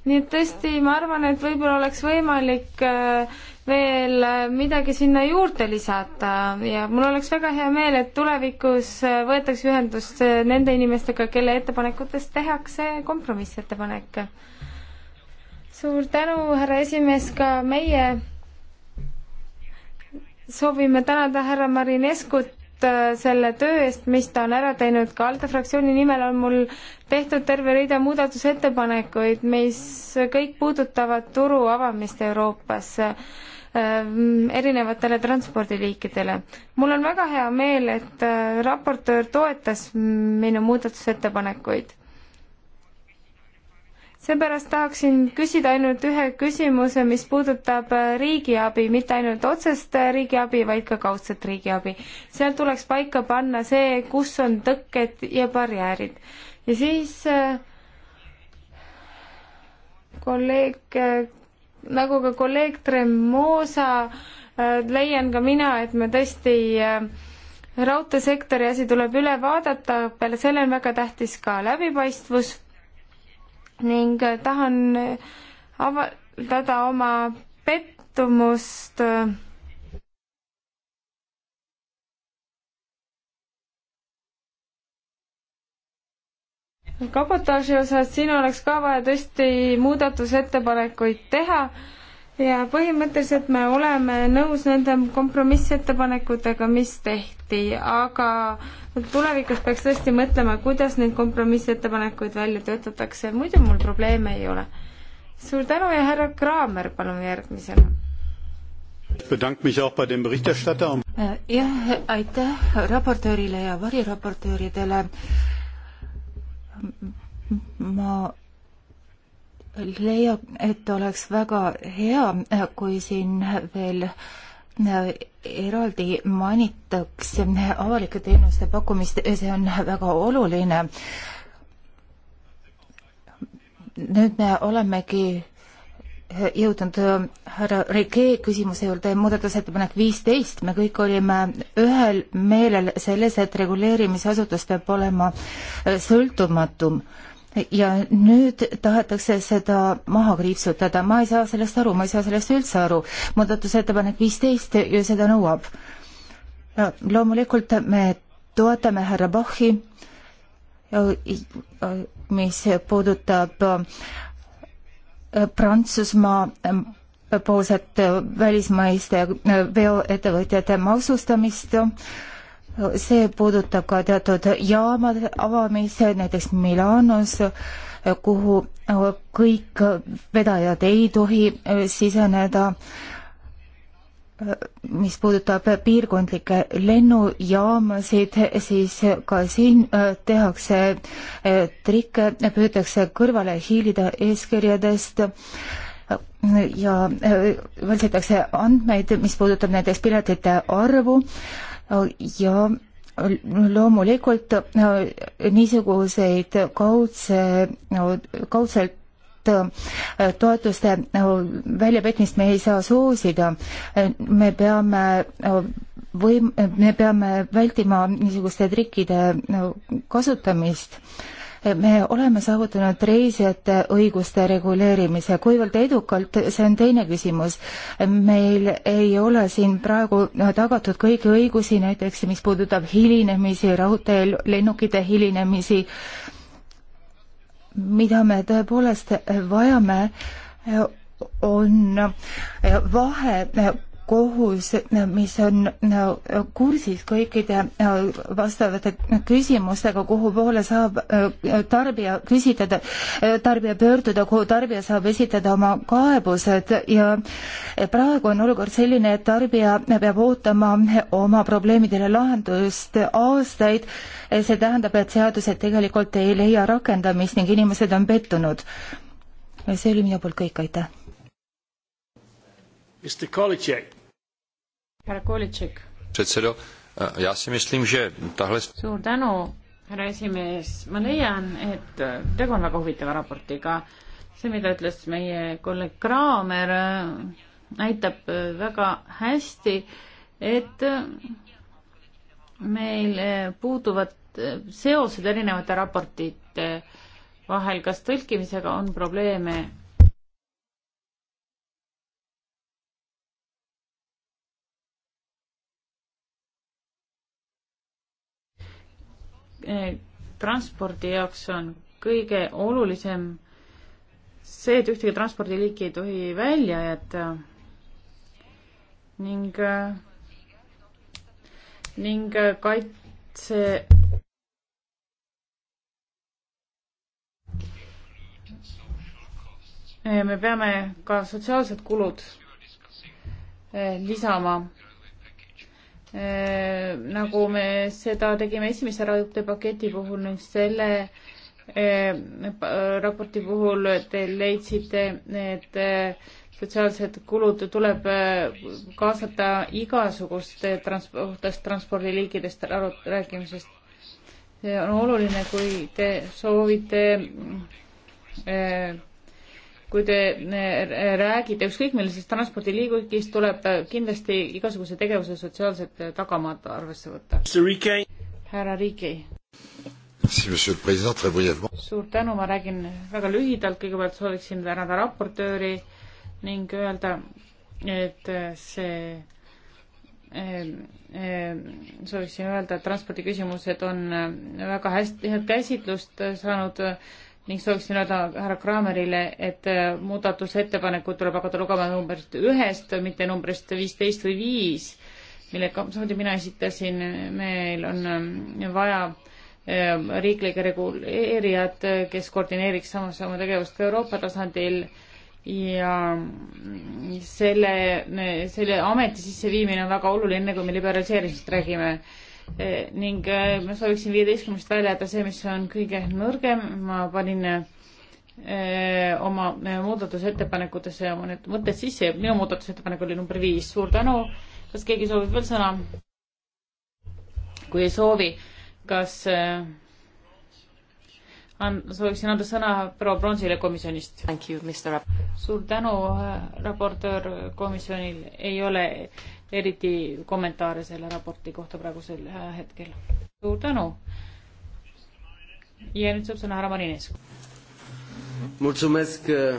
nii et tõesti, ma arvan, et võib-olla oleks võimalik äh, veel äh, midagi sinna juurde lisada ja mul oleks väga hea meel, et tulevikus äh, võetakse ühendust nende inimestega, kelle ettepanekutest tehakse kompromissettepanek. suur tänu, härra esimees, ka meie soovime tänada härra Marineskut Äh, selle töö eest, mis ta on ära teinud. ka ALDE fraktsiooni nimel on mul tehtud terve rida muudatusettepanekuid, mis kõik puudutavad turu avamist Euroopas äh, erinevatele transpordiliikidele. mul on väga hea meel, et äh, raportöör toetas minu muudatusettepanekuid seepärast tahaksin küsida ainult ühe küsimuse, mis puudutab äh, riigiabi, mitte ainult otsest äh, riigiabi, vaid ka kaudset riigiabi. seal tuleks paika panna see, kus on tõkked ja barjäärid. ja siis äh, kolleeg, nagu ka kolleeg Tremosa, leian ka mina, et me tõesti raudteesektori asi tuleb üle vaadata, peale selle on väga tähtis ka läbipaistvus ning tahan avaldada oma pettumust kabotaaži osas, siin oleks ka vaja tõesti muudatusettepanekuid teha ja põhimõtteliselt me oleme nõus nende kompromissettepanekutega, mis tehti, aga tulevikus peaks tõesti mõtlema, kuidas neid kompromissettepanekuid välja töötatakse, muidu mul probleeme ei ole. suur tänu ja härra Kraamer, palun järgmisena. Äh, jah, aitäh raportöörile ja variraportööridele. ma leiab, et oleks väga hea, kui siin veel äh, eraldi mainitaks äh, avalike teenuste pakkumist, see on väga oluline. nüüd me olemegi äh, jõudnud härra Rikee küsimuse juurde, muudatusettepanek viisteist, me kõik olime ühel meelel selles, et reguleerimisasutus peab olema sõltumatum ja nüüd tahetakse seda maha kriipsutada, ma ei saa sellest aru, ma ei saa sellest üldse aru. muudatusettepanek viisteist ju seda nõuab. loomulikult me toetame härra Bachi, mis puudutab äh, Prantsusmaa äh, poolset äh, välismaiste veoettevõtjate maksustamist see puudutab ka teatud jaamade avamise, näiteks Milanos, kuhu kõik vedajad ei tohi äh, siseneda, äh, mis puudutab piirkondlikke lennujaamasid, siis ka siin äh, tehakse trikke, püütakse kõrvale hiilida eeskirjadest ja võltsitakse andmeid, mis puudutab näiteks piletite arvu ja loomulikult äh, niisuguseid kaudse, kaudselt äh, toetuste äh, väljapetmist me ei saa soosida. me peame või me peame vältima niisuguste trikkide kasutamist me oleme saavutanud reisijate õiguste reguleerimise, kuivõrd edukalt, see on teine küsimus. meil ei ole siin praegu tagatud kõiki õigusi, näiteks mis puudutab hilinemisi, raudteel lennukite hilinemisi, mida me tõepoolest vajame, on vahe kohus, mis on kursis kõikide äh, vastavate küsimustega, kuhu poole saab äh, tarbija küsida, äh, tarbija pöörduda, kuhu tarbija saab esitada oma kaebused ja praegu on olukord selline, et tarbija peab ootama oma probleemidele lahendust aastaid. see tähendab, et seadused tegelikult ei leia rakendamist ning inimesed on pettunud. see oli minu poolt kõik, aitäh. Mr. Kolicek härra Kolitšik. Eh, suur tänu, härra esimees, ma leian, et eh, tegu on väga huvitava raportiga. see, mida ütles meie kolleeg Kraamer, eh, näitab väga hästi, et meil puuduvad seosed erinevate raportite vahel, kas tõlkimisega on probleeme Eh, transpordi jaoks on kõige olulisem see, et ühtegi transpordiliiki ei tohi välja jätta ning, eh, ning eh, kaitse me peame ka sotsiaalsed kulud lisama Äh, nagu me seda tegime esimese raudteepaketi puhul ning selle äh, raporti puhul te leidsite, et äh, sotsiaalsed kulud tuleb kaasata igasugustest transpordist, transpordiliikidest rääkimisest. on oluline, kui te soovite kui te räägite ükskõik millisest transpordiliigukist, tuleb kindlasti igasuguse tegevuse sotsiaalsed tagamaad arvesse võtta. härra Riiki. suur tänu, ma räägin väga lühidalt, kõigepealt sooviksin tänada raportööri ning öelda, et see sooviksin öelda, et transpordiküsimused on väga hästi, head käsitlust saanud ning sooviksin öelda härra Kramerile, et äh, muudatusettepanekud tuleb hakata lugema numbrist ühest, mitte numbrist viisteist või viis, mille samuti mina esitasin, meil on ähm, vaja ähm, riiklikke reguleerijad, kes koordineeriks samas oma tegevust ka Euroopa tasandil ja mm, selle, selle ameti sisseviimine on väga oluline, enne kui me liberaliseerimisest räägime Eh, ning eh, ma sooviksin viieteistkümnest välja jätta see, mis on kõige nõrgem, ma panin eh, oma muudatusettepanekutesse oma need mõtted sisse ja minu muudatusettepanek oli number viis, suur tänu. kas keegi soovib veel sõna? kui ei soovi, kas an-, sooviksin anda sõna proua Bronsile komisjonist. suur tänu, raportöör komisjonil ei ole eriti kommentaare selle raporti kohta praegusel äh, hetkel. suur tänu. ja nüüd saab sõna härra Marinescu. Mulțumesc e, e,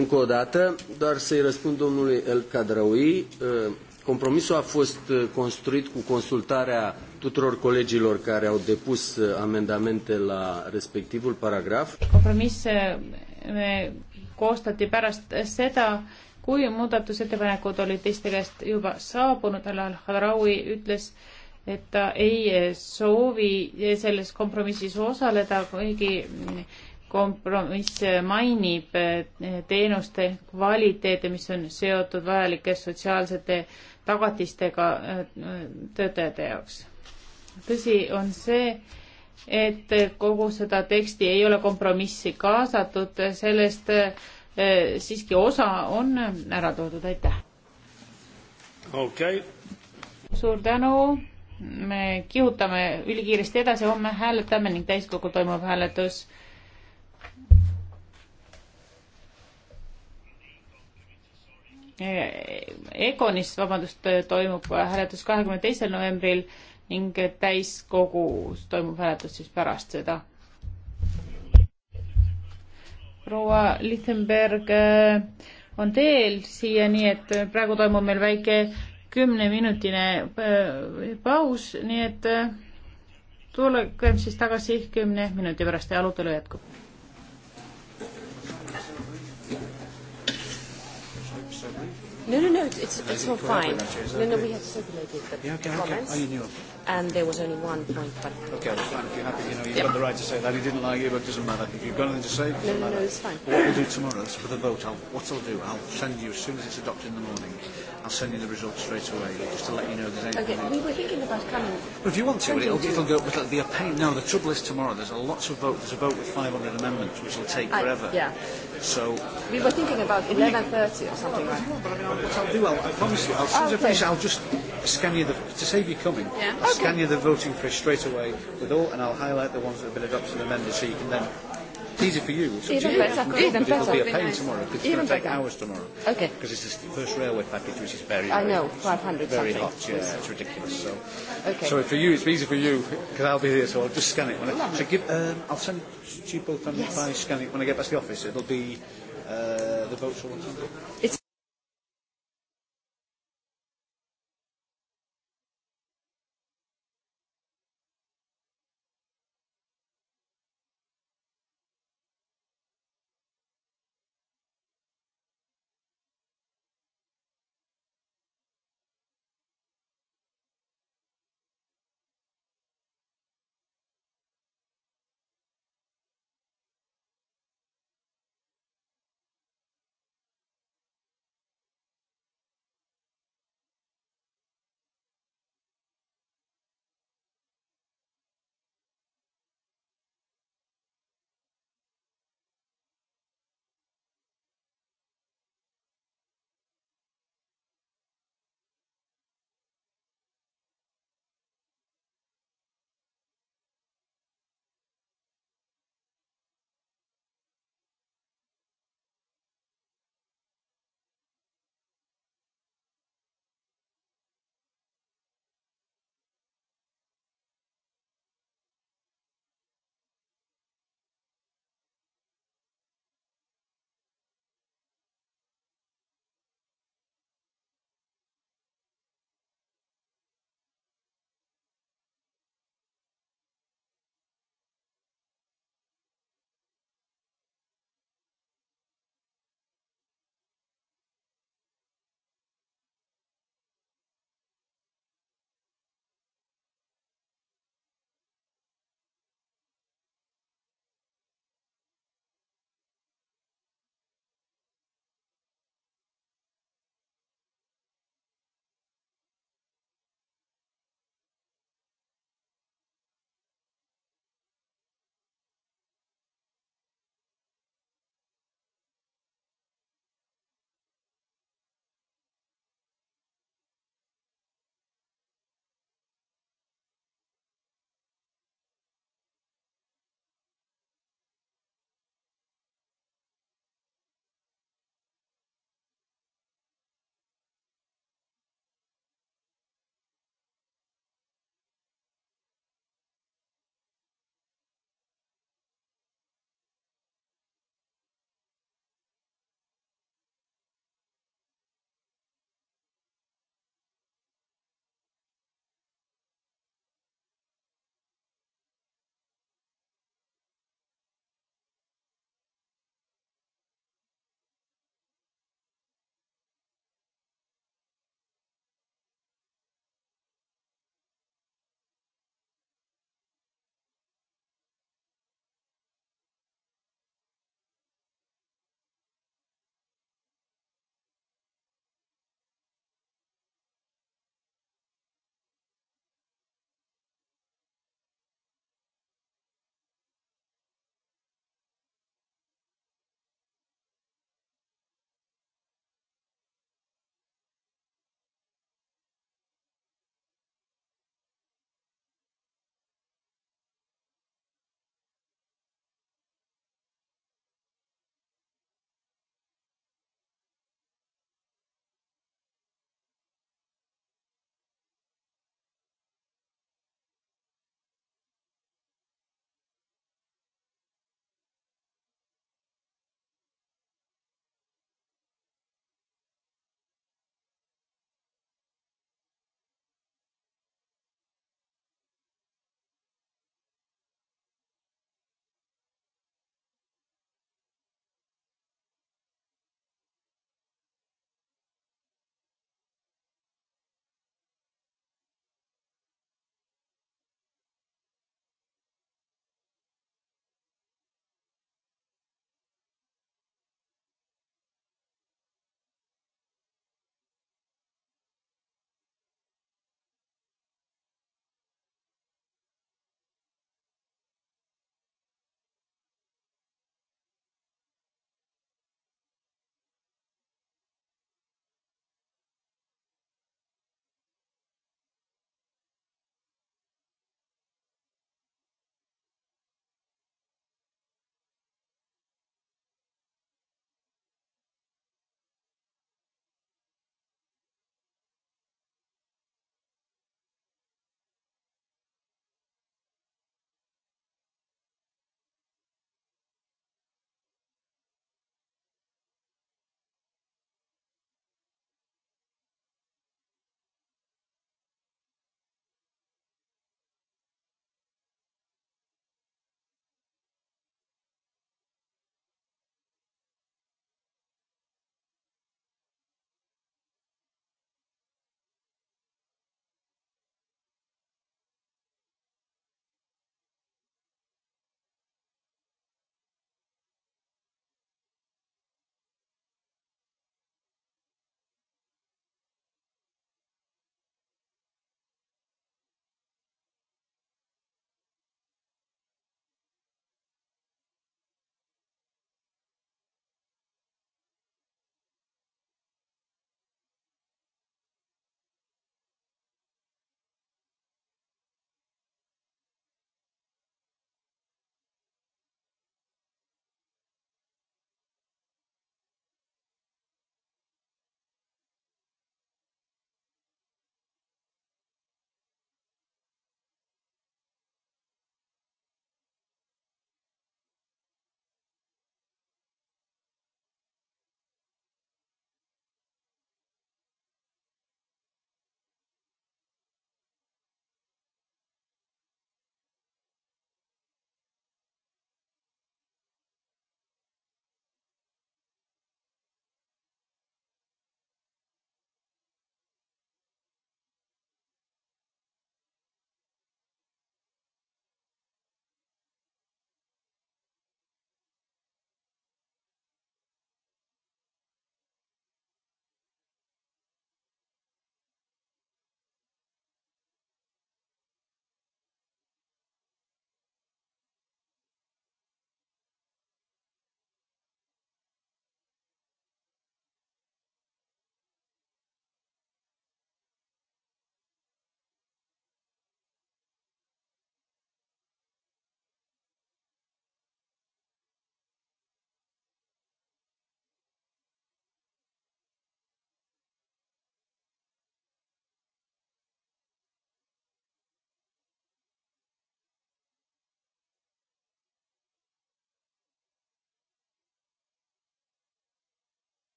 încă o dată, doar să-i răspund domnului El Cadraui. E, compromisul a fost construit cu consultarea tuturor colegilor care au depus amendamente la respectivul paragraf. Compromis me koostati pärast seda, kui muudatusettepanekud olid teiste käest juba saabunud, Al-Hadraui ütles, et ta ei soovi selles kompromissis osaleda, kuigi kompromiss mainib eh, teenuste kvaliteete, mis on seotud vajalike sotsiaalsete tagatistega eh, töötajate jaoks. tõsi on see, et kogu seda teksti ei ole kompromissi kaasatud, sellest äh, Äh, siiski osa on äh, ära toodud, aitäh. okei okay.. suur tänu, me kihutame ülikiiresti edasi, homme hääletame ning täiskogul toimub hääletus. Äh, Egonis, vabandust, toimub hääletus kahekümne teisel novembril ning täiskogus toimub hääletus siis pärast seda proua Littenberg äh, on teel siia, nii et äh, praegu toimub meil väike kümneminutine äh, paus, nii et tulgem siis tagasi kümne minuti pärast ja arutelu jätkub. No, no, no, it's, it's, it's all fine. No, no, we have circulated the yeah, okay, comments. Okay. Oh, you knew. And there was only one point. But okay, that's fine. If you're happy, you know, you've yep. got the right to say that. He didn't like you, but it doesn't matter. If you've got anything to say, it doesn't no, no, matter. No, it's fine. But what we'll do tomorrow is for the vote, I'll, what I'll do, I'll send you as soon as it's adopted in the morning I'll send you the results straight away, just to let you know there's anything. Okay, we were thinking about coming. Well, if you want to, it'll, it'll go, but it'll be a pain. No, the trouble is tomorrow there's a lots of vote. There's a vote with 500 amendments, which will take forever. I, yeah. So. We were thinking about 11.30 or something, right? Well, but I mean, I'll, what I'll do, I'll, I promise you, I'll, as ah, soon as okay. I finish, I'll just scan you the, to save you coming, yeah. I'll okay. scan you the voting fish straight away with all, and I'll highlight the ones that have been adopted and amended so you can then It's easy for you. It's even better. Even, even better. It'll be a pain nice. tomorrow. It's even going to take better. hours tomorrow. Okay. Because it's the first railway package, which is very, very I know, 500 Very something. hot, yeah. Yes. It's ridiculous. So, okay. so for you, it's easy for you, because I'll be here, so I'll just scan it. When I, Lovely. so give, um, I'll send you both on yes. by scanning when I get back to the office. It'll be, uh, the votes will... It's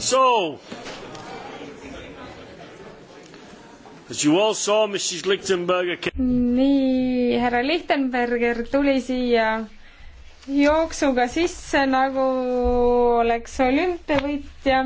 So, as you all saw, Mrs Lichtenberger nii, härra Lichtenberger tuli siia jooksuga sisse, nagu oleks olümpiavõitja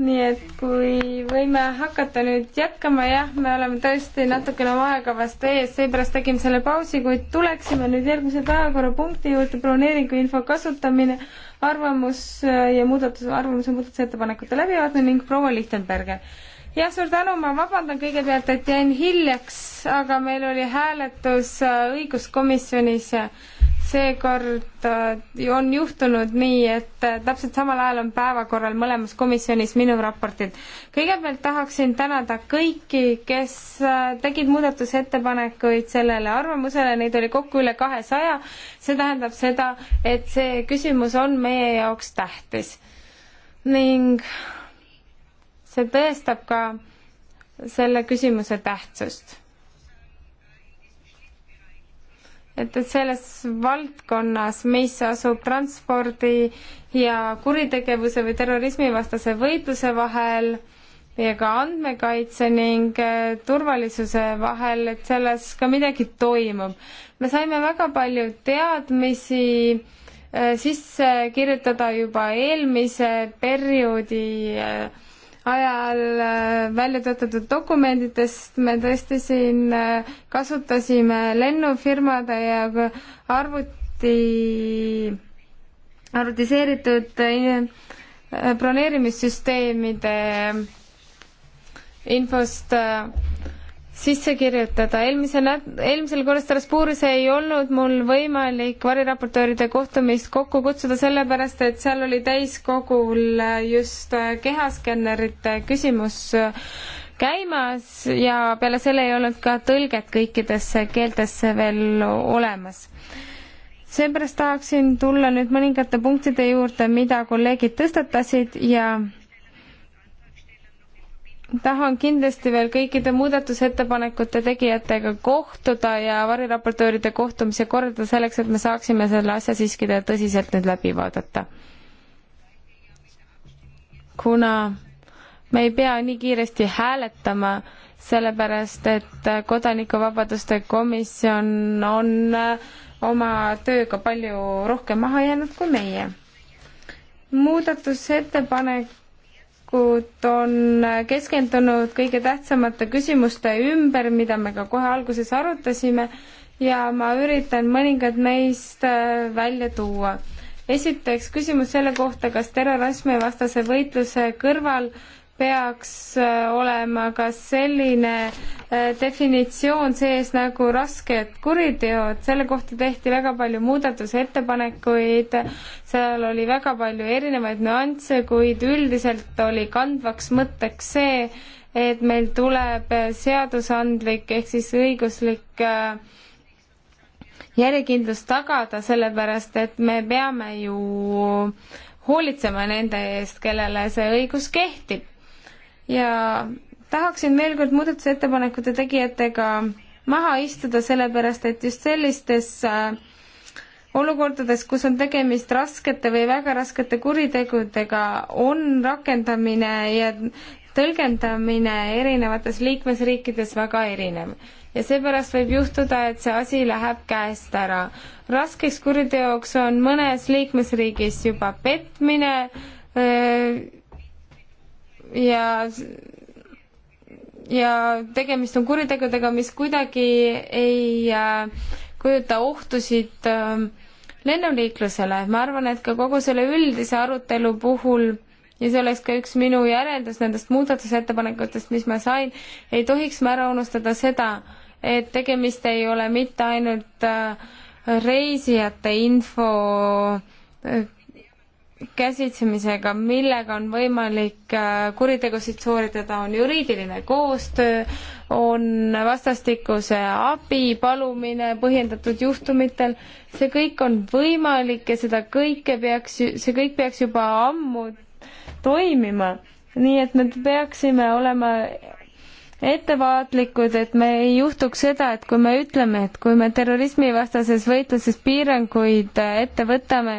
nii et kui võime hakata nüüd jätkama, jah, me oleme tõesti natukene oma aega vast ees, seepärast tegime selle pausi, kuid tuleksime nüüd järgmise päevakorrapunkti juurde, broneeringuinfo kasutamine, arvamus äh, ja muudatus, arvamuse muudatusettepanekute läbivaatamine ning proua Lichtenberger. jah, suur tänu, ma vabandan kõigepealt, et jäin hiljaks, aga meil oli hääletus äh, õiguskomisjonis äh, seekord äh, on juhtunud nii, et äh, täpselt samal ajal on päevakorral mõlemas komisjonis minu raportid. kõigepealt tahaksin tänada kõiki, kes äh, tegid muudatusettepanekuid sellele arvamusele, neid oli kokku üle kahesaja. see tähendab seda, et see küsimus on meie jaoks tähtis. ning see tõestab ka selle küsimuse tähtsust et, et selles valdkonnas, mis asub transpordi ja kuritegevuse või terrorismivastase võitluse vahel ja ka andmekaitse ning äh, turvalisuse vahel, et selles ka midagi toimub. me saime väga palju teadmisi äh, sisse kirjutada juba eelmise perioodi äh, ajal äh, välja töötatud dokumentidest me tõesti siin äh, kasutasime lennufirmade ja arvuti, arvutiseeritud äh, broneerimissüsteemide infost sisse kirjutada. eelmise nä-, eelmisel korral Strasbourgis ei olnud mul võimalik variraportööride kohtumist kokku kutsuda, sellepärast et seal oli täiskogul äh, just äh, kehaskännerite küsimus äh, käimas ja peale selle ei olnud ka tõlget kõikidesse keeltesse veel olemas seepärast tahaksin tulla nüüd mõningate punktide juurde, mida kolleegid tõstatasid ja tahan kindlasti veel kõikide muudatusettepanekute tegijatega kohtuda ja variraportööride kohtumise korraldada selleks, et me saaksime selle asja siiski tõsiselt nüüd läbi vaadata. kuna me ei pea nii kiiresti hääletama, sellepärast et Kodanikuvabaduste komisjon on oma tööga palju rohkem maha jäänud kui meie. muudatusettepanek arutelud on keskendunud kõige tähtsamate küsimuste ümber, mida me ka kohe alguses arutasime ja ma üritan mõningad neist äh, välja tuua. esiteks küsimus selle kohta, kas terrorismivastase võitluse kõrval peaks äh, olema ka selline äh, definitsioon sees nagu rasked kuriteod, selle kohta tehti väga palju muudatusettepanekuid, seal oli väga palju erinevaid nüansse, kuid üldiselt oli kandvaks mõtteks see, et meil tuleb äh, seadusandlik ehk siis õiguslik järjekindlus tagada, sellepärast et me peame ju hoolitsema nende eest, kellele see õigus kehtib ja tahaksin veel kord muudatusettepanekute tegijatega maha istuda, sellepärast et just sellistes äh, olukordades, kus on tegemist raskete või väga raskete kuritegudega, on rakendamine ja tõlgendamine erinevates liikmesriikides väga erinev. ja seepärast võib juhtuda, et see asi läheb käest ära. raskeks kuriteoks on mõnes liikmesriigis juba petmine öö, äh, ja ja tegemist on kuritegudega, mis kuidagi ei äh, kujuta ohtusid äh, lennuliiklusele. ma arvan, et ka kogu selle üldise arutelu puhul ja see oleks ka üks minu järeldus nendest muudatusettepanekutest, mis ma sain, ei tohiks me ära unustada seda, et tegemist ei ole mitte ainult äh, reisijate info käsitsemisega, millega on võimalik äh, kuritegusid sooritada, on juriidiline koostöö, on vastastikuse abi palumine põhjendatud juhtumitel, see kõik on võimalik ja seda kõike peaks, see kõik peaks juba ammu toimima. nii et me peaksime olema ettevaatlikud, et me ei juhtuks seda, et kui me ütleme, et kui me terrorismivastases võitluses piiranguid äh, ette võtame,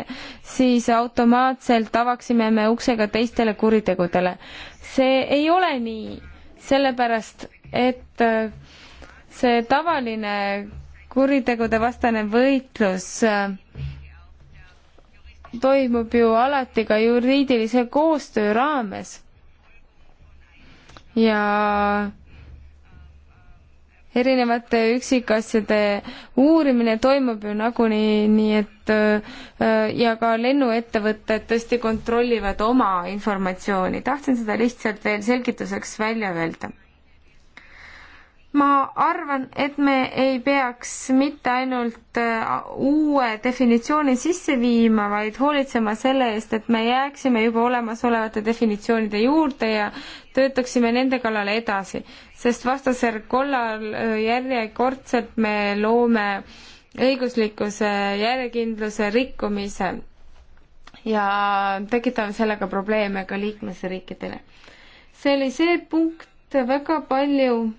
siis automaatselt avaksime me ukse ka teistele kuritegudele. see ei ole nii, sellepärast et äh, see tavaline kuritegude vastane võitlus äh, toimub ju alati ka juriidilise koostöö raames ja erinevate üksikasjade uurimine toimub ju nagunii, nii et äh, ja ka lennuettevõtted tõesti kontrollivad oma informatsiooni. tahtsin seda lihtsalt veel selgituseks välja öelda ma arvan, et me ei peaks mitte ainult äh, uue definitsiooni sisse viima, vaid hoolitsema selle eest, et me jääksime juba olemasolevate definitsioonide juurde ja töötaksime nende kallal edasi, sest vastasel kollal äh, järjekordselt me loome õiguslikkuse järjekindluse rikkumise ja tekitame sellega probleeme ka liikmesriikidele. see oli see punkt väga palju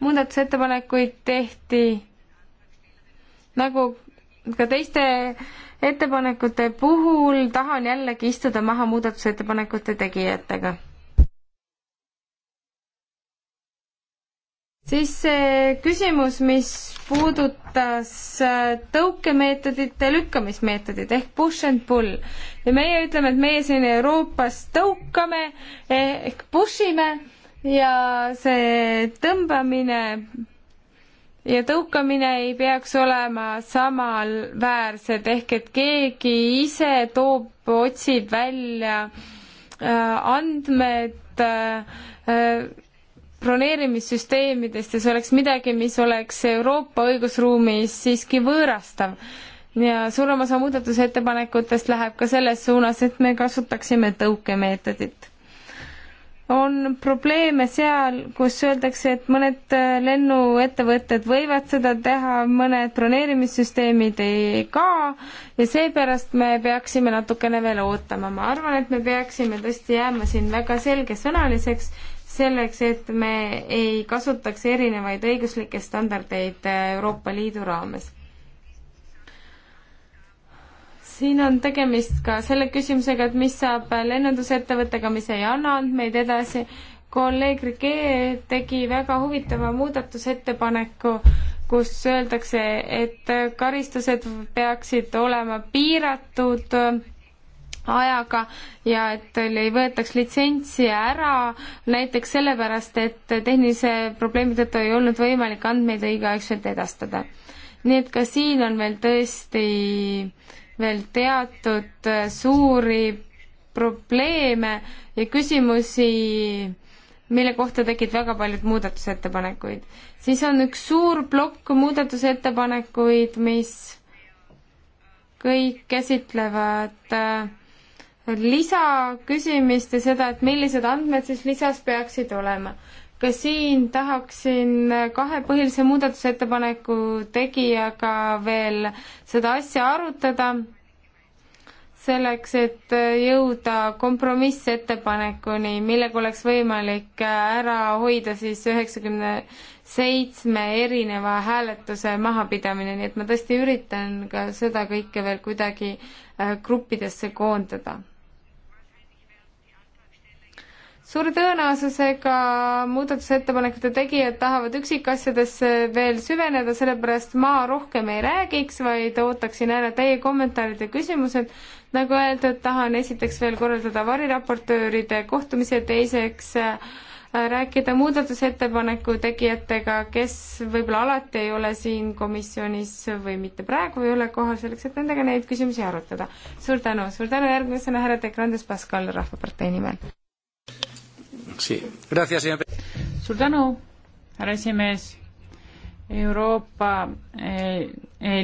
muudatusettepanekuid tehti nagu ka teiste ettepanekute puhul tahan jällegi istuda maha muudatusettepanekute tegijatega. siis see küsimus, mis puudutas äh, tõukemeetodit ja lükkamismeetodit ehk push and pull. ja meie ütleme, et meie siin Euroopas tõukame ehk push ime ja see tõmbamine ja tõukamine ei peaks olema samalväärsed, ehk et keegi ise toob, otsib välja äh, andmed äh, broneerimissüsteemidest ja see oleks midagi, mis oleks Euroopa õigusruumis siiski võõrastav. ja suurem osa muudatusettepanekutest läheb ka selles suunas, et me kasutaksime tõukemeetodit on probleeme seal, kus öeldakse, et mõned äh, lennuettevõtted võivad seda teha, mõned broneerimissüsteemid ei ka ja seepärast me peaksime natukene veel ootama. ma arvan, et me peaksime tõesti jääma siin väga selgesõnaliseks, selleks, et me ei kasutaks erinevaid õiguslikke standardeid äh, Euroopa Liidu raames siin on tegemist ka selle küsimusega, et mis saab lennundusettevõttega, mis ei anna andmeid edasi. kolleeg Rige tegi väga huvitava muudatusettepaneku, kus öeldakse, et karistused peaksid olema piiratud ajaga ja et ei võetaks litsentsi ära näiteks sellepärast, et tehnilise probleemi tõttu ei olnud võimalik andmeid õigeaegselt edastada. nii et ka siin on veel tõesti veel teatud äh, suuri probleeme ja küsimusi, mille kohta tegid väga paljud muudatusettepanekuid. siis on üks suur plokk muudatusettepanekuid, mis kõik käsitlevad äh, lisaküsimist ja seda, et millised andmed siis lisas peaksid olema ka siin tahaksin kahe põhilise muudatusettepaneku tegijaga veel seda asja arutada, selleks et jõuda kompromissettepanekuni, millega oleks võimalik ära hoida siis üheksakümne seitsme erineva hääletuse mahapidamine, nii et ma tõesti üritan ka seda kõike veel kuidagi äh, gruppidesse koondada suure tõenäosusega muudatusettepanekute tegijad tahavad üksikasjadesse veel süveneda, sellepärast ma rohkem ei räägiks, vaid ootaksin ära teie kommentaarid ja küsimused. nagu öeldud, tahan esiteks veel korraldada variraportööride kohtumise, teiseks äh, rääkida muudatusettepaneku tegijatega, kes võib-olla alati ei ole siin komisjonis või mitte praegu ei ole kohal, selleks et nendega neid küsimusi arutada. suur tänu, suur tänu järgmisena härra De Grandes Pascal Rahvapartei nimel suur tänu, härra esimees. Euroopa eh,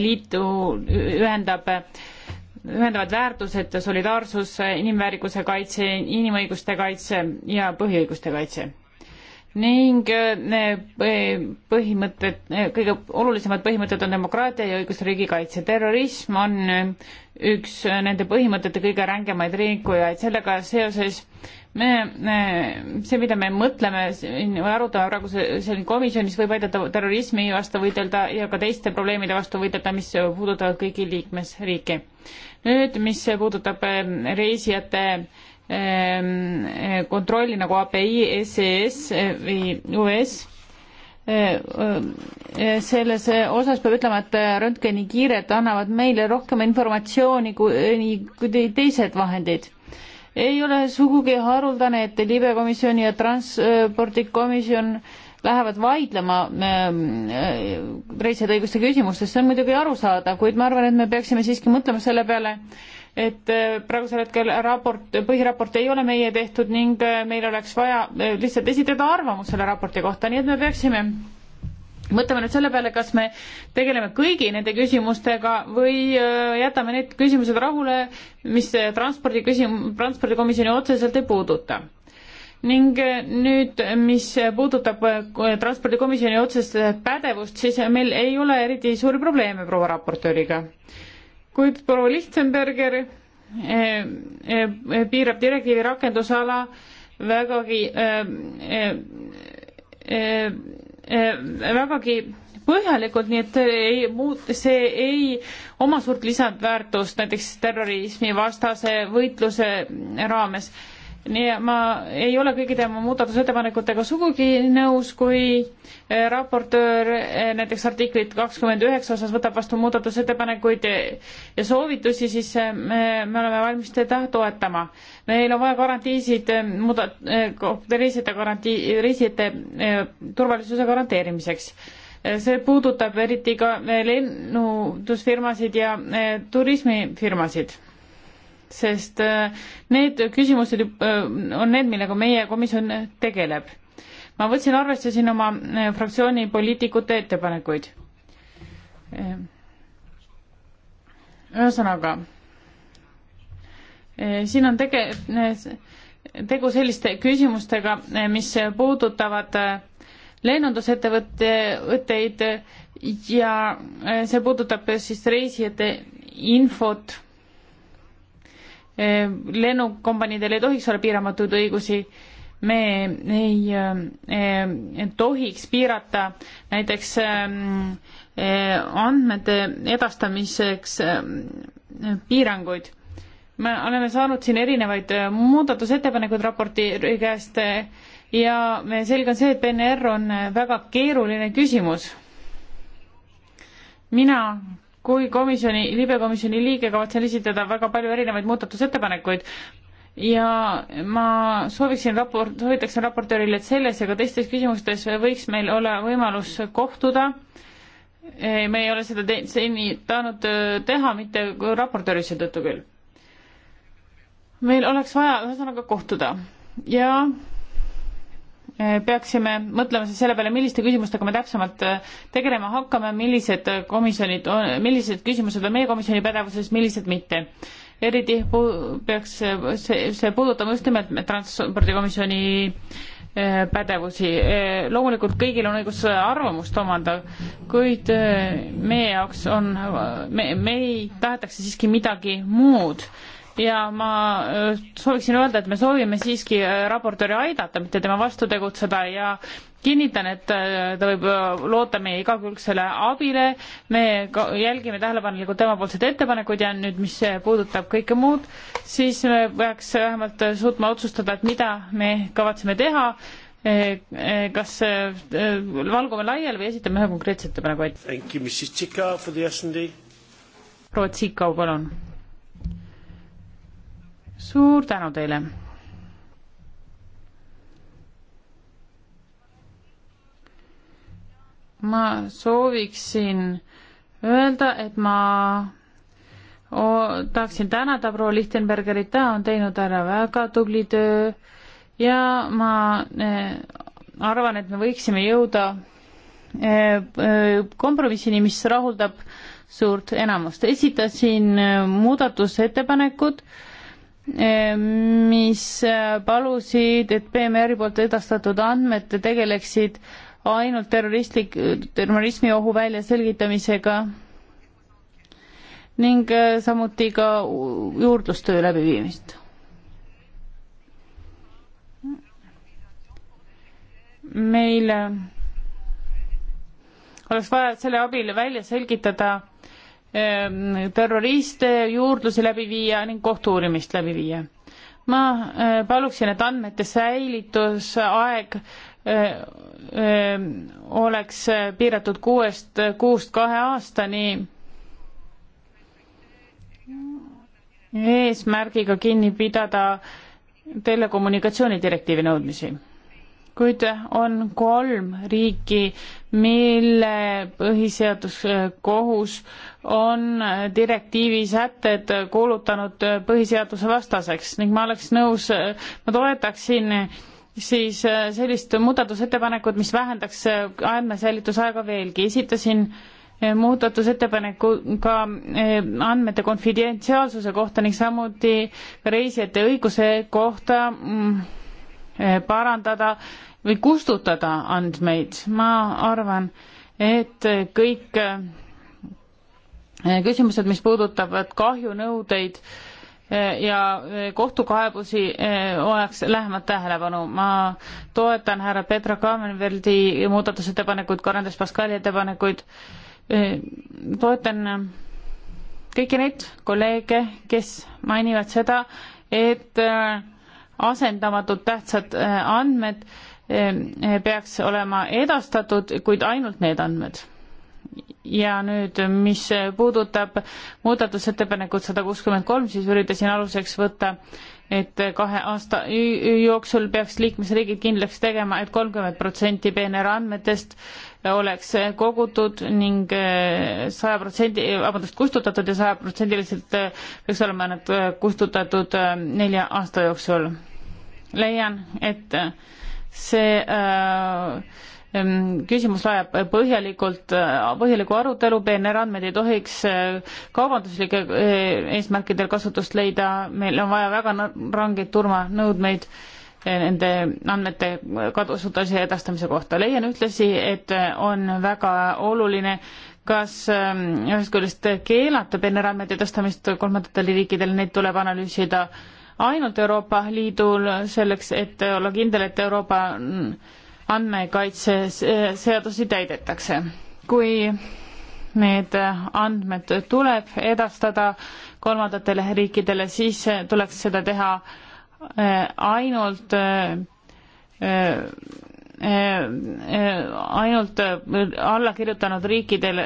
Liitu ühendab, ühendavad väärtused, solidaarsus, inimväärikuse kaitse, inimõiguste kaitse ja põhiõiguste kaitse ning eh, põhimõtted, eh, kõige olulisemad põhimõtted on demokraatia ja õigusriigi kaitse. terrorism on üks nende põhimõtete kõige rängemaid rikkujaid, sellega seoses me, me, see, mida me mõtleme siin või arutame praegu siin komisjonis, võib aidata terrorismi vastu võidelda ja ka teiste probleemide vastu võidelda, mis puudutavad kõigi liikmesriiki. nüüd, mis puudutab ähm, reisijate ähm, äh, kontrolli nagu API, SES äh, või US, e äh, selles osas peab ütlema, et röntgeni kiired annavad meile rohkem informatsiooni kui, kui teised vahendid ei ole sugugi haruldane, et libekomisjon ja transpordikomisjon lähevad vaidlema ähm, äh, reisijate õiguste küsimustes, see on muidugi arusaadav, kuid ma arvan, et me peaksime siiski mõtlema selle peale, et äh, praegusel hetkel raport, põhiraport ei ole meie tehtud ning äh, meil oleks vaja lihtsalt esitada arvamus selle raporti kohta, nii et me peaksime mõtleme nüüd selle peale, kas me tegeleme kõigi nende küsimustega või äh, jätame need küsimused rahule, mis transpordi küsim-, transpordikomisjoni otseselt ei puuduta. ning äh, nüüd, mis puudutab äh, transpordikomisjoni otsest pädevust, siis meil ei ole eriti suuri probleeme proua raportööriga. kuid proua Lichtenberger piirab direktiivi rakendusala vägagi Äh, vägagi põhjalikult, nii et ei muut-, see ei oma suurt lisandväärtust näiteks terrorismivastase võitluse raames nii ma ei ole kõigi tema muudatusettepanekutega sugugi nõus, kui eh, raportöör eh, näiteks artiklit kakskümmend üheksa osas võtab vastu muudatusettepanekuid ja soovitusi, siis eh, me, me oleme valmis teda toetama. meil on vaja garantiisid muuda-, reisijate garantii, reisijate turvalisuse garanteerimiseks. see puudutab eriti ka lennundusfirmasid ja turismifirmasid sest äh, need küsimused äh, on need, millega meie komisjon tegeleb. ma võtsin arvesse siin oma äh, fraktsiooni poliitikute ettepanekuid. ühesõnaga, siin on tege-, tegu selliste küsimustega, mis puudutavad lennundusettevõtteid ja see puudutab siis reisijate infot Eh, lennukompaniidel ei tohiks olla piiramatuid õigusi, me ei, ei eh, eh, tohiks piirata näiteks andmete edastamiseks piiranguid. me oleme saanud siin erinevaid muudatusettepanekuid raporti käest ja selge on see, et PNR on väga keeruline küsimus. mina kui komisjoni, libekomisjoni liige kavatsen esitada väga palju erinevaid muudatusettepanekuid ja ma sooviksin raport, soovitaksin raportöörile, et selles ja ka teistes küsimustes võiks meil olla võimalus kohtuda. me ei ole seda seni tahtnud äh, teha mitte raportööri seetõttu küll. meil oleks vaja ühesõnaga kohtuda ja peaksime mõtlema siis selle peale, milliste küsimustega me täpsemalt äh, tegelema hakkame, millised äh, komisjonid, millised küsimused on meie komisjoni pädevuses, millised mitte. eriti peaks äh, see, see puudutama just nimelt transpordikomisjoni pädevusi. loomulikult kõigil on õigus arvamust omanda, kuid meie jaoks on, me, meid tahetakse siiski midagi muud ja ma äh, sooviksin öelda, et me soovime siiski äh, raportööri aidata, mitte tema vastu tegutseda ja kinnitan, et äh, ta võib loota meie igakülgsele abile, me jälgime tähelepanelikult temapoolseid ettepanekuid ja nüüd, mis puudutab kõike muud, siis me peaks vähemalt suutma otsustada, et mida me kavatseme teha, kas valgume laiali või esitame ühe konkreetse ettepaneku, et proua Tsikau, palun suur tänu teile. ma sooviksin öelda, et ma tahaksin tänada proua Lichtenbergerit, ta on teinud ära väga tubli töö ja ma e, arvan, et me võiksime jõuda e, e, kompromissini, mis rahuldab suurt enamust. esitasin muudatusettepanekud äh, Ehm, mis äh, palusid, et PMR-i poolt edastatud andmed tegeleksid ainult terroristlik, terrorismiohu väljaselgitamisega ning äh, samuti ka juurdlustöö läbiviimist. meil äh, oleks vaja selle abil välja selgitada Ähm, terroriste juurdlusi läbi viia ning kohtu-uurimist läbi viia. ma äh, paluksin, et andmete säilitusaeg äh, ähm, oleks äh, piiratud kuuest, kuust kahe aastani eesmärgiga kinni pidada telekommunikatsioonidirektiivi nõudmisi. kuid on kolm riiki, mille põhiseaduskohus äh, on äh, direktiivi sätted kuulutanud äh, põhiseaduse vastaseks ning ma oleks nõus, ma toetaksin siis sellist muudatusettepanekut, mis vähendaks andmesäilitusaega veelgi. esitasin muudatusettepaneku ka andmete konfidentsiaalsuse kohta ning samuti reisijate õiguse kohta mm, parandada või kustutada andmeid. ma arvan, et kõik äh, küsimused, mis puudutavad kahjunõudeid äh, ja äh, kohtukaebusi, oleks lähemat tähelepanu. ma toetan härra Petra Kamenverdi muudatusettepanekuid, Karandas Paskali ettepanekuid, toetan kõiki neid kolleege, kes mainivad seda, et asendamatud tähtsad andmed äh, Ehm, eh, peaks olema edastatud, kuid ainult need andmed. ja nüüd, mis puudutab muudatusettepanekut sada kuuskümmend kolm, siis üritasin aluseks võtta et kahe aasta jooksul peaks liikmesriigid kindlaks tegema et, et kolmkümmend protsenti PNR andmetest oleks kogutud ning eh, saja protsendi, vabandust, kustutatud ja sajaprotsendiliselt eh, peaks olema nad kustutatud nelja aasta jooksul. leian, et äh, see äh, küsimus vajab põhjalikult, äh, põhjalikku arutelu, PNR andmed ei tohiks äh, kaubanduslike äh, eesmärkidel kasutust leida, meil on vaja väga rangeid turvanõudmeid nende andmete kasutamise ja edastamise kohta. leian ühtlasi, et on väga oluline kas ähm, ühest küljest keelata PNR andmete edastamist kolmandatele riikidele, neid tuleb analüüsida äh, ainult Euroopa Liidul selleks, et olla kindel, et Euroopa andmekaitseseadusi täidetakse. kui need andmed tuleb edastada kolmandatele riikidele, siis tuleks seda teha äh, ainult äh, äh, ainult alla kirjutanud riikidele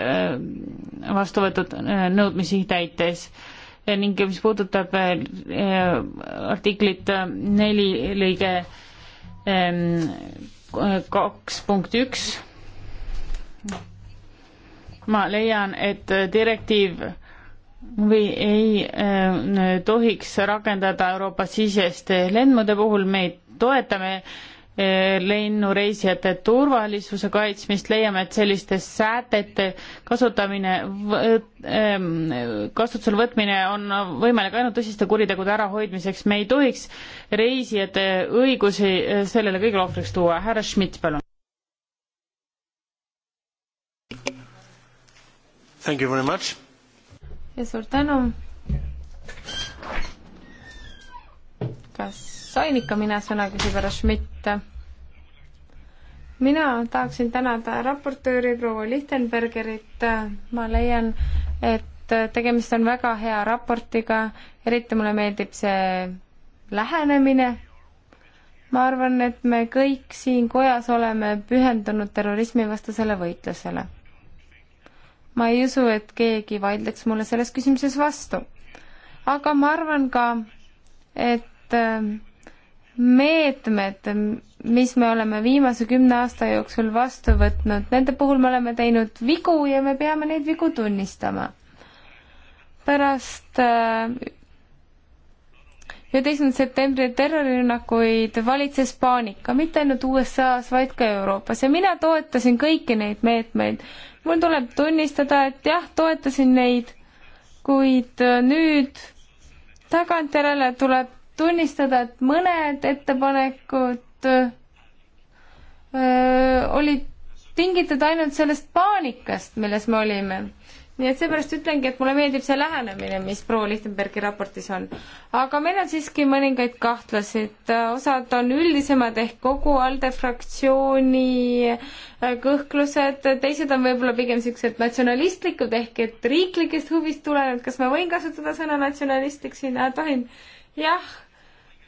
vastu võetud nõudmisi täites ning mis puudutab eh, artiklit neli lõige ehm, kaks punkt üks, ma leian, et direktiiv või ei äh, tohiks rakendada Euroopa siseste lendude puhul, me toetame lennureisijate turvalisuse kaitsmist, leiame, et selliste sätete kasutamine, ehm, kasutusele võtmine on võimalik ainult tõsiste kuritegude ärahoidmiseks, me ei tohiks reisijate õigusi eh, sellele kõigele ohvriks tuua, härra Schmidt, palun. Thank you very much. ja suur tänu. kas sain ikka mina sõna, küsib härra Schmidt mina tahaksin tänada raportööri proua Lichtenbergerit, ma leian, et tegemist on väga hea raportiga, eriti mulle meeldib see lähenemine. ma arvan, et me kõik siin kojas oleme pühendunud terrorismivastasele võitlusele. ma ei usu, et keegi vaidleks mulle selles küsimuses vastu. aga ma arvan ka, et äh, meetmed, mis me oleme viimase kümne aasta jooksul vastu võtnud, nende puhul me oleme teinud vigu ja me peame neid vigu tunnistama. pärast äh, üheteistkümnenda septembri terrorirünnakuid valitses paanika, mitte ainult USA-s, vaid ka Euroopas ja mina toetasin kõiki neid meetmeid. mul tuleb tunnistada, et jah, toetasin neid, kuid nüüd tagantjärele tuleb tunnistada, et mõned ettepanekud öö, olid tingitud ainult sellest paanikast, milles me olime. nii et seepärast ütlengi, et mulle meeldib see lähenemine, mis proua Lichtenbergi raportis on. aga meil on siiski mõningaid kahtlasi, et osad on üldisemad ehk kogu ALDE fraktsiooni äh, kõhklused, teised on võib-olla pigem siuksed natsionalistlikud ehk et riiklikest huvist tulenevad, kas ma võin kasutada sõna natsionalistlik siin, äh, tohin? jah,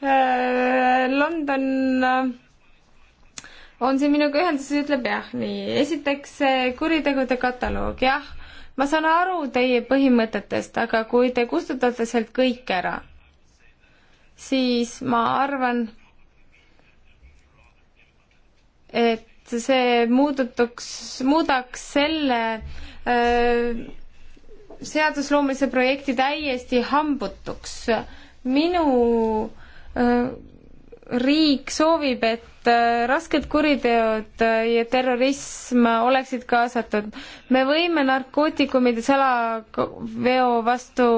äh, London äh, on siin minuga ühenduses, ütleb jah, nii, esiteks kuritegude kataloog, jah, ma saan aru teie põhimõtetest, aga kui te kustutate sealt kõik ära, siis ma arvan, et see muudetuks, muudaks selle öö, äh, seadusloomelise projekti täiesti hambutuks minu äh, riik soovib, et äh, rasked kuriteod äh, ja terrorism oleksid kaasatud. me võime narkootikumide salaveo vastu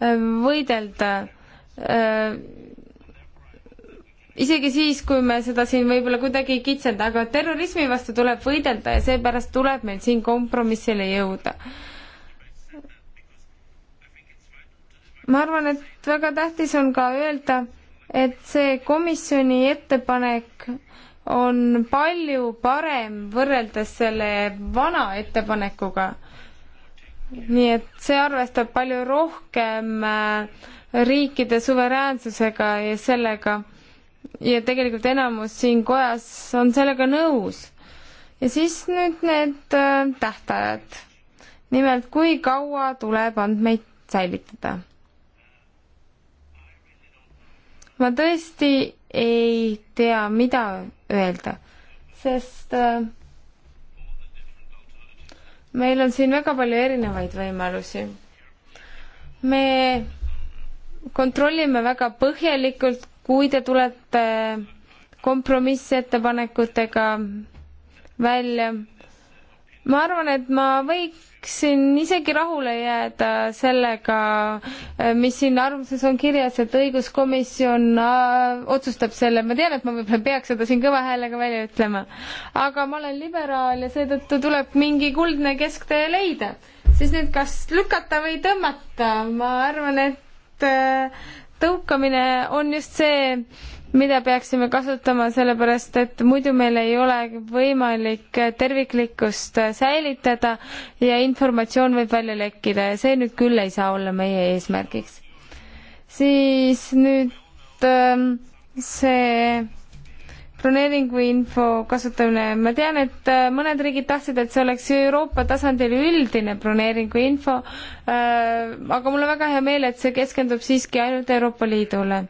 võidelda. isegi siis, kui me seda siin võib-olla kuidagi ei kitsenda, aga terrorismi vastu tuleb võidelda ja seepärast tuleb meil siin kompromissile jõuda ma arvan, et väga tähtis on ka öelda, et see komisjoni ettepanek on palju parem võrreldes selle vana ettepanekuga. nii et see arvestab palju rohkem äh, riikide suveräänsusega ja sellega ja tegelikult enamus siin kojas on sellega nõus. ja siis nüüd need äh, tähtajad. nimelt, kui kaua tuleb andmeid säilitada ma tõesti ei tea, mida öelda, sest äh, meil on siin väga palju erinevaid võimalusi. me kontrollime väga põhjalikult, kui te tulete kompromissettepanekutega välja ma arvan, et ma võiksin isegi rahule jääda sellega, äh, mis siin arvamuses on kirjas, et õiguskomisjon äh, otsustab selle, ma tean, et ma võib-olla peaks seda siin kõva häälega välja ütlema, aga ma olen liberaal ja seetõttu tuleb mingi kuldne kesktee leida. siis nüüd kas lükata või tõmmata, ma arvan, et äh, tõukamine on just see, mida peaksime kasutama, sellepärast et muidu meil ei ole võimalik terviklikkust säilitada ja informatsioon võib välja lekkida ja see nüüd küll ei saa olla meie eesmärgiks. siis nüüd ähm, see broneeringu info kasutamine, ma tean, et äh, mõned riigid tahtsid, et see oleks Euroopa tasandil üldine broneeringu info, äh, aga mul on väga hea meel, et see keskendub siiski ainult Euroopa Liidule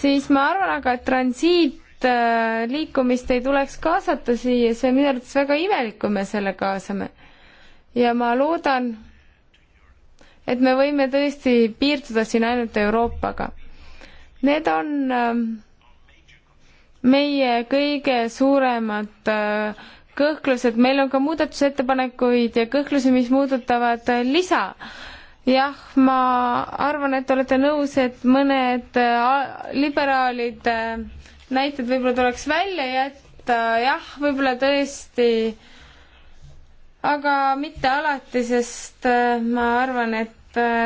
siis ma arvan aga, et transiitliikumist äh, ei tuleks kaasata siia, see on minu arvates väga imelik, kui me selle kaasame. ja ma loodan, et me võime tõesti piirduda siin ainult Euroopaga. Need on ähm, meie kõige suuremad äh, kõhklused, meil on ka muudatusettepanekuid ja kõhklusi, mis muudutavad lisa jah, ma arvan, et olete nõus, et mõned äh, liberaalid äh, näited võib-olla tuleks välja jätta, jah, võib-olla tõesti, aga mitte alati, sest äh, ma arvan, et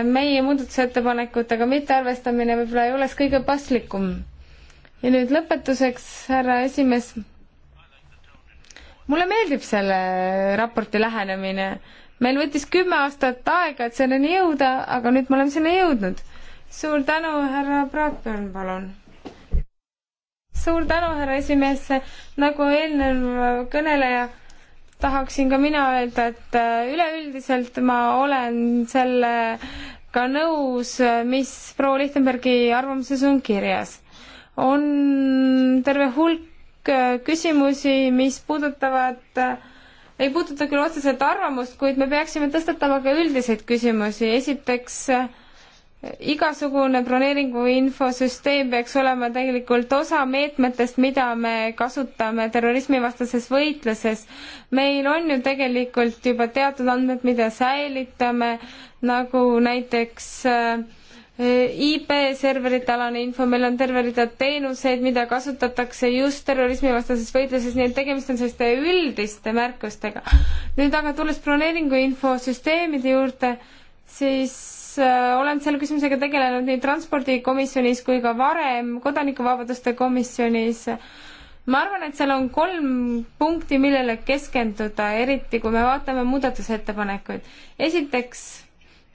meie muudatusettepanekutega mittearvestamine võib-olla ei oleks kõige paslikum. ja nüüd lõpetuseks, härra esimees. mulle meeldib selle raporti lähenemine meil võttis kümme aastat aega, et selleni jõuda, aga nüüd me oleme sinna jõudnud. suur tänu, härra Praakpõlv, palun. suur tänu, härra esimees, nagu eelnev kõneleja tahaksin ka mina öelda, et äh, üleüldiselt ma olen sellega nõus, mis proua Lichtenbergi arvamuses on kirjas. on terve hulk äh, küsimusi, mis puudutavad äh, ei puuduta küll otseselt arvamust, kuid me peaksime tõstatama ka üldiseid küsimusi. esiteks, igasugune broneeringu infosüsteem peaks olema tegelikult osa meetmetest, mida me kasutame terrorismivastases võitluses. meil on ju tegelikult juba teatud andmed, mida säilitame, nagu näiteks äh, IP serverite alane info, meil on terve rida teenuseid, mida kasutatakse just terrorismivastases võitluses, nii et tegemist on selliste üldiste märkustega. nüüd aga tulles broneeringu infosüsteemide juurde, siis äh, olen selle küsimusega tegelenud nii transpordikomisjonis kui ka varem kodanikuvabaduste komisjonis. ma arvan, et seal on kolm punkti, millele keskenduda, eriti kui me vaatame muudatusettepanekuid. esiteks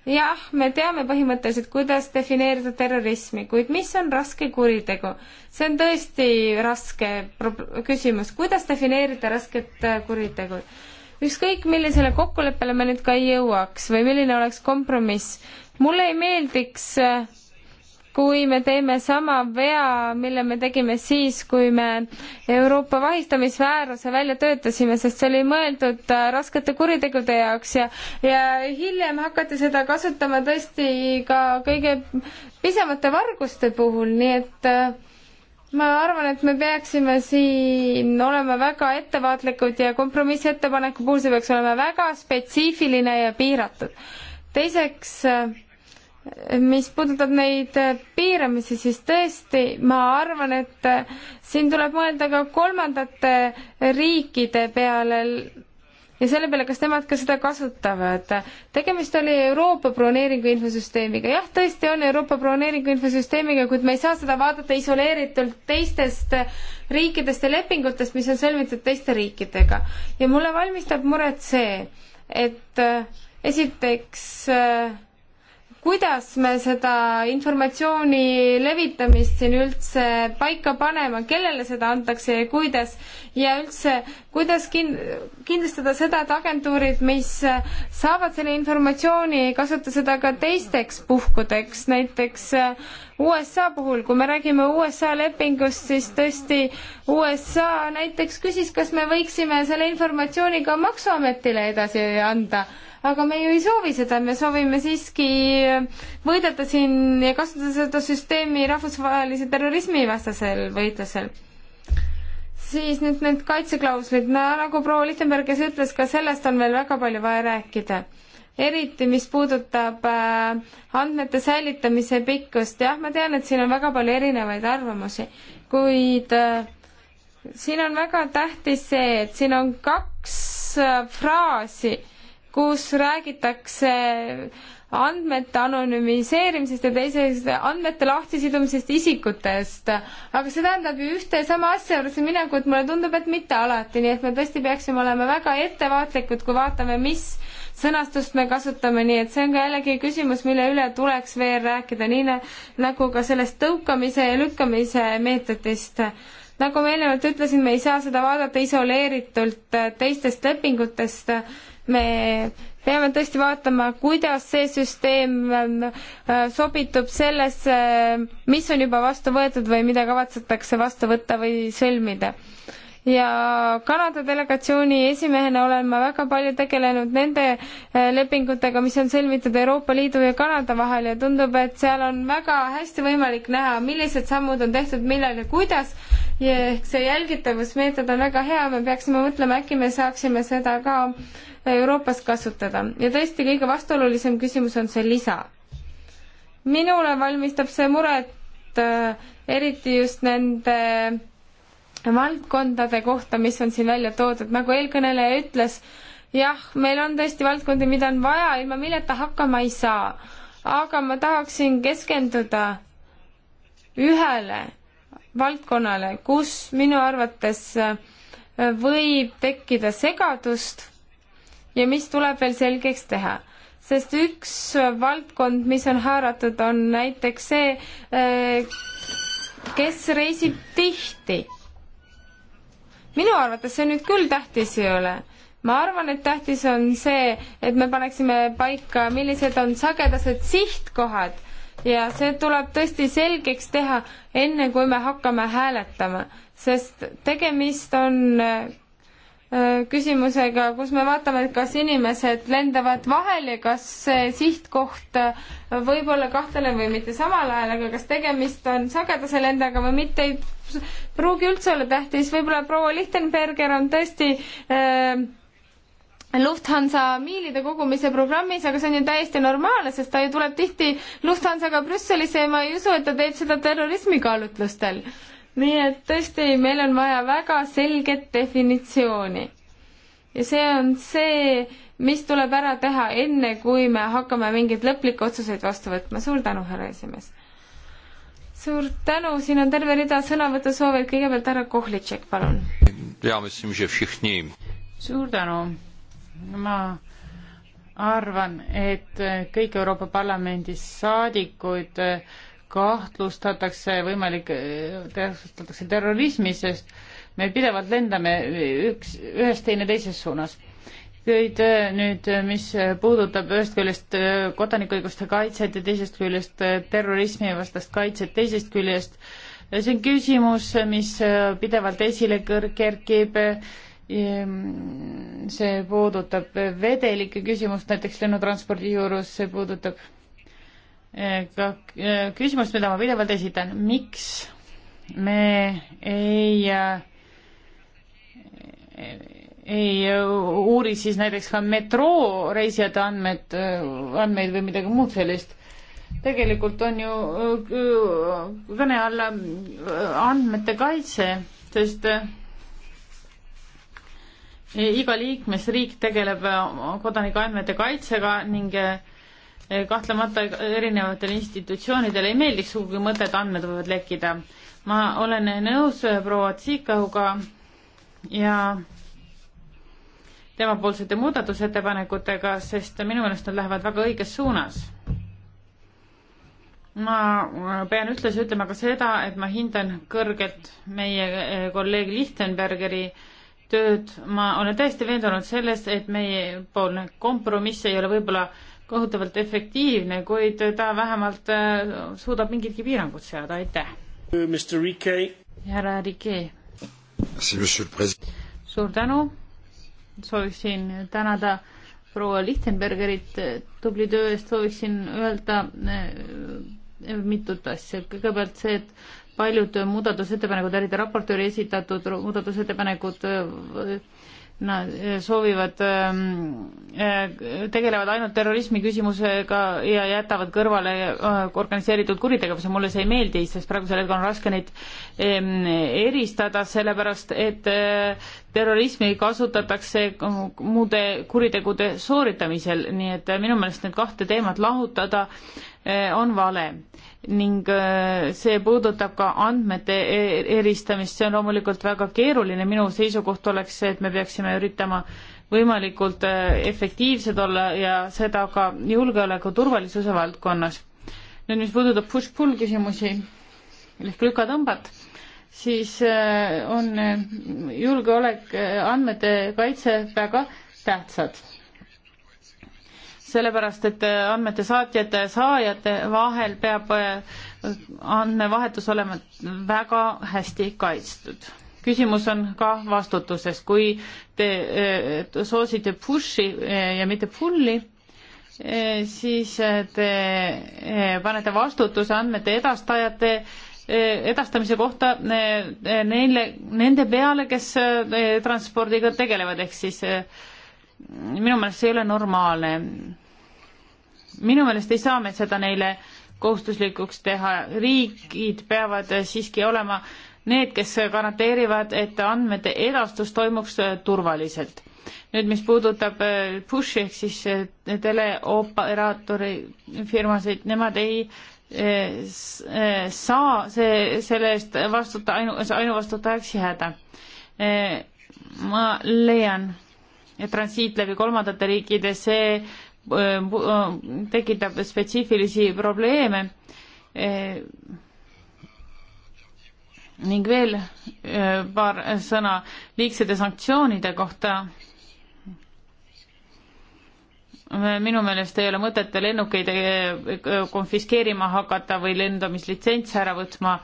jah, me teame põhimõtteliselt, kuidas defineerida terrorismi, kuid mis on raske kuritegu? see on tõesti raske küsimus, kuidas defineerida rasket äh, kuritegu? ükskõik, millisele kokkuleppele me nüüd ka ei jõuaks või milline oleks kompromiss, mulle ei meeldiks äh, kui me teeme sama vea, mille me tegime siis, kui me Euroopa vahistamisvääruse välja töötasime, sest see oli mõeldud äh, raskete kuritegude jaoks ja, ja hiljem hakati seda kasutama tõesti ka kõige pisemate varguste puhul, nii et äh, ma arvan, et me peaksime siin olema väga ettevaatlikud ja kompromissettepaneku puhul see peaks olema väga spetsiifiline ja piiratud. teiseks äh, mis puudutab neid äh, piiramisi, siis tõesti, ma arvan, et äh, siin tuleb mõelda ka kolmandate riikide peale ja selle peale, kas nemad ka seda kasutavad. tegemist oli Euroopa broneeringu infosüsteemiga, jah, tõesti on Euroopa broneeringu infosüsteemiga, kuid me ei saa seda vaadata isoleeritult teistest äh, riikidest ja lepingutest, mis on sõlmitud teiste riikidega. ja mulle valmistab muret see, et esiteks äh, kuidas me seda informatsiooni levitamist siin üldse paika paneme, kellele seda antakse ja kuidas ja üldse, kuidas kin-, kindlustada seda, et agentuurid, mis saavad selle informatsiooni, ei kasuta seda ka teisteks puhkudeks, näiteks äh, USA puhul, kui me räägime USA lepingust, siis tõesti USA näiteks küsis, kas me võiksime selle informatsiooni ka Maksuametile edasi anda aga me ju ei soovi seda, me soovime siiski võidelda siin ja kasutada seda süsteemi rahvusvahelise terrorismi vastasel võitlusel. siis nüüd need kaitseklauslid, no nagu proua Lichtenberg, kes ütles, ka sellest on veel väga palju vaja rääkida eriti mis puudutab äh, andmete säilitamise pikkust, jah, ma tean, et siin on väga palju erinevaid arvamusi, kuid äh, siin on väga tähtis see, et siin on kaks äh, fraasi, kus räägitakse andmete anonüümiseerimisest ja teisest andmete lahtisidumisest isikutest. aga see tähendab ju ühte ja sama asja juurde minekut, mulle tundub, et mitte alati, nii et me tõesti peaksime olema väga ettevaatlikud, kui vaatame, mis sõnastust me kasutame, nii et see on ka jällegi küsimus, mille üle tuleks veel rääkida, nii nagu ka sellest tõukamise ja lükkamise meetodist nagu ma eelnevalt ütlesin, me ei saa seda vaadata isoleeritult teistest lepingutest, me peame tõesti vaatama, kuidas see süsteem ähm, äh, sobitub sellesse, mis on juba vastu võetud või mida kavatsetakse vastu võtta või sõlmida. ja Kanada delegatsiooni esimehena olen ma väga palju tegelenud nende äh, lepingutega, mis on sõlmitud Euroopa Liidu ja Kanada vahel ja tundub, et seal on väga hästi võimalik näha, millised sammud on tehtud, millal ja kuidas ja ehk see jälgitavusmeetod on väga hea, me peaksime mõtlema, äkki me saaksime seda ka Euroopas kasutada. ja tõesti, kõige vastuolulisem küsimus on see lisa. minule valmistab see muret äh, eriti just nende valdkondade kohta, mis on siin välja toodud, nagu eelkõneleja ütles, jah, meil on tõesti valdkondi, mida on vaja, ilma milleta hakkama ei saa. aga ma tahaksin keskenduda ühele valdkonnale, kus minu arvates äh, võib tekkida segadust ja mis tuleb veel selgeks teha. sest üks äh, valdkond, mis on haaratud, on näiteks see, äh, kes reisib tihti. minu arvates see nüüd küll tähtis ei ole ma arvan, et tähtis on see, et me paneksime paika, millised on sagedased sihtkohad ja see tuleb tõesti selgeks teha, enne kui me hakkame hääletama, sest tegemist on äh, küsimusega, kus me vaatame, et kas inimesed lendavad vahel ja kas see sihtkoht äh, võib olla kahtlane või mitte samal ajal, aga kas tegemist on sagedase lendaga või mitte, ei pruugi üldse olla tähtis, võib-olla proua Lichtenberger on tõesti äh, Lufthansa miilide kogumise programmis, aga see on ju täiesti normaalne, sest ta ju tuleb tihti Lufthansaga Brüsselisse ja ma ei usu, et ta teeb seda terrorismikaalutlustel. nii et tõesti, meil on vaja väga selget definitsiooni. ja see on see, mis tuleb ära teha, enne kui me hakkame mingeid lõplikke otsuseid vastu võtma. suur tänu, härra esimees! suur tänu, siin on terve rida sõnavõtusoove, kõigepealt härra Kohlitšek, palun! suur tänu! ma arvan, et kõik Euroopa Parlamendi saadikud kahtlustatakse võimalik, kahtlustatakse terrorismi, sest me pidevalt lendame üks, ühest teineteises suunas. kuid nüüd, mis puudutab ühest küljest kodanikuõiguste kaitset ja teisest küljest terrorismivastast kaitset, teisest küljest see on küsimus, mis pidevalt esile kerkib Ehm, see puudutab vedelike küsimust, näiteks lennutranspordi juures, see puudutab eh, ka eh, küsimust, mida ma pidevalt esitan, miks me ei, eh, ei uuri siis näiteks ka metrooreisijate andmed, andmeid või midagi muud sellist. tegelikult on ju kõne alla andmete kaitse, sest E, iga liikmesriik tegeleb äh, kodanike andmete kaitsega ning äh, e, kahtlemata erinevatel institutsioonidel ei meeldiks sugugi mõte, et andmed võivad lekkida. ma olen nõus äh, proua Tsikauga ja temapoolsete muudatusettepanekutega, sest minu meelest nad lähevad väga õiges suunas. ma pean ühtlasi ütlema ka seda, et ma hindan kõrgelt meie kolleeg Lichtenbergeri äh, tööd, ma olen täiesti veendunud selles, et meiepoolne kompromiss ei ole võib-olla kohutavalt efektiivne, kuid ta vähemalt äh, suudab mingidki piirangud seada, aitäh. härra Rike. suur tänu, sooviksin tänada proua Lichtenbergerit äh, tubli töö eest, sooviksin öelda äh, mitut asja, kõigepealt see, et paljud muudatusettepanekud, eriti raportööri esitatud muudatusettepanekud, nad soovivad, ähm, äh, tegelevad ainult terrorismi küsimusega ja jätavad kõrvale äh, organiseeritud kuritegevuse, mulle see ei meeldi, sest praegusel hetkel on raske neid ähm, eristada, sellepärast et äh, terrorismi kasutatakse muude kuritegude sooritamisel, nii et minu meelest need kahte teemat lahutada on vale ning äh, see puudutab ka andmete e-, eristamist, see on loomulikult väga keeruline, minu seisukoht oleks see, et me peaksime üritama võimalikult äh, efektiivsed olla ja seda ka julgeoleku turvalisuse valdkonnas. nüüd, mis puudutab push-pull küsimusi ehk lükatõmbat, siis äh, on julgeolek, andmete kaitse väga tähtsad sellepärast et andmete saatjate ja saajate vahel peab eh, andmevahetus olema väga hästi kaitstud. küsimus on ka vastutuses, kui te eh, soosite push'i eh, ja mitte pull'i, siis te panete vastutuse andmete edastajate edastamise kohta neile, nende peale, kes transpordiga tegelevad, ehk siis minu meelest see ei ole normaalne minu meelest ei saa me seda neile kohustuslikuks teha, riigid peavad siiski olema need, kes garanteerivad, et andmete edastus toimuks turvaliselt. nüüd, mis puudutab äh, push'i ehk siis äh, teleoperaatori firmasid, nemad ei äh, saa see, selle eest vastuta, ainu, ainuvastutajaks jääda. ma leian, et transiit läbi kolmandate riikide, see tekitab spetsiifilisi probleeme. ning veel äh, paar sõna liigsete sanktsioonide kohta. minu meelest ei ole mõtet lennukeid äh, konfiskeerima hakata või lendamislitsentse ära võtma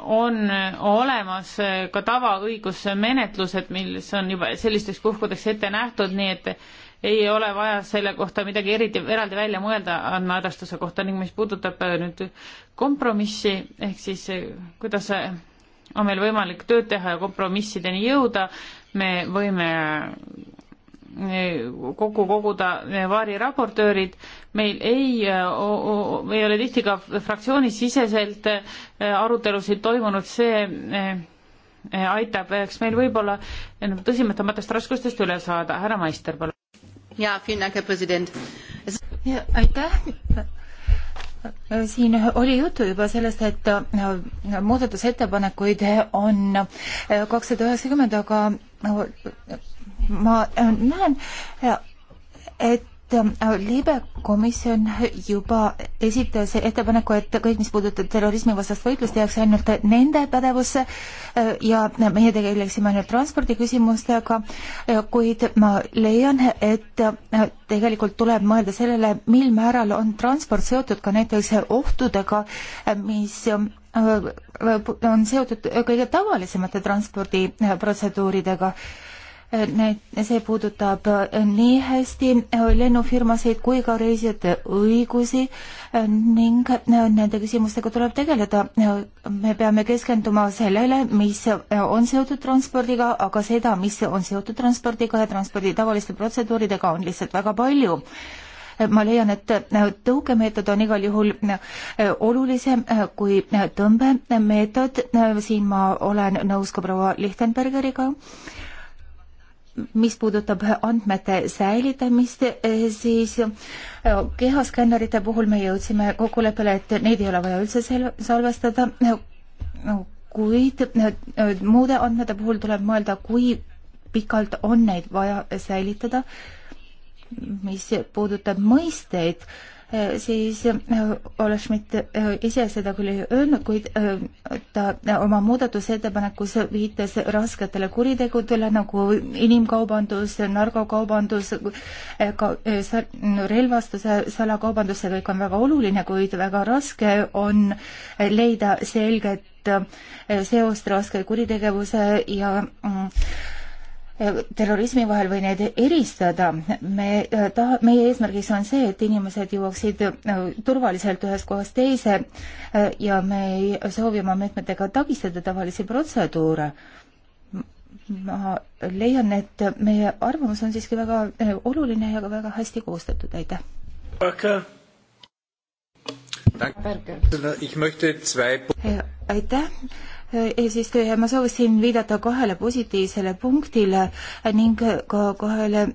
on olemas äh, ka tavaõigusmenetlused, mis on juba sellisteks puhkudeks ette nähtud, nii et ei ole vaja selle kohta midagi eriti eraldi välja mõelda andmearvestuse kohta ning mis puudutab äh, nüüd kompromissi ehk siis äh, kuidas äh, on meil võimalik tööd teha ja kompromissideni jõuda, me võime kokku koguda vaariraportöörid, meil ei, ei ole tihti ka fraktsioonisiseselt arutelusid toimunud, see aitab, eks meil võib-olla tõsimettamatest raskustest üle saada. härra Maister, palun ja, Herr Präsident. Ja, aitäh siin oli juttu juba sellest, et äh, muudatusettepanekuid on äh, kakssada üheksakümmend, aga äh, ma näen, et Äh, libekomisjon juba esitas ettepaneku, et kõik, mis puudutab terrorismivastast võitlust, jääks ainult nende pädevusse äh, ja meie tegeleksime ainult transpordiküsimustega, äh, kuid ma leian, et tegelikult tuleb mõelda sellele, mil määral on transport seotud ka näiteks ohtudega, mis on seotud kõige tavalisemate transpordiprotseduuridega Need, see puudutab nii hästi lennufirmasid kui ka reisijate õigusi ning nende küsimustega tuleb tegeleda. me peame keskenduma sellele, mis on seotud transpordiga, aga seda, mis on seotud transpordiga ja transpordi tavaliste protseduuridega, on lihtsalt väga palju ma leian, et tõukemeetod on igal juhul olulisem kui tõmbemeetod, siin ma olen nõus ka proua Lichtenbergeriga mis puudutab andmete säilitamist, eh, siis eh, kehaskännerite puhul me jõudsime kokkuleppele, et neid ei ole vaja üldse salvestada, kuid eh, muude andmete puhul tuleb mõelda, kui pikalt on neid vaja säilitada, mis puudutab mõisteid, siis äh, Olle Schmidt äh, ise seda küll ei öelnud, kuid äh, ta oma muudatusettepanekus viitas rasketele kuritegudele nagu inimkaubandus, narkokaubandus ka,, relvastuse salakaubandus, see kõik on väga oluline, kuid väga raske on leida selget seost raske kuritegevuse ja mm, terrorismi vahel või need eristada. me äh, taha, meie eesmärgiks on see, et inimesed jõuaksid äh, turvaliselt ühest kohast teise äh, ja me ei soovi oma meetmetega takistada tavalisi protseduure. ma leian, et meie arvamus on siiski väga oluline ja ka väga hästi koostatud, aitäh. aitäh eesistuja, ma soovisin viidata kahele positiivsele punktile ning ka kahele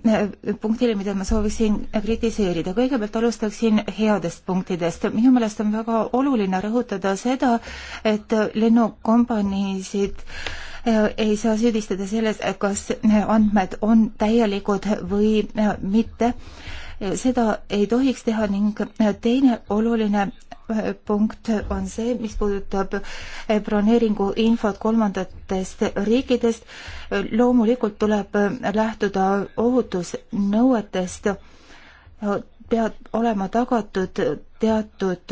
punktile, mida ma soovisin kritiseerida. kõigepealt alustaksin headest punktidest. minu meelest on väga oluline rõhutada seda, et lennukompaniisid äh, ei saa süüdistada selles, kas andmed on täielikud või äh, mitte seda ei tohiks teha ning teine oluline äh, punkt on see, mis puudutab äh, broneeringu infot kolmandatest riikidest. loomulikult tuleb äh, lähtuda ohutusnõuetest, peab olema tagatud teatud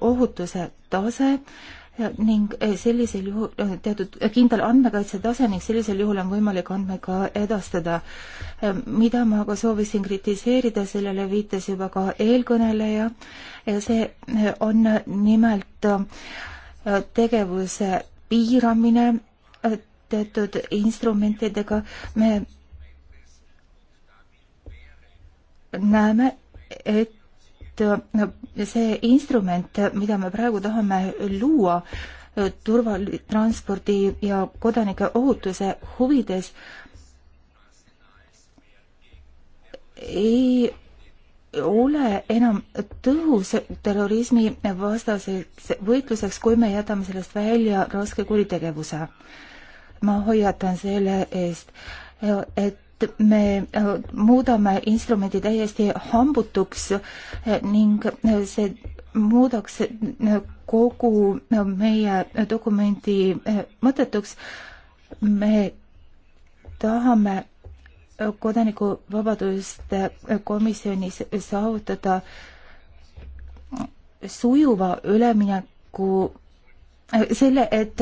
ohutuse tase ning eh, sellisel juhul eh, teatud eh, kindel andmekaitse tase ning sellisel juhul on võimalik andmeid ka edastada. mida ma aga soovisin kritiseerida, sellele viitas juba ka eelkõneleja, see on nimelt tegevuse piiramine teatud instrumentidega. me näeme, et et äh, see instrument, mida me praegu tahame luua äh, turvatranspordi ja kodanike ohutuse huvides, ei ole enam tõhus terrorismi vastaseks võitluseks, kui me jätame sellest välja raske kuritegevuse. ma hoiatan selle eest, äh, et et me äh, muudame instrumendi täiesti hambutuks äh, ning äh, see muudaks kogu meie dokumendi mõttetuks. me tahame kodanikuvabaduste komisjonis saavutada sujuva ülemineku selle, et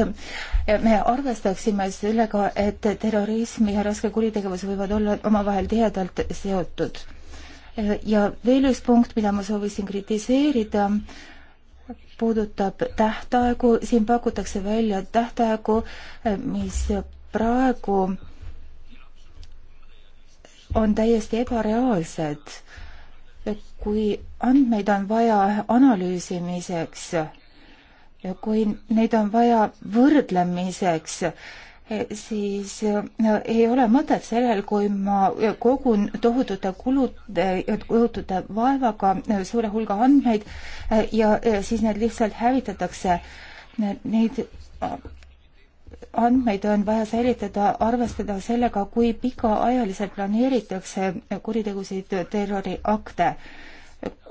me arvestaksime sellega, et terrorism ja raske kuritegevus võivad olla omavahel tihedalt seotud. ja veel üks punkt, mida ma soovisin kritiseerida, puudutab tähtaegu, siin pakutakse välja tähtaegu, mis praegu on täiesti ebareaalsed. kui andmeid on vaja analüüsimiseks ja kui neid on vaja võrdlemiseks, eh, siis eh, ei ole mõtet sellel, kui ma kogun tohutute kulude ja tohutute vaevaga eh, suure hulga andmeid ja siis need lihtsalt hävitatakse. Neid andmeid on vaja säilitada, arvestada sellega, kui pikaajaliselt planeeritakse kuritegusid, terroriakte.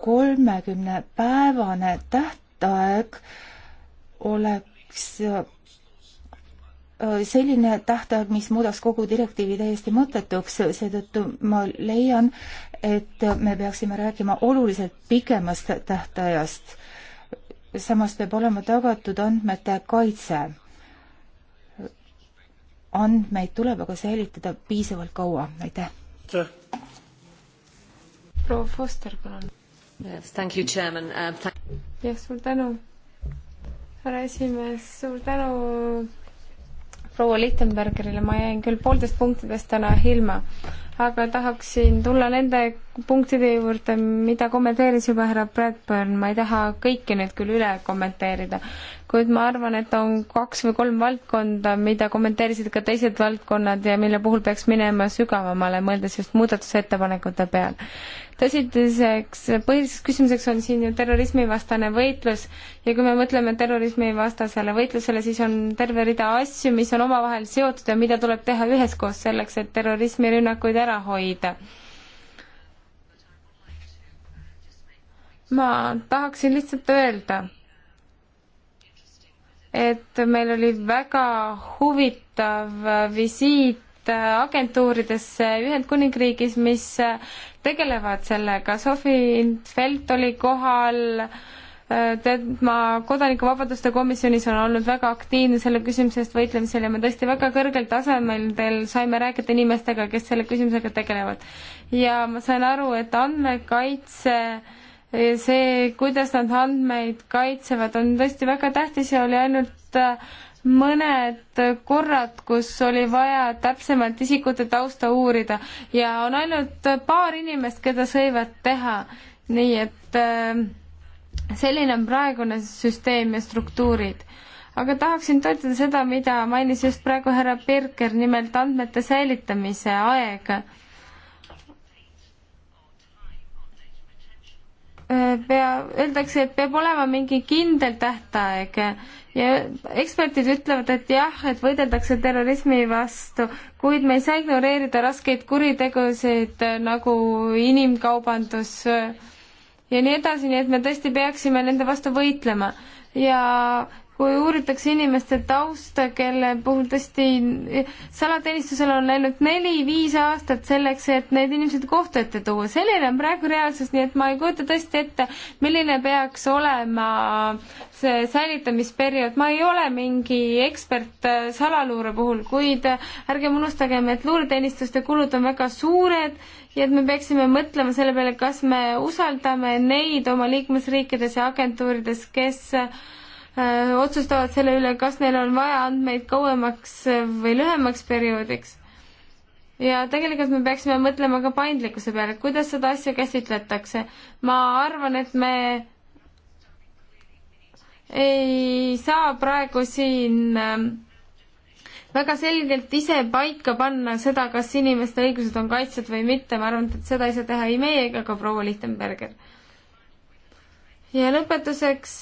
kolmekümnepäevane tähtaeg äh, oleks äh, selline tähtaeg, mis muudaks kogu direktiivi täiesti mõttetuks, seetõttu ma leian, et me peaksime rääkima oluliselt pikemast tähtajast. samas peab olema tagatud andmete kaitse. andmeid tuleb aga säilitada piisavalt kaua, aitäh. proua Foster, palun. Yes, thank you, chairman uh,. jah, suur tänu härra esimees, suur tänu proua Lichtenbergerile, ma jäin küll poolteist punktidest täna ilma, aga tahaksin tulla nende punktide juurde, mida kommenteeris juba härra Bradburn, ma ei taha kõiki nüüd küll üle kommenteerida, kuid ma arvan, et on kaks või kolm valdkonda, mida kommenteerisid ka teised valdkonnad ja mille puhul peaks minema sügavamale, mõeldes just muudatusettepanekute peal. tõsiseks põhiliseks küsimuseks on siin ju terrorismivastane võitlus ja kui me mõtleme terrorismivastasele võitlusele, siis on terve rida asju, mis on omavahel seotud ja mida tuleb teha üheskoos selleks, et terrorismirünnakuid ära ära hoida. ma tahaksin lihtsalt öelda, et meil oli väga huvitav visiit agentuuridesse Ühendkuningriigis, mis tegelevad sellega. Sofi Felt oli kohal äh, Äh, tema kodanikuvabaduste komisjonis on olnud väga aktiivne selle küsimuse eest võitlemisel ja me tõesti väga kõrgel tasemel teil saime rääkida inimestega, kes selle küsimusega tegelevad. ja ma sain aru, et andmekaitse see, kuidas nad andmeid kaitsevad, on tõesti väga tähtis ja oli ainult äh, mõned korrad, kus oli vaja täpsemalt isikute tausta uurida ja on ainult paar inimest, keda sõivad teha. nii et äh, selline on praegune süsteem ja struktuurid. aga tahaksin toetada seda, mida mainis just praegu härra Birker, nimelt andmete säilitamise aeg. pea, öeldakse, et peab olema mingi kindel tähtaeg ja eksperdid ütlevad, et jah, et võideldakse terrorismi vastu, kuid me ei saa ignoreerida raskeid kuritegusid nagu inimkaubandus äh, ja nii edasi, nii et me tõesti peaksime nende vastu võitlema. ja kui uuritakse inimeste tausta, kelle puhul tõesti salateenistusel on läinud neli-viis aastat selleks, et need inimesed kohtu ette tuua. selline on praegu reaalsus, nii et ma ei kujuta tõesti ette, milline peaks olema see säilitamisperiood. ma ei ole mingi ekspert äh, salaluure puhul, kuid äh, ärgem unustagem, et luureteenistuste kulud on väga suured ja et me peaksime mõtlema selle peale, kas me usaldame neid oma liikmesriikides ja agentuurides, kes äh, Äh, otsustavad selle üle, kas neil on vaja andmeid kauemaks või lühemaks perioodiks. ja tegelikult me peaksime mõtlema ka paindlikkuse peale, kuidas seda asja käsitletakse. ma arvan, et me ei saa praegu siin ähm, väga selgelt ise paika panna seda, kas inimeste õigused on kaitstud või mitte, ma arvan, et seda ei saa teha ei meie ega ka proua Lichtenberger. ja lõpetuseks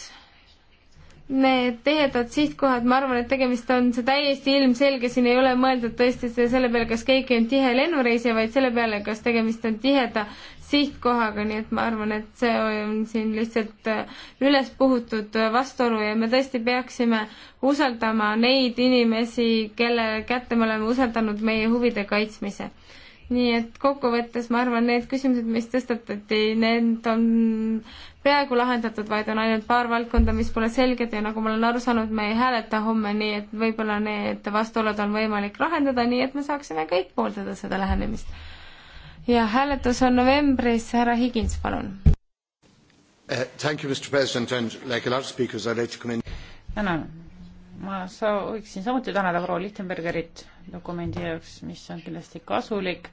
need teevad sihtkohad, ma arvan, et tegemist on see täiesti ilmselge, siin ei ole mõeldud tõesti see selle peale, kas keegi on tihe lennureisija, vaid selle peale, kas tegemist on tiheda sihtkohaga, nii et ma arvan, et see on siin lihtsalt äh, üles puhutud äh, vastuolu ja me tõesti peaksime usaldama neid inimesi, kelle kätte me oleme usaldanud meie huvide kaitsmise. nii et kokkuvõttes ma arvan, need küsimused, mis tõstatati, need on peaaegu lahendatud, vaid on ainult paar valdkonda, mis pole selged ja nagu ma olen aru saanud, me ei hääleta homme, nii et võib-olla need vastuolud on võimalik lahendada, nii et me saaksime kõik pooldada seda lähenemist. ja hääletus on novembris, härra Higins, palun uh,. Thank you, Mr President and like a lot of speakers I would like to come in. tänan. ma sooviksin samuti tänada proua Lichtenbergerit dokumendi jaoks, mis on kindlasti kasulik,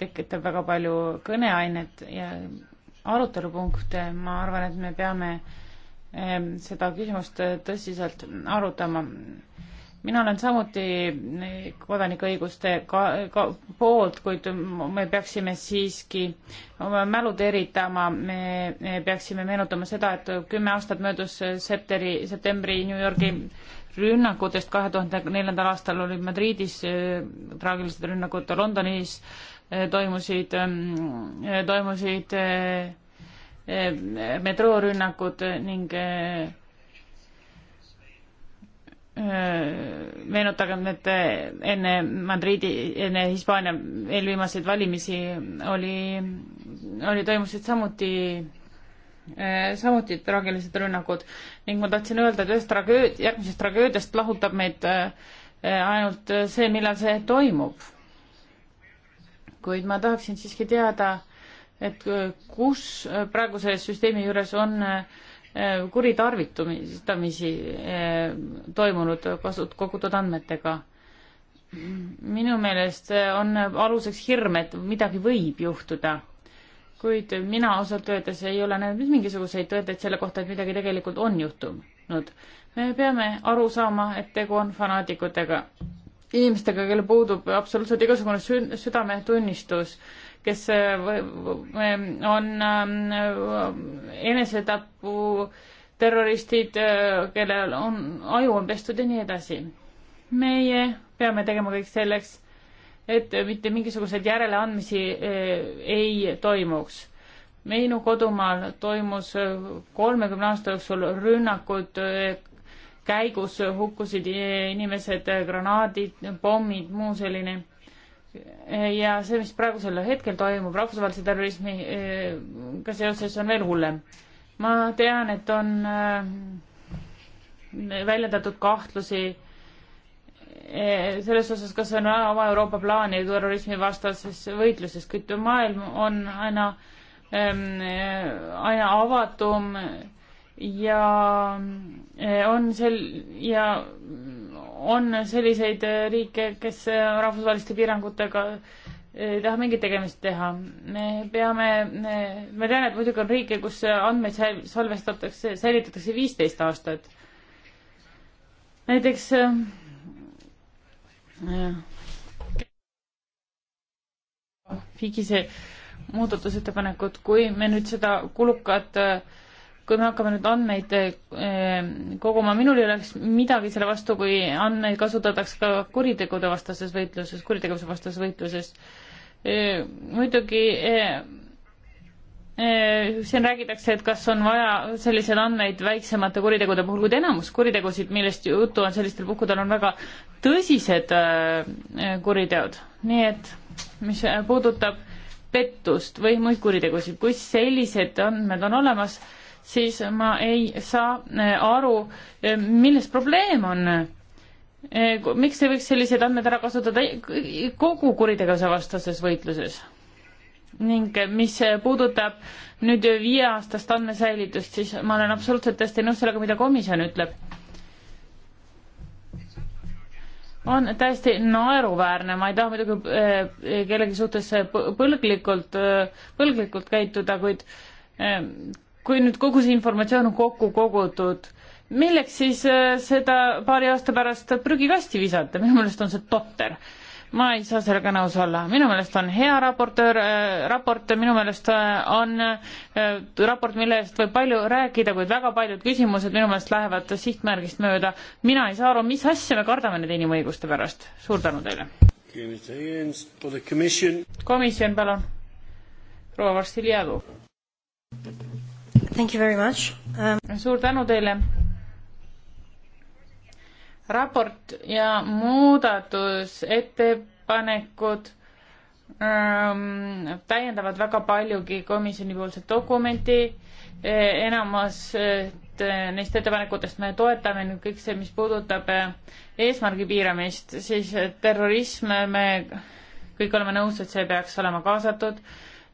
tekitab väga palju kõneainet ja arutelupunkte, ma arvan, et me peame seda küsimust tõsiselt arutama. mina olen samuti kodanikuõiguste ka, ka poolt, kuid me peaksime siiski oma mälu teritama, me peaksime meenutama seda, et kümme aastat möödus septembri, septembri New Yorgi rünnakutest, kahe tuhande neljandal aastal olid Madridis äh, traagilised rünnakud Londonis äh,, toimusid, ähm, toimusid äh, metroorünnakud ning äh, äh, meenutagem, et enne Madridi, enne Hispaania eelviimaseid valimisi oli, oli, toimusid samuti, samuti traagilised rünnakud ning ma tahtsin öelda, et ühest tragööd-, järgmisest tragöödiast lahutab meid ainult see, millal see toimub kuid ma tahaksin siiski teada, et äh, kus äh, praegu selle süsteemi juures on äh, kuritarvitamisi toimunud kasut-, kogutud andmetega. minu meelest on aluseks hirm, et midagi võib juhtuda kuid mina ausalt öeldes ei ole näinud mingisuguseid tõendeid selle kohta, et midagi tegelikult on juhtunud. me peame aru saama, et tegu on fanaatikutega inimestega, kellel puudub absoluutselt igasugune südametunnistus, kes äh, on ähm, enesetapu terroristid, äh, kellel on, aju on pestud ja nii edasi. meie peame tegema kõik selleks, et mitte mingisuguseid järeleandmisi äh, ei toimuks. minu kodumaal toimus kolmekümne aasta jooksul rünnakud käigus hukkusid inimesed, granaadid, pommid, muu selline. ja see, mis praegusel hetkel toimub rahvusvahelise terrorismiga seoses, on veel hullem. ma tean, et on äh, väljendatud kahtlusi äh, selles osas, kas on oma Euroopa plaani terrorismivastases võitluses, kuid maailm on aina, ähm, äh, aina avatum ja eh, on sel- ja on selliseid eh, riike, kes eh, rahvusvaheliste piirangutega ei taha mingit tegemist teha. me peame, ma tean, et muidugi on riike, kus andmeid salvestatakse, säilitatakse viisteist aastat. näiteks Figise muudatusettepanekut, kui me nüüd seda kulukat äh, kui me hakkame nüüd andmeid eh, koguma, minul ei oleks midagi selle vastu, kui andmeid kasutatakse ka kuritegude vastases võitluses, kuritegevuse vastases võitluses. Eh, muidugi eh, siin räägitakse, et kas on vaja selliseid andmeid väiksemate kuritegude puhul, kuid enamus kuritegusid, millest juttu on sellistel puhkudel, on väga tõsised kuriteod, nii et mis puudutab pettust või muid kuritegusid, kui sellised andmed on olemas, siis ma ei saa eh, aru, eh, milles probleem on. Eh, miks ei võiks selliseid andmeid ära kasutada kogu kuritegevuse vastases võitluses? ning mis puudutab nüüd viieaastast andmesäilitust, siis ma olen absoluutselt täiesti nõus sellega, mida komisjon ütleb. on täiesti naeruväärne, ma ei taha muidugi kellegi suhtes põlglikult, põlglikult käituda, kuid kui nüüd kogu see informatsioon on kokku kogutud, milleks siis äh, seda paari aasta pärast prügikasti visata, minu meelest on see totter. ma ei saa sellega nõus olla, minu meelest on hea raportöör äh,, raport, minu meelest äh, on äh, raport, mille eest võib palju rääkida, kuid väga paljud küsimused minu meelest lähevad sihtmärgist mööda. mina ei saa aru, mis asja me kardame nende inimõiguste pärast. suur tänu teile. komisjon, palun. proua Vassiljevov. Thank you very much um.... suur tänu teile. raport ja muudatusettepanekud ähm, täiendavad väga paljugi komisjonipoolset dokumenti e,. enamus et, äh, neist ettepanekutest me toetame nüüd kõik see, mis puudutab äh, eesmärgi piiramist, siis terrorism, me kõik oleme nõus, et see peaks olema kaasatud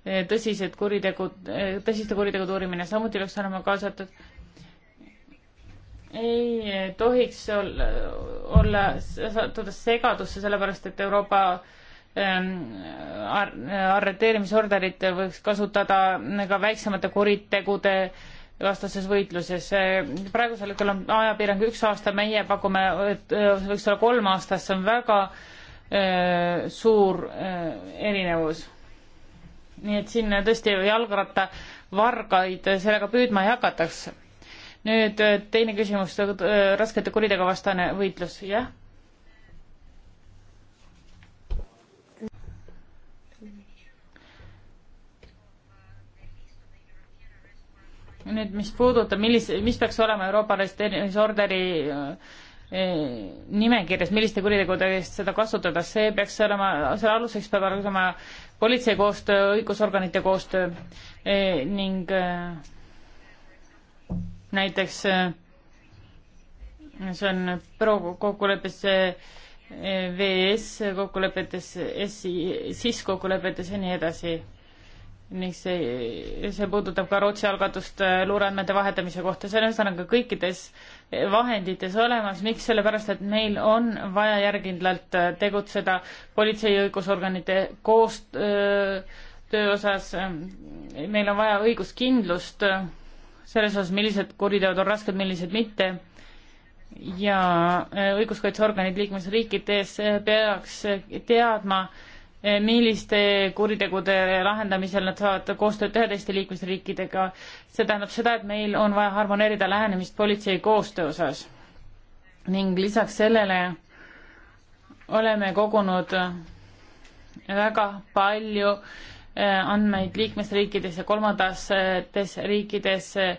Eh, tõsised kuritegud, eh, tõsiste kuritegude uurimine samuti peaks olema kaasatud. ei eh, tohiks olla, olla sattuda segadusse, sellepärast et Euroopa ehm, ar-, arreteerimisorderit võiks kasutada ka väiksemate kuritegude vastases võitluses. praegusel hetkel on ajapiirang üks aasta, meie pakume, et see võiks olla kolm aastat, see on väga äh, suur äh, erinevus nii et siin tõesti jalgrattavargaid sellega püüdma ei hakataks. nüüd äh, teine küsimus, äh, raskete kuritega vastane võitlus, jah? nüüd, mis puudutab, millise, mis peaks olema Euroopa arreteerimisorderi äh, nimekirjas, milliste kuritegude eest seda kasutada, see peaks olema, selle aluseks peab olema politsei koostöö, õigusorganite koostöö e, ning e, näiteks e, see on Pro kokkuleppes VS kokkulepetes, SI, SIS kokkulepetes ja nii edasi. ning see, see puudutab ka Rootsi algatust luureandmete vahetamise kohta, see on ühesõnaga kõikides äh, vahendites olemas, miks, sellepärast et meil on vaja järgindlalt äh, tegutseda politsei ja õigusorganite koostöö äh, osas, äh, meil on vaja õiguskindlust selles osas, millised kuriteod on rasked, millised mitte ja õiguskaitseorganid liikmesriikides peaks teadma, milliste kuritegude lahendamisel nad saavad koostööd teha teiste liikmesriikidega. see tähendab seda, et meil on vaja harmoneerida lähenemist politsei koostöö osas. ning lisaks sellele oleme kogunud väga palju äh, andmeid liikmesriikides ja kolmandates riikides äh,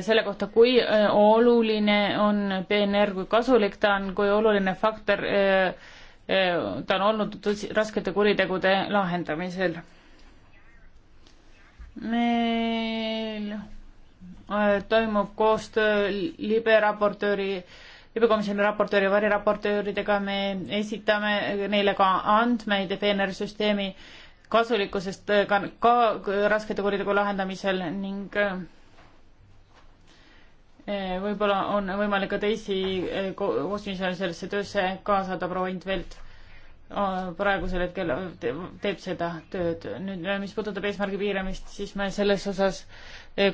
selle kohta, kui äh, oluline on PNR, kui kasulik ta on, kui oluline faktor äh, Äh, ta on olnud tõsi, raskete kuritegude lahendamisel. meil äh, toimub koostöö libe raportööri, libekomisjoni raportööri ja variraportööridega, me esitame neile ka andmeid peenersüsteemi kasulikkusest äh, ka, ka raskete kuritegu lahendamisel ning äh, Eh, võib-olla on võimalik ka teisi eh, kosmisele sellesse töösse kaasada, proua Intvelt ah, praegusel hetkel teeb seda tööd. nüüd, eh, mis puudutab eesmärgi piiramist, siis me selles osas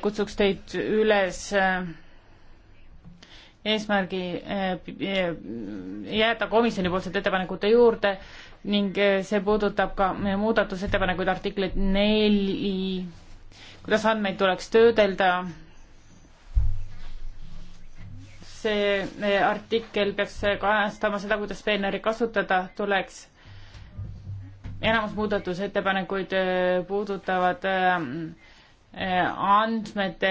kutsuks teid üles eesmärgi jääda komisjonipoolsete ettepanekute juurde ning see puudutab ka muudatusettepanekuid artiklit neli, kuidas andmeid tuleks töödelda see artikkel peaks kajastama seda, kuidas peenari kasutada tuleks. enamus muudatusettepanekuid äh, puudutavad äh, äh, andmete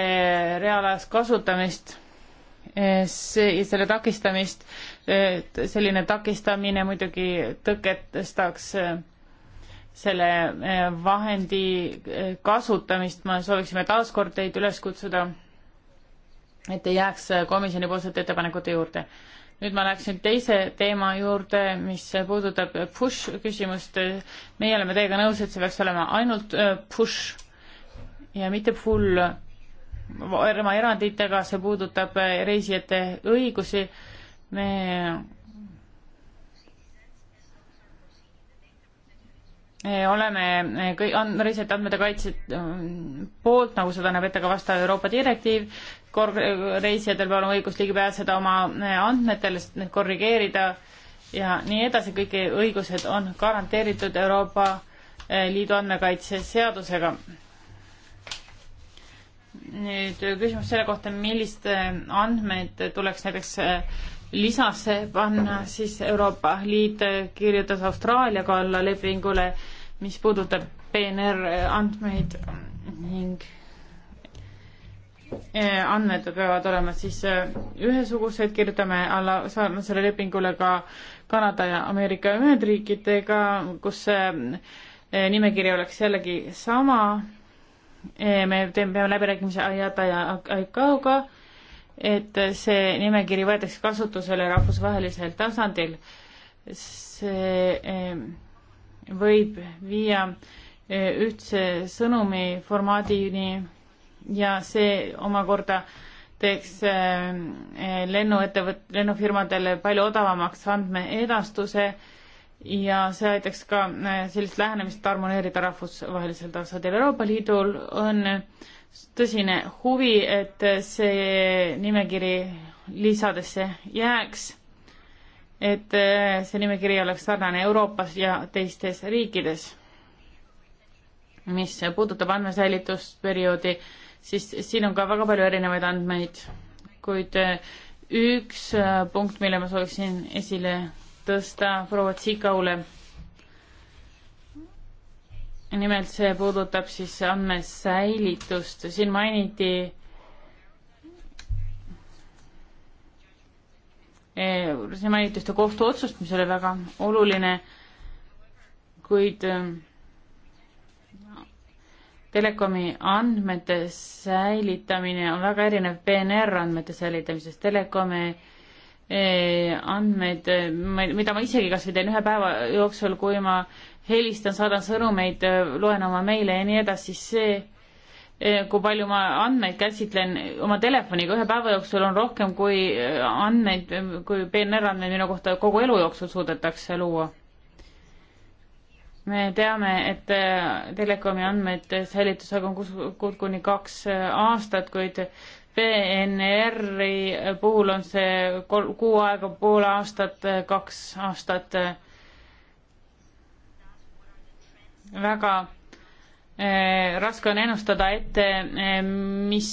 reaalajas kasutamist see, selle takistamist, selline takistamine muidugi tõkestaks selle vahendi kasutamist, me sooviksime taaskord teid üles kutsuda et ei jääks komisjonipoolsete ettepanekute juurde. nüüd ma läheksin teise teema juurde, mis puudutab push küsimust. meie oleme teiega nõus, et see peaks olema ainult äh, push ja mitte pull. oma eranditega, see puudutab äh, reisijate õigusi. me oleme äh, kõik reisijate andmete kaitse poolt, nagu seda näeb ette ka vastav Euroopa direktiiv kor-, reisijatel peab olema õigus ligi pääseda oma eh, andmetele, need korrigeerida ja nii edasi, kõik õigused on garanteeritud Euroopa eh, Liidu andmekaitseseadusega. nüüd eh, küsimus selle kohta, millist andmeid tuleks näiteks lisasse panna, siis Euroopa Liit kirjutas Austraaliaga alla lepingule, mis puudutab PNR andmeid ning Eh, andmed peavad olema siis eh, ühesugused, kirjutame alla sarnasele lepingule ka Kanada ja Ameerika Ühendriikidega, kus eh, nimekiri oleks jällegi sama. me teeme, peame läbirääkimise Ayata ja ICAO-ga, et see nimekiri võetakse kasutusele rahvusvahelisel tasandil. see võib viia ühtse sõnumi formaadini ja see omakorda teeks äh, äh, lennuettevõt-, lennufirmadele palju odavamaks andmeedastuse ja see aitaks ka äh, sellist lähenemist harmoneerida rahvusvahelisel tasandil. Euroopa Liidul on tõsine huvi, et see nimekiri lisadesse jääks, et see nimekiri oleks sarnane Euroopas ja teistes riikides. mis puudutab andmesäilitusperioodi siis siin on ka väga palju erinevaid andmeid, kuid eh, üks eh, punkt, mille ma sooviksin esile tõsta proua Tsikaule. nimelt see puudutab siis andmesäilitust, siin mainiti eh, siin mainiti ühte kohtuotsust, mis oli väga oluline, kuid telekomi andmete säilitamine on väga erinev PNR andmete säilitamisest, telekomi eh, andmeid, mida ma isegi kas või teen ühe päeva jooksul, kui ma helistan, saadan sõnumeid, loen oma meile ja nii edasi, siis see, eh, kui palju ma andmeid käsitlen oma telefoniga ühe päeva jooksul, on rohkem kui eh, andmeid, kui PNR andmeid minu kohta kogu elu jooksul suudetakse luua me teame, et äh, telekomi andmeid säilitusega on kus, kuni kaks äh, aastat, kuid PNR-i puhul on see kol-, kuu aega, pool aastat, äh, kaks aastat väga raske on ennustada ette, mis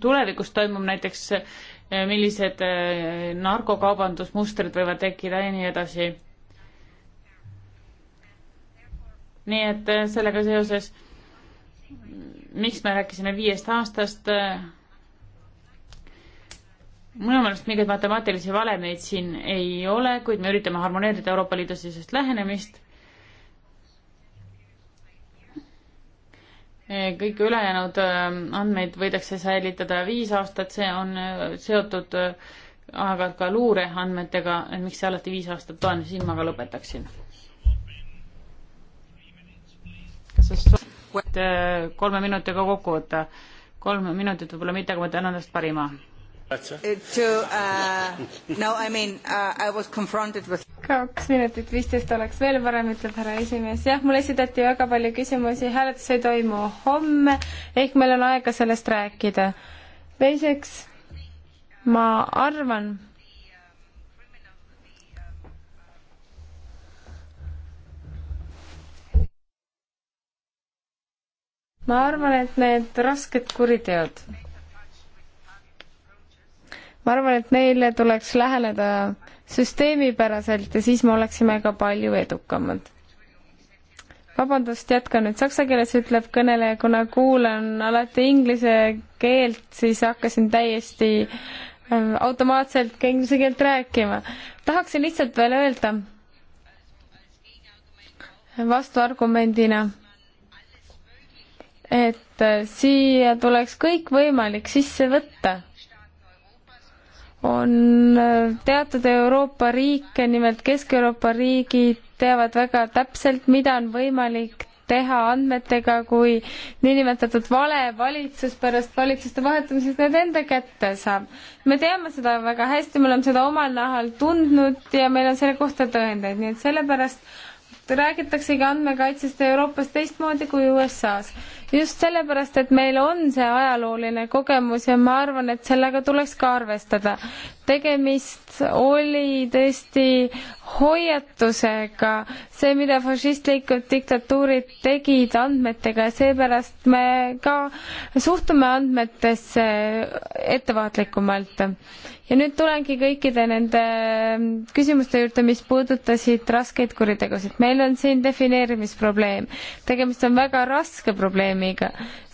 tulevikus toimub, näiteks millised narkokaubandusmustrid võivad tekkida ja nii edasi nii et äh, sellega seoses, miks me rääkisime viiest aastast, äh, minu meelest mingeid matemaatilisi valemeid siin ei ole, kuid me üritame harmoneerida Euroopa Liidu sisest lähenemist. Äh, kõik ülejäänud andmeid võidakse säilitada viis aastat, see on seotud aeg-ajalt ka luureandmetega, et miks see alati viis aastat on, siin ma ka lõpetaksin et äh, kolme minutiga kokku võtta. kolm minutit võib-olla mitte, aga ma teen endast parima. Uh, uh, uh, kaks minutit viisteist oleks veel parem, ütleb härra esimees. jah, mulle esitati väga palju küsimusi, hääletus ei toimu homme, ehk meil on aega sellest rääkida. teiseks, ma arvan, ma arvan, et need rasked kuriteod, ma arvan, et neile tuleks läheneda süsteemipäraselt ja siis me oleksime ka palju edukamad. vabandust, jätkan nüüd saksa keeles, ütleb kõneleja, kuna kuulan alati inglise keelt, siis hakkasin täiesti ähm, automaatselt ka inglise keelt rääkima. tahaksin lihtsalt veel öelda vastuargumendina et äh, siia tuleks kõik võimalik sisse võtta. on äh, teatud Euroopa riike, nimelt Kesk-Euroopa riigid teavad väga täpselt, mida on võimalik teha andmetega, kui niinimetatud vale valitsus pärast valitsuste vahetumisest need enda kätte saab. me teame seda väga hästi, me oleme seda omal nahal tundnud ja meil on selle kohta tõendeid, nii et sellepärast räägitaksegi andmekaitsest Euroopas teistmoodi kui USA-s. just sellepärast, et meil on see ajalooline kogemus ja ma arvan, et sellega tuleks ka arvestada. tegemist oli tõesti hoiatusega, see, mida fašistlikud diktatuurid tegid andmetega, seepärast me ka suhtume andmetesse ettevaatlikumalt ja nüüd tulengi kõikide nende ähm, küsimuste juurde, mis puudutasid raskeid kuritegusid. meil on siin defineerimisprobleem. tegemist on väga raske probleemiga,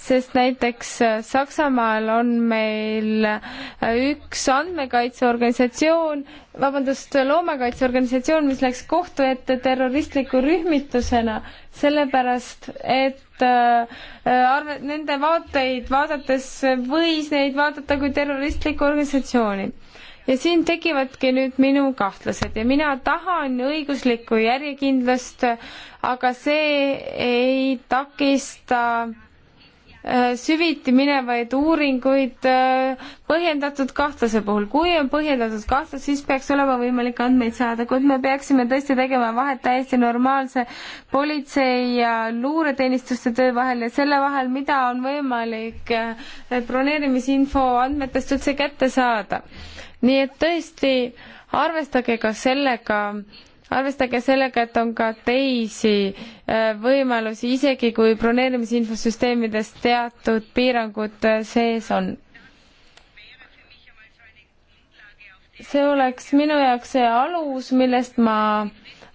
sest näiteks äh, Saksamaal on meil äh, üks andmekaitseorganisatsioon, vabandust, loomakaitseorganisatsioon, mis läks kohtu ette terroristliku rühmitusena, sellepärast et äh, arve, nende vaateid vaadates võis neid vaadata kui terroristlikku organisatsiooni ja siin tekivadki nüüd minu kahtlused ja mina tahan õiguslikku järjekindlust, aga see ei takista äh, süviti minevaid uuringuid äh, põhjendatud kahtluse puhul. kui on põhjendatud kahtlus, siis peaks olema võimalik andmeid saada, kuid me peaksime tõesti tegema vahet täiesti normaalse politsei ja luureteenistuste töö vahel ja selle vahel, mida on võimalik äh, broneerimisinfo andmetest üldse kätte saada nii et tõesti, arvestage ka sellega, arvestage sellega, et on ka teisi äh, võimalusi, isegi kui broneerimisinfosüsteemides teatud piirangud äh, sees on. see oleks minu jaoks see alus, millest ma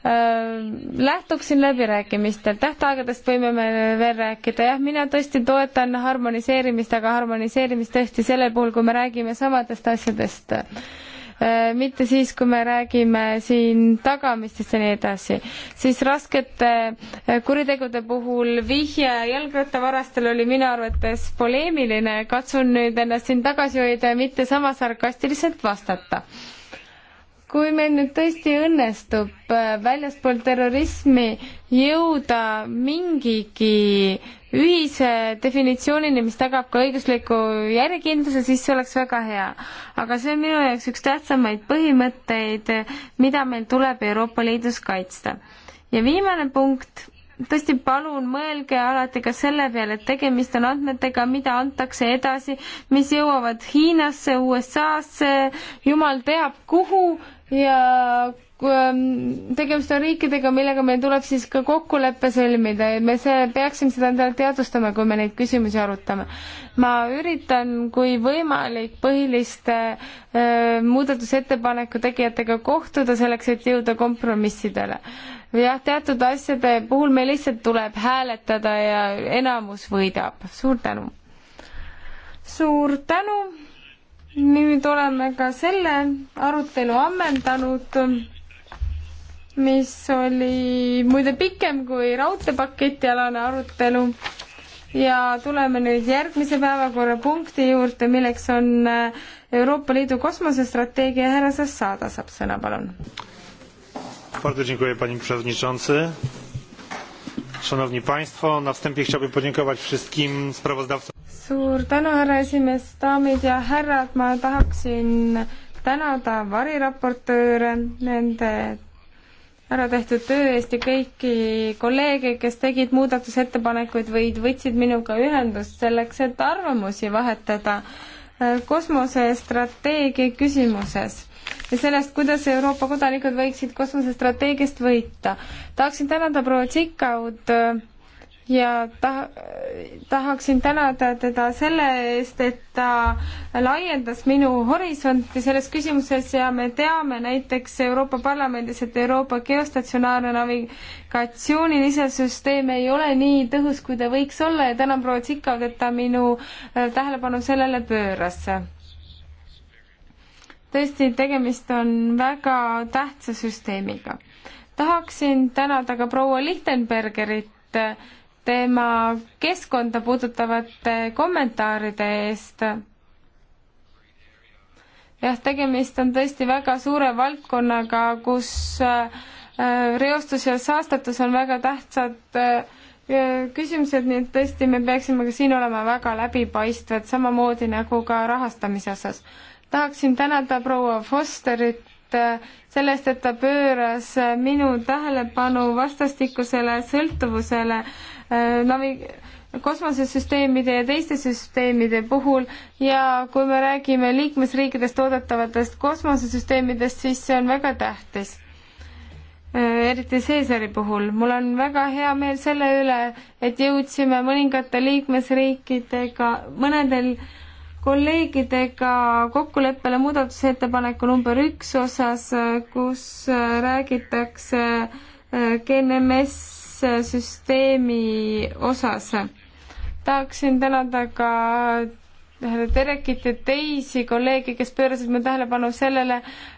Äh, lähtuksin läbirääkimistel, tähtaegadest võime me veel rääkida, jah, mina tõesti toetan harmoniseerimist, aga harmoniseerimist tõesti sellel puhul, kui me räägime samadest asjadest. Äh, mitte siis, kui me räägime siin tagamistest ja nii edasi. siis raskete äh, kuritegude puhul vihje jalgrattavarastel oli minu arvates poleemiline, katsun nüüd ennast siin tagasi hoida ja mitte sama sarkastiliselt vastata kui meil nüüd tõesti õnnestub äh, väljaspool terrorismi jõuda mingigi ühise definitsioonini, mis tagab ka õigusliku järjekindluse, siis see oleks väga hea. aga see on minu jaoks üks tähtsamaid põhimõtteid, mida meil tuleb Euroopa Liidus kaitsta. ja viimane punkt, tõesti palun mõelge alati ka selle peale, et tegemist on andmetega, mida antakse edasi, mis jõuavad Hiinasse, USA-sse, jumal teab kuhu ja ähm, tegemist on riikidega, millega meil tuleb siis ka kokkulepe sõlmida ja me see, peaksime seda endale teadvustama, kui me neid küsimusi arutame. ma üritan, kui võimalik, põhiliste äh, muudatusettepaneku tegijatega kohtuda selleks, et jõuda kompromissidele. jah, teatud asjade puhul meil lihtsalt tuleb hääletada ja enamus võidab. suur tänu! suur tänu! nüüd oleme ka selle arutelu ammendanud, mis oli muide pikem kui raudteepaketialane arutelu ja tuleme nüüd järgmise päevakorrapunkti juurde, milleks on äh, Euroopa Liidu kosmosestrateegia, härra Sassada saab sõna, palun. Szanowni Państwo, na wstępie chciałbym podziękować wszystkim sprawozdawcom. suur tänu, härra esimees, daamid ja härrad, ma tahaksin tänada variraportööre nende ära tehtud töö eest ja kõiki kolleege, kes tegid muudatusettepanekuid või võtsid minuga ühendust selleks, et arvamusi vahetada kosmosestrateegia küsimuses ja sellest, kuidas Euroopa kodanikud võiksid kosmosestrateegiast võita. tahaksin tänada proua Tsikaud äh, ja ta, tahaksin tänada teda selle eest, et ta laiendas minu horisonti selles küsimuses ja me teame näiteks Euroopa Parlamendis, et Euroopa geostatsionaarne navigatsioonilisesüsteem ei ole nii tõhus, kui ta võiks olla ja tänan proua Tsikaud, et ta minu äh, tähelepanu sellele pööras tõesti, tegemist on väga tähtsa süsteemiga. tahaksin tänada ka proua Lichtenbergerit tema keskkonda puudutavate kommentaaride eest. jah, tegemist on tõesti väga suure valdkonnaga, kus äh, reostus ja saastatus on väga tähtsad äh, küsimused, nii et tõesti, me peaksime ka siin olema väga läbipaistvad, samamoodi nagu ka rahastamise osas tahaksin tänada proua Fosterit äh, sellest, et ta pööras äh, minu tähelepanu vastastikusele sõltuvusele äh, navi-, kosmosesüsteemide ja teiste süsteemide puhul ja kui me räägime liikmesriikidest toodetavatest kosmosesüsteemidest, siis see on väga tähtis. eriti Seesari puhul. mul on väga hea meel selle üle, et jõudsime mõningate liikmesriikidega, mõnedel äh, kolleegidega kokkuleppele muudatusettepaneku number üks osas, kus äh, räägitakse äh, GNMS äh, süsteemi osas. tahaksin tänada ka härra Terekit ja teisi kolleege, kes pöörasid mu tähelepanu sellele,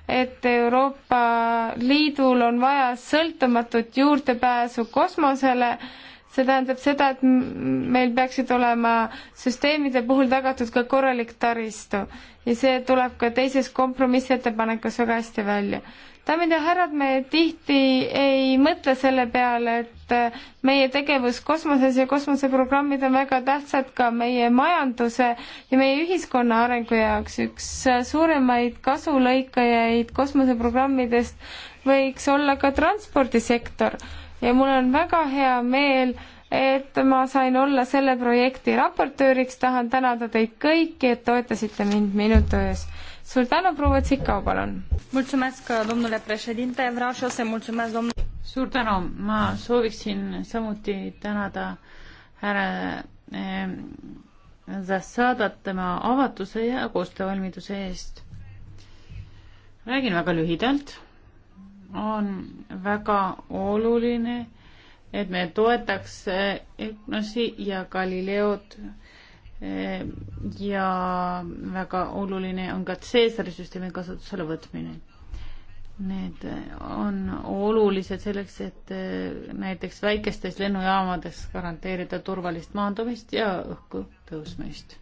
et Euroopa Liidul on vaja sõltumatut juurdepääsu kosmosele see tähendab seda, et meil peaksid olema süsteemide puhul tagatud ka korralik taristu ja see tuleb ka teises kompromissettepanekus väga hästi välja. daamid ja härrad, me tihti ei mõtle selle peale, et äh, meie tegevus kosmoses ja kosmoseprogrammid on väga tähtsad ka meie majanduse ja meie ühiskonna arengu jaoks. üks äh, suuremaid kasulõikajaid kosmoseprogrammidest võiks olla ka transpordisektor ja mul on väga hea meel, et ma sain olla selle projekti raportööriks, tahan tänada teid kõiki, et toetasite mind minu töös. suur tänu, proua Tsikau, palun! suur tänu, ma sooviksin samuti tänada härra äh, Zassadat tema avatuse ja koostöövalmiduse eest. räägin väga lühidalt on väga oluline, et me toetaks EGNOS-i eh, ja Galileod eh, ja väga oluline on ka Caesari süsteemi kasutusele võtmine. Need on olulised selleks, et eh, näiteks väikestes lennujaamades garanteerida turvalist maandumist ja õhku tõusmist.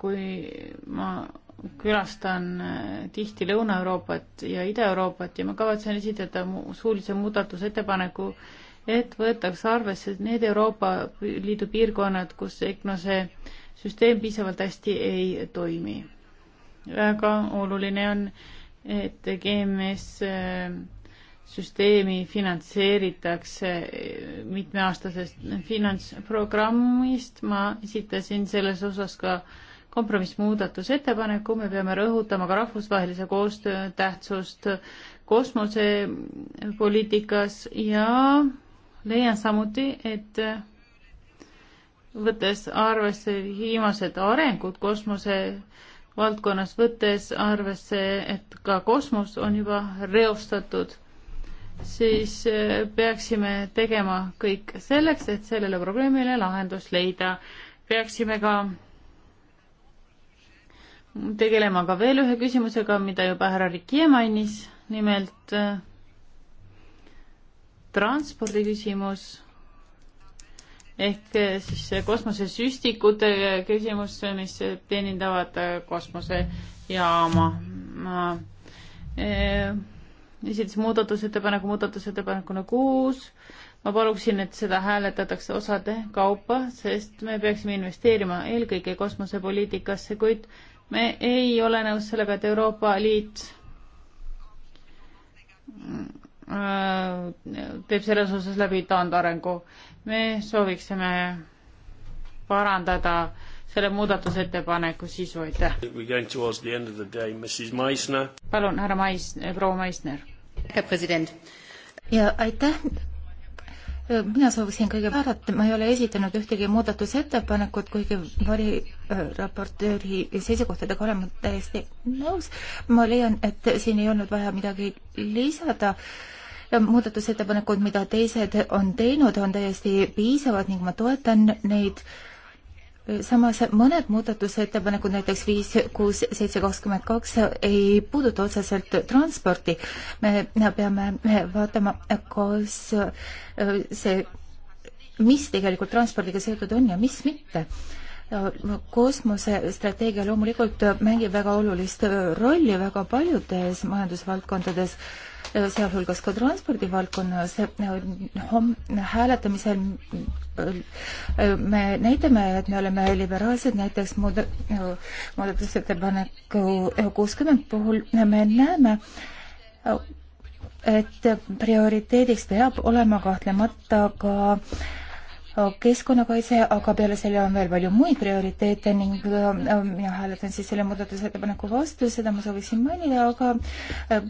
kui ma külastan äh, tihti Lõuna-Euroopat ja Ida-Euroopat ja ma kavatsen esitada suulise muudatusettepaneku, et võetakse arvesse need Euroopa Liidu piirkonnad, kus EGNOS-e süsteem piisavalt hästi ei toimi. väga oluline on, et GMS äh, süsteemi finantseeritakse äh, mitmeaastasest finantsprogrammist, ma esitasin selles osas ka äh, kompromissmuudatusettepaneku, me peame rõhutama ka rahvusvahelise koostöö tähtsust kosmosepoliitikas ja leian samuti, et võttes arvesse viimased arengud kosmose valdkonnas, võttes arvesse, et ka kosmos on juba reostatud, siis äh, peaksime tegema kõik selleks, et sellele probleemile lahendus leida. peaksime ka tegelema ka veel ühe küsimusega, mida juba härra Rikie mainis, nimelt äh, transpordi küsimus ehk äh, siis äh, kosmosesüstikute küsimus, mis teenindavad kosmosejaama. ma esitasin muudatusettepaneku muudatusettepanekuna kuus. ma paluksin, et seda hääletatakse osade kaupa, sest me peaksime investeerima eelkõige kosmosepoliitikasse, kuid me ei ole nõus sellega, et Euroopa Liit äh, teeb selles osas läbi taandarengu. me sooviksime parandada selle muudatusettepaneku sisu, aitäh. palun, härra Mais-, proua Maisner. ja aitäh, mina sooviksin kõige vaadata, ma ei ole esitanud ühtegi muudatusettepanekut, kuigi variraportööri äh, seisukohtadega olen ma täiesti nõus. ma leian, et siin ei olnud vaja midagi lisada. muudatusettepanekud, mida teised on teinud, on täiesti piisavad ning ma toetan neid äh, samas mõned muudatusettepanekud, näiteks viis, kuus, seitse, kakskümmend kaks, ei puuduta otseselt transporti. me peame vaatama, kas äh, see, mis tegelikult transpordiga seotud on ja mis mitte kosmosestrateegia loomulikult mängib väga olulist äh, rolli väga paljudes majandusvaldkondades sealhulgas ka transpordivaldkonnas hääletamisel äh, me näitame, et me oleme liberaalsed, näiteks muudatusettepaneku kuuskümmend puhul me näeme, et prioriteediks peab olema kahtlemata ka keskkonnakaitse, aga peale selle on veel palju muid prioriteete ning äh, mina hääletan siis selle muudatusettepaneku vastu, seda ma sooviksin mainida, aga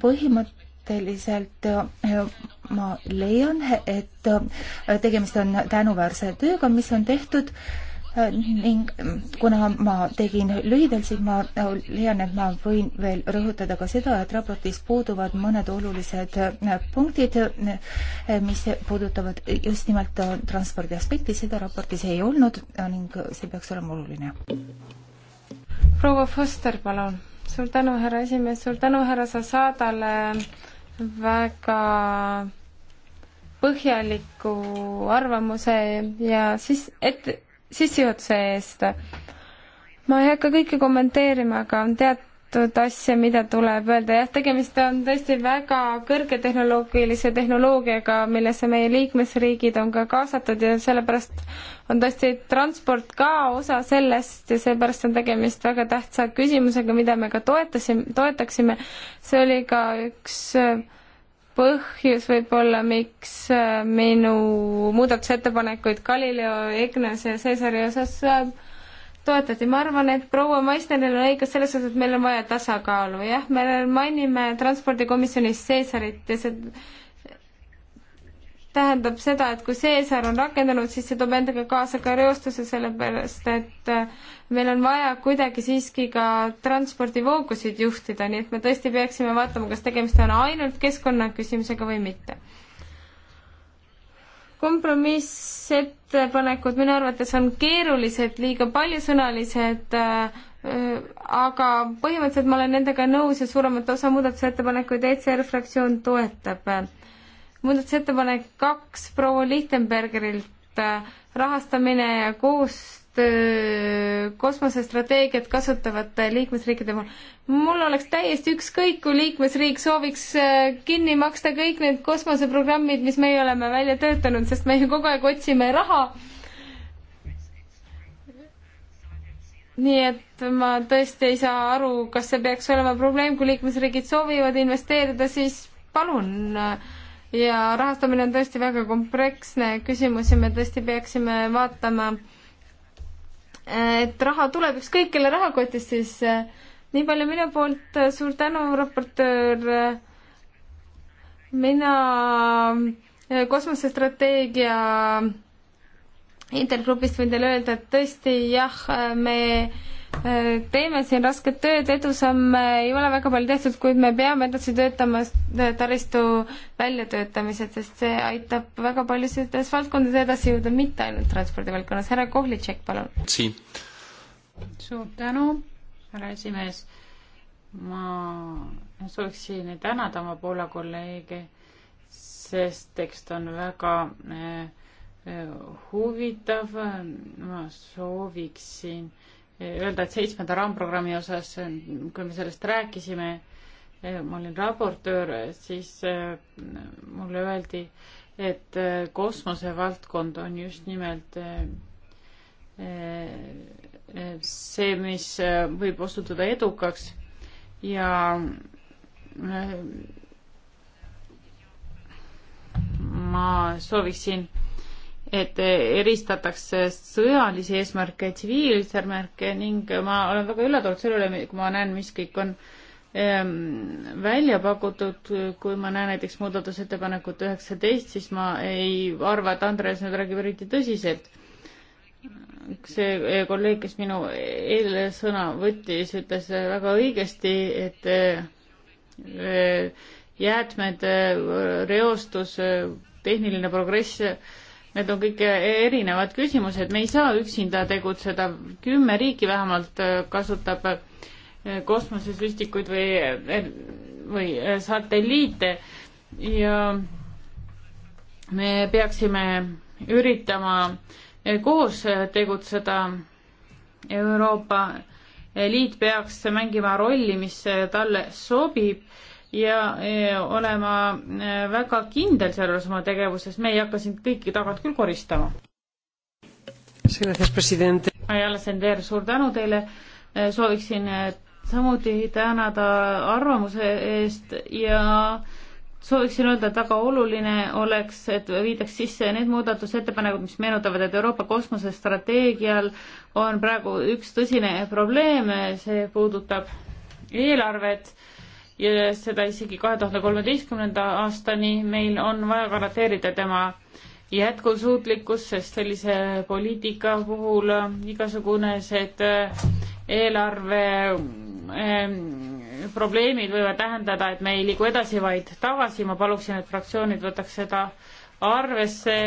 põhimõte põhimõtteliselt äh, ma leian, et äh, tegemist on tänuväärse tööga, mis on tehtud äh, ning kuna ma tegin lühidalt, siis ma leian, et ma võin veel rõhutada ka seda, et raportis puuduvad mõned olulised punktid, mis puudutavad just nimelt transpordi aspekti, seda raportis ei olnud ning see peaks olema oluline. proua Foster, palun. suur tänu, härra esimees, suur tänu härra Zasadale sa väga põhjaliku arvamuse ja siis ette, sissejuhatuse eest. ma ei hakka kõike kommenteerima, aga tead, teatud asja, mida tuleb öelda, jah, tegemist on tõesti väga kõrgetehnoloogilise tehnoloogiaga, millesse meie liikmesriigid on ka kaasatud ja sellepärast on tõesti transport ka osa sellest ja seepärast on tegemist väga tähtsa küsimusega, mida me ka toetasime, toetaksime. see oli ka üks äh, põhjus võib-olla, miks äh, minu muudatusettepanekuid Galileo, Egnas ja Cäsari osas äh, toetati, ma arvan, et proua Maisneril on õigus selles osas, et meil on vaja tasakaalu, jah, me mainime transpordikomisjonis Seesarit ja see tähendab seda, et kui Seesar on rakendunud, siis see toob endaga kaasa ka reostuse, sellepärast et äh, meil on vaja kuidagi siiski ka transpordivoogusid juhtida, nii et me tõesti peaksime vaatama, kas tegemist on ainult keskkonnaküsimusega või mitte kompromissettepanekud minu arvates on keerulised, liiga paljusõnalised äh,, aga põhimõtteliselt ma olen nendega nõus ja suuremat osa muudatusettepanekuid ECR fraktsioon toetab. muudatusettepanek kaks proua Lichtenbergerilt, äh, rahastamine ja koostöö ühist kosmosestrateegiat kasutavate liikmesriikide puhul. mul oleks täiesti ükskõik, kui liikmesriik sooviks kinni maksta kõik need kosmoseprogrammid, mis meie oleme välja töötanud, sest me ju kogu aeg otsime raha. nii et ma tõesti ei saa aru, kas see peaks olema probleem, kui liikmesriigid soovivad investeerida, siis palun äh, ja rahastamine on tõesti väga kompleksne küsimus ja me tõesti peaksime vaatama, et raha tuleb ükskõik kelle rahakotist, siis eh, nii palju minu poolt, eh, suur tänu, raportöör. mina eh, kosmosestrateegia intergrupist võin teile öelda, et tõesti jah, me teeme siin rasket tööd, edusamme ei ole väga palju tehtud, kuid me peame edasi töötama taristu väljatöötamised, sest see aitab väga paljudes valdkondades edasi jõuda, mitte ainult transpordivaldkonnas. härra Kohlitšek, palun. siin. suur tänu, härra esimees. ma sooviksin tänada oma Poola kolleege, sest tekst on väga äh, huvitav. ma sooviksin äh, öelda, et seitsmenda raamprogrammi osas, kui me sellest rääkisime, ma olin raportöör, siis äh, mulle öeldi, et äh, kosmosevaldkond on just nimelt äh, see, mis võib osutuda edukaks ja ma sooviksin et eristatakse sõjalisi eesmärke ja tsiviilsärmärke ning ma olen väga üllatunud selle üle, kui ma näen, mis kõik on ehm, välja pakutud, kui ma näen näiteks muudatusettepanekut üheksateist, siis ma ei arva, et Andres nüüd räägib eriti tõsiselt. see kolleeg, kes minu eile sõna võttis, ütles väga õigesti, et eh, jäätmed, reostus, tehniline progress Need on kõik äh, erinevad küsimused, me ei saa üksinda tegutseda, kümme riiki vähemalt äh, kasutab äh, kosmosesüstikuid või, või satelliite ja me peaksime üritama koos tegutseda. Euroopa Liit peaks mängima rolli, mis talle sobib ja e, olema e, väga kindel sealjuures oma tegevuses, me ei hakka siin kõiki tagant küll koristama. Ajala Sender, suur tänu teile, e, sooviksin samuti tänada arvamuse eest ja sooviksin öelda, et väga oluline oleks, et viidaks sisse need muudatusettepanekud, mis meenutavad, et Euroopa kosmosestrateegial on praegu üks tõsine probleem, see puudutab eelarvet ja seda isegi kahe tuhande kolmeteistkümnenda aastani, meil on vaja garanteerida tema jätkusuutlikkus, sest sellise poliitika puhul igasugused äh, eelarve ähm, probleemid võivad tähendada, et me ei liigu edasi, vaid tagasi. ma paluksin, et fraktsioonid võtaks seda arvesse.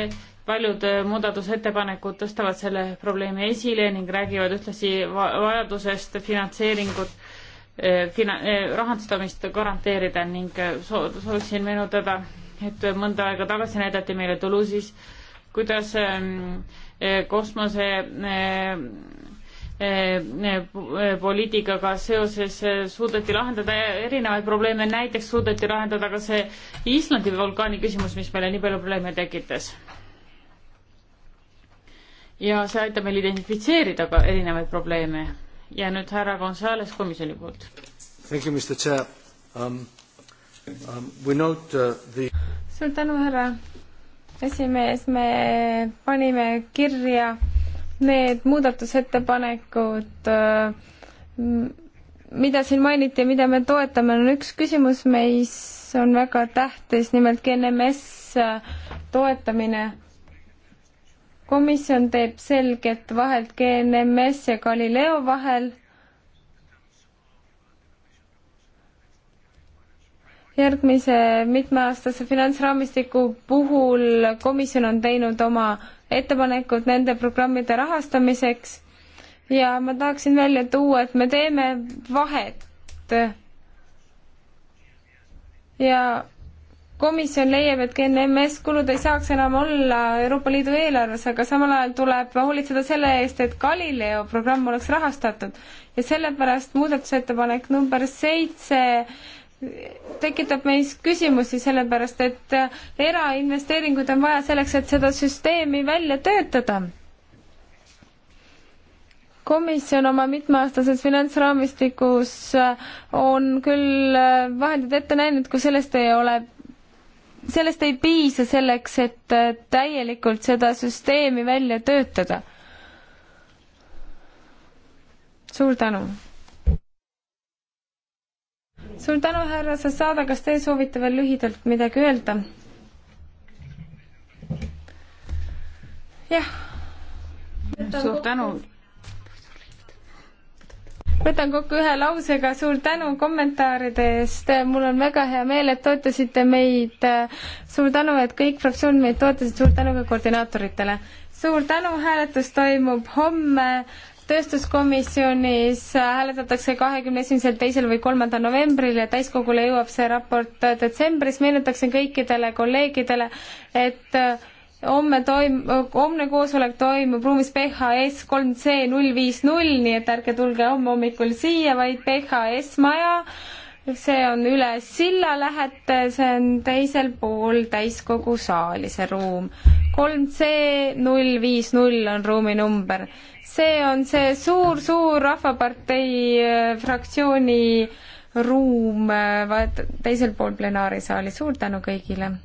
paljud äh, muudatusettepanekud tõstavad selle probleemi esile ning räägivad ühtlasi vajadusest finantseeringut Eh, fina-, eh, rahandustamist garanteerida ning eh, soo-, sooviksin meenutada, et mõnda aega tagasi näidati meile Toulouse'is, kuidas ehm, kosmose poliitikaga seoses suudeti lahendada erinevaid probleeme, näiteks suudeti lahendada ka see Islandi vulkaani küsimus, mis meile nii palju probleeme tekitas. ja see aitab meil identifitseerida ka erinevaid probleeme ja nüüd härra Gonzales komisjoni poolt. Thank you, Mr Chair um,. Um, we note uh, the suur tänu, härra esimees, me panime kirja need muudatusettepanekud, uh, mida siin mainiti ja mida me toetame, on üks küsimus, mis on väga tähtis, nimelt GNMS uh, toetamine komisjon teeb selget vahet GNMS ja Galileo vahel. järgmise mitmeaastase finantsraamistiku puhul komisjon on teinud oma ettepanekud nende programmide rahastamiseks ja ma tahaksin välja tuua, et me teeme vahet. ja komisjon leiab, et GNMS kulud ei saaks enam olla Euroopa Liidu eelarves, aga samal ajal tuleb hoolitseda selle eest, et Galileo programm oleks rahastatud ja sellepärast muudatusettepanek number seitse tekitab meis küsimusi, sellepärast et erainvesteeringuid on vaja selleks, et seda süsteemi välja töötada. komisjon oma mitmeaastases finantsraamistikus on küll vahendid ette näinud, kui sellest ei ole sellest ei piisa selleks, et äh, täielikult seda süsteemi välja töötada. suur tänu. suur tänu, härra Sassada, kas te soovite veel lühidalt midagi öelda? jah. suur tänu võtan kokku ühe lausega, suur tänu kommentaaride eest, mul on väga hea meel, et toetasite meid, suur tänu, et kõik fraktsioonid meid toetasid, suur tänu ka koordinaatoritele. suur tänu, hääletus toimub homme tööstuskomisjonis hääletatakse kahekümne esimesel, teisel või kolmandal novembril ja täiskogule jõuab see raport detsembris. meenutaksin kõikidele kolleegidele, et homme toim-, homne koosolek toimub ruumis PHS kolm C null viis null, nii et ärge tulge homme hommikul siia, vaid PHS maja. see on üle silla lähete, see on teisel pool täiskogu saali, see ruum. kolm C null viis null on ruumi number. see on see suur-suur Rahvapartei äh, fraktsiooni ruum, äh, vaat teisel pool plenaarisaali. suur tänu kõigile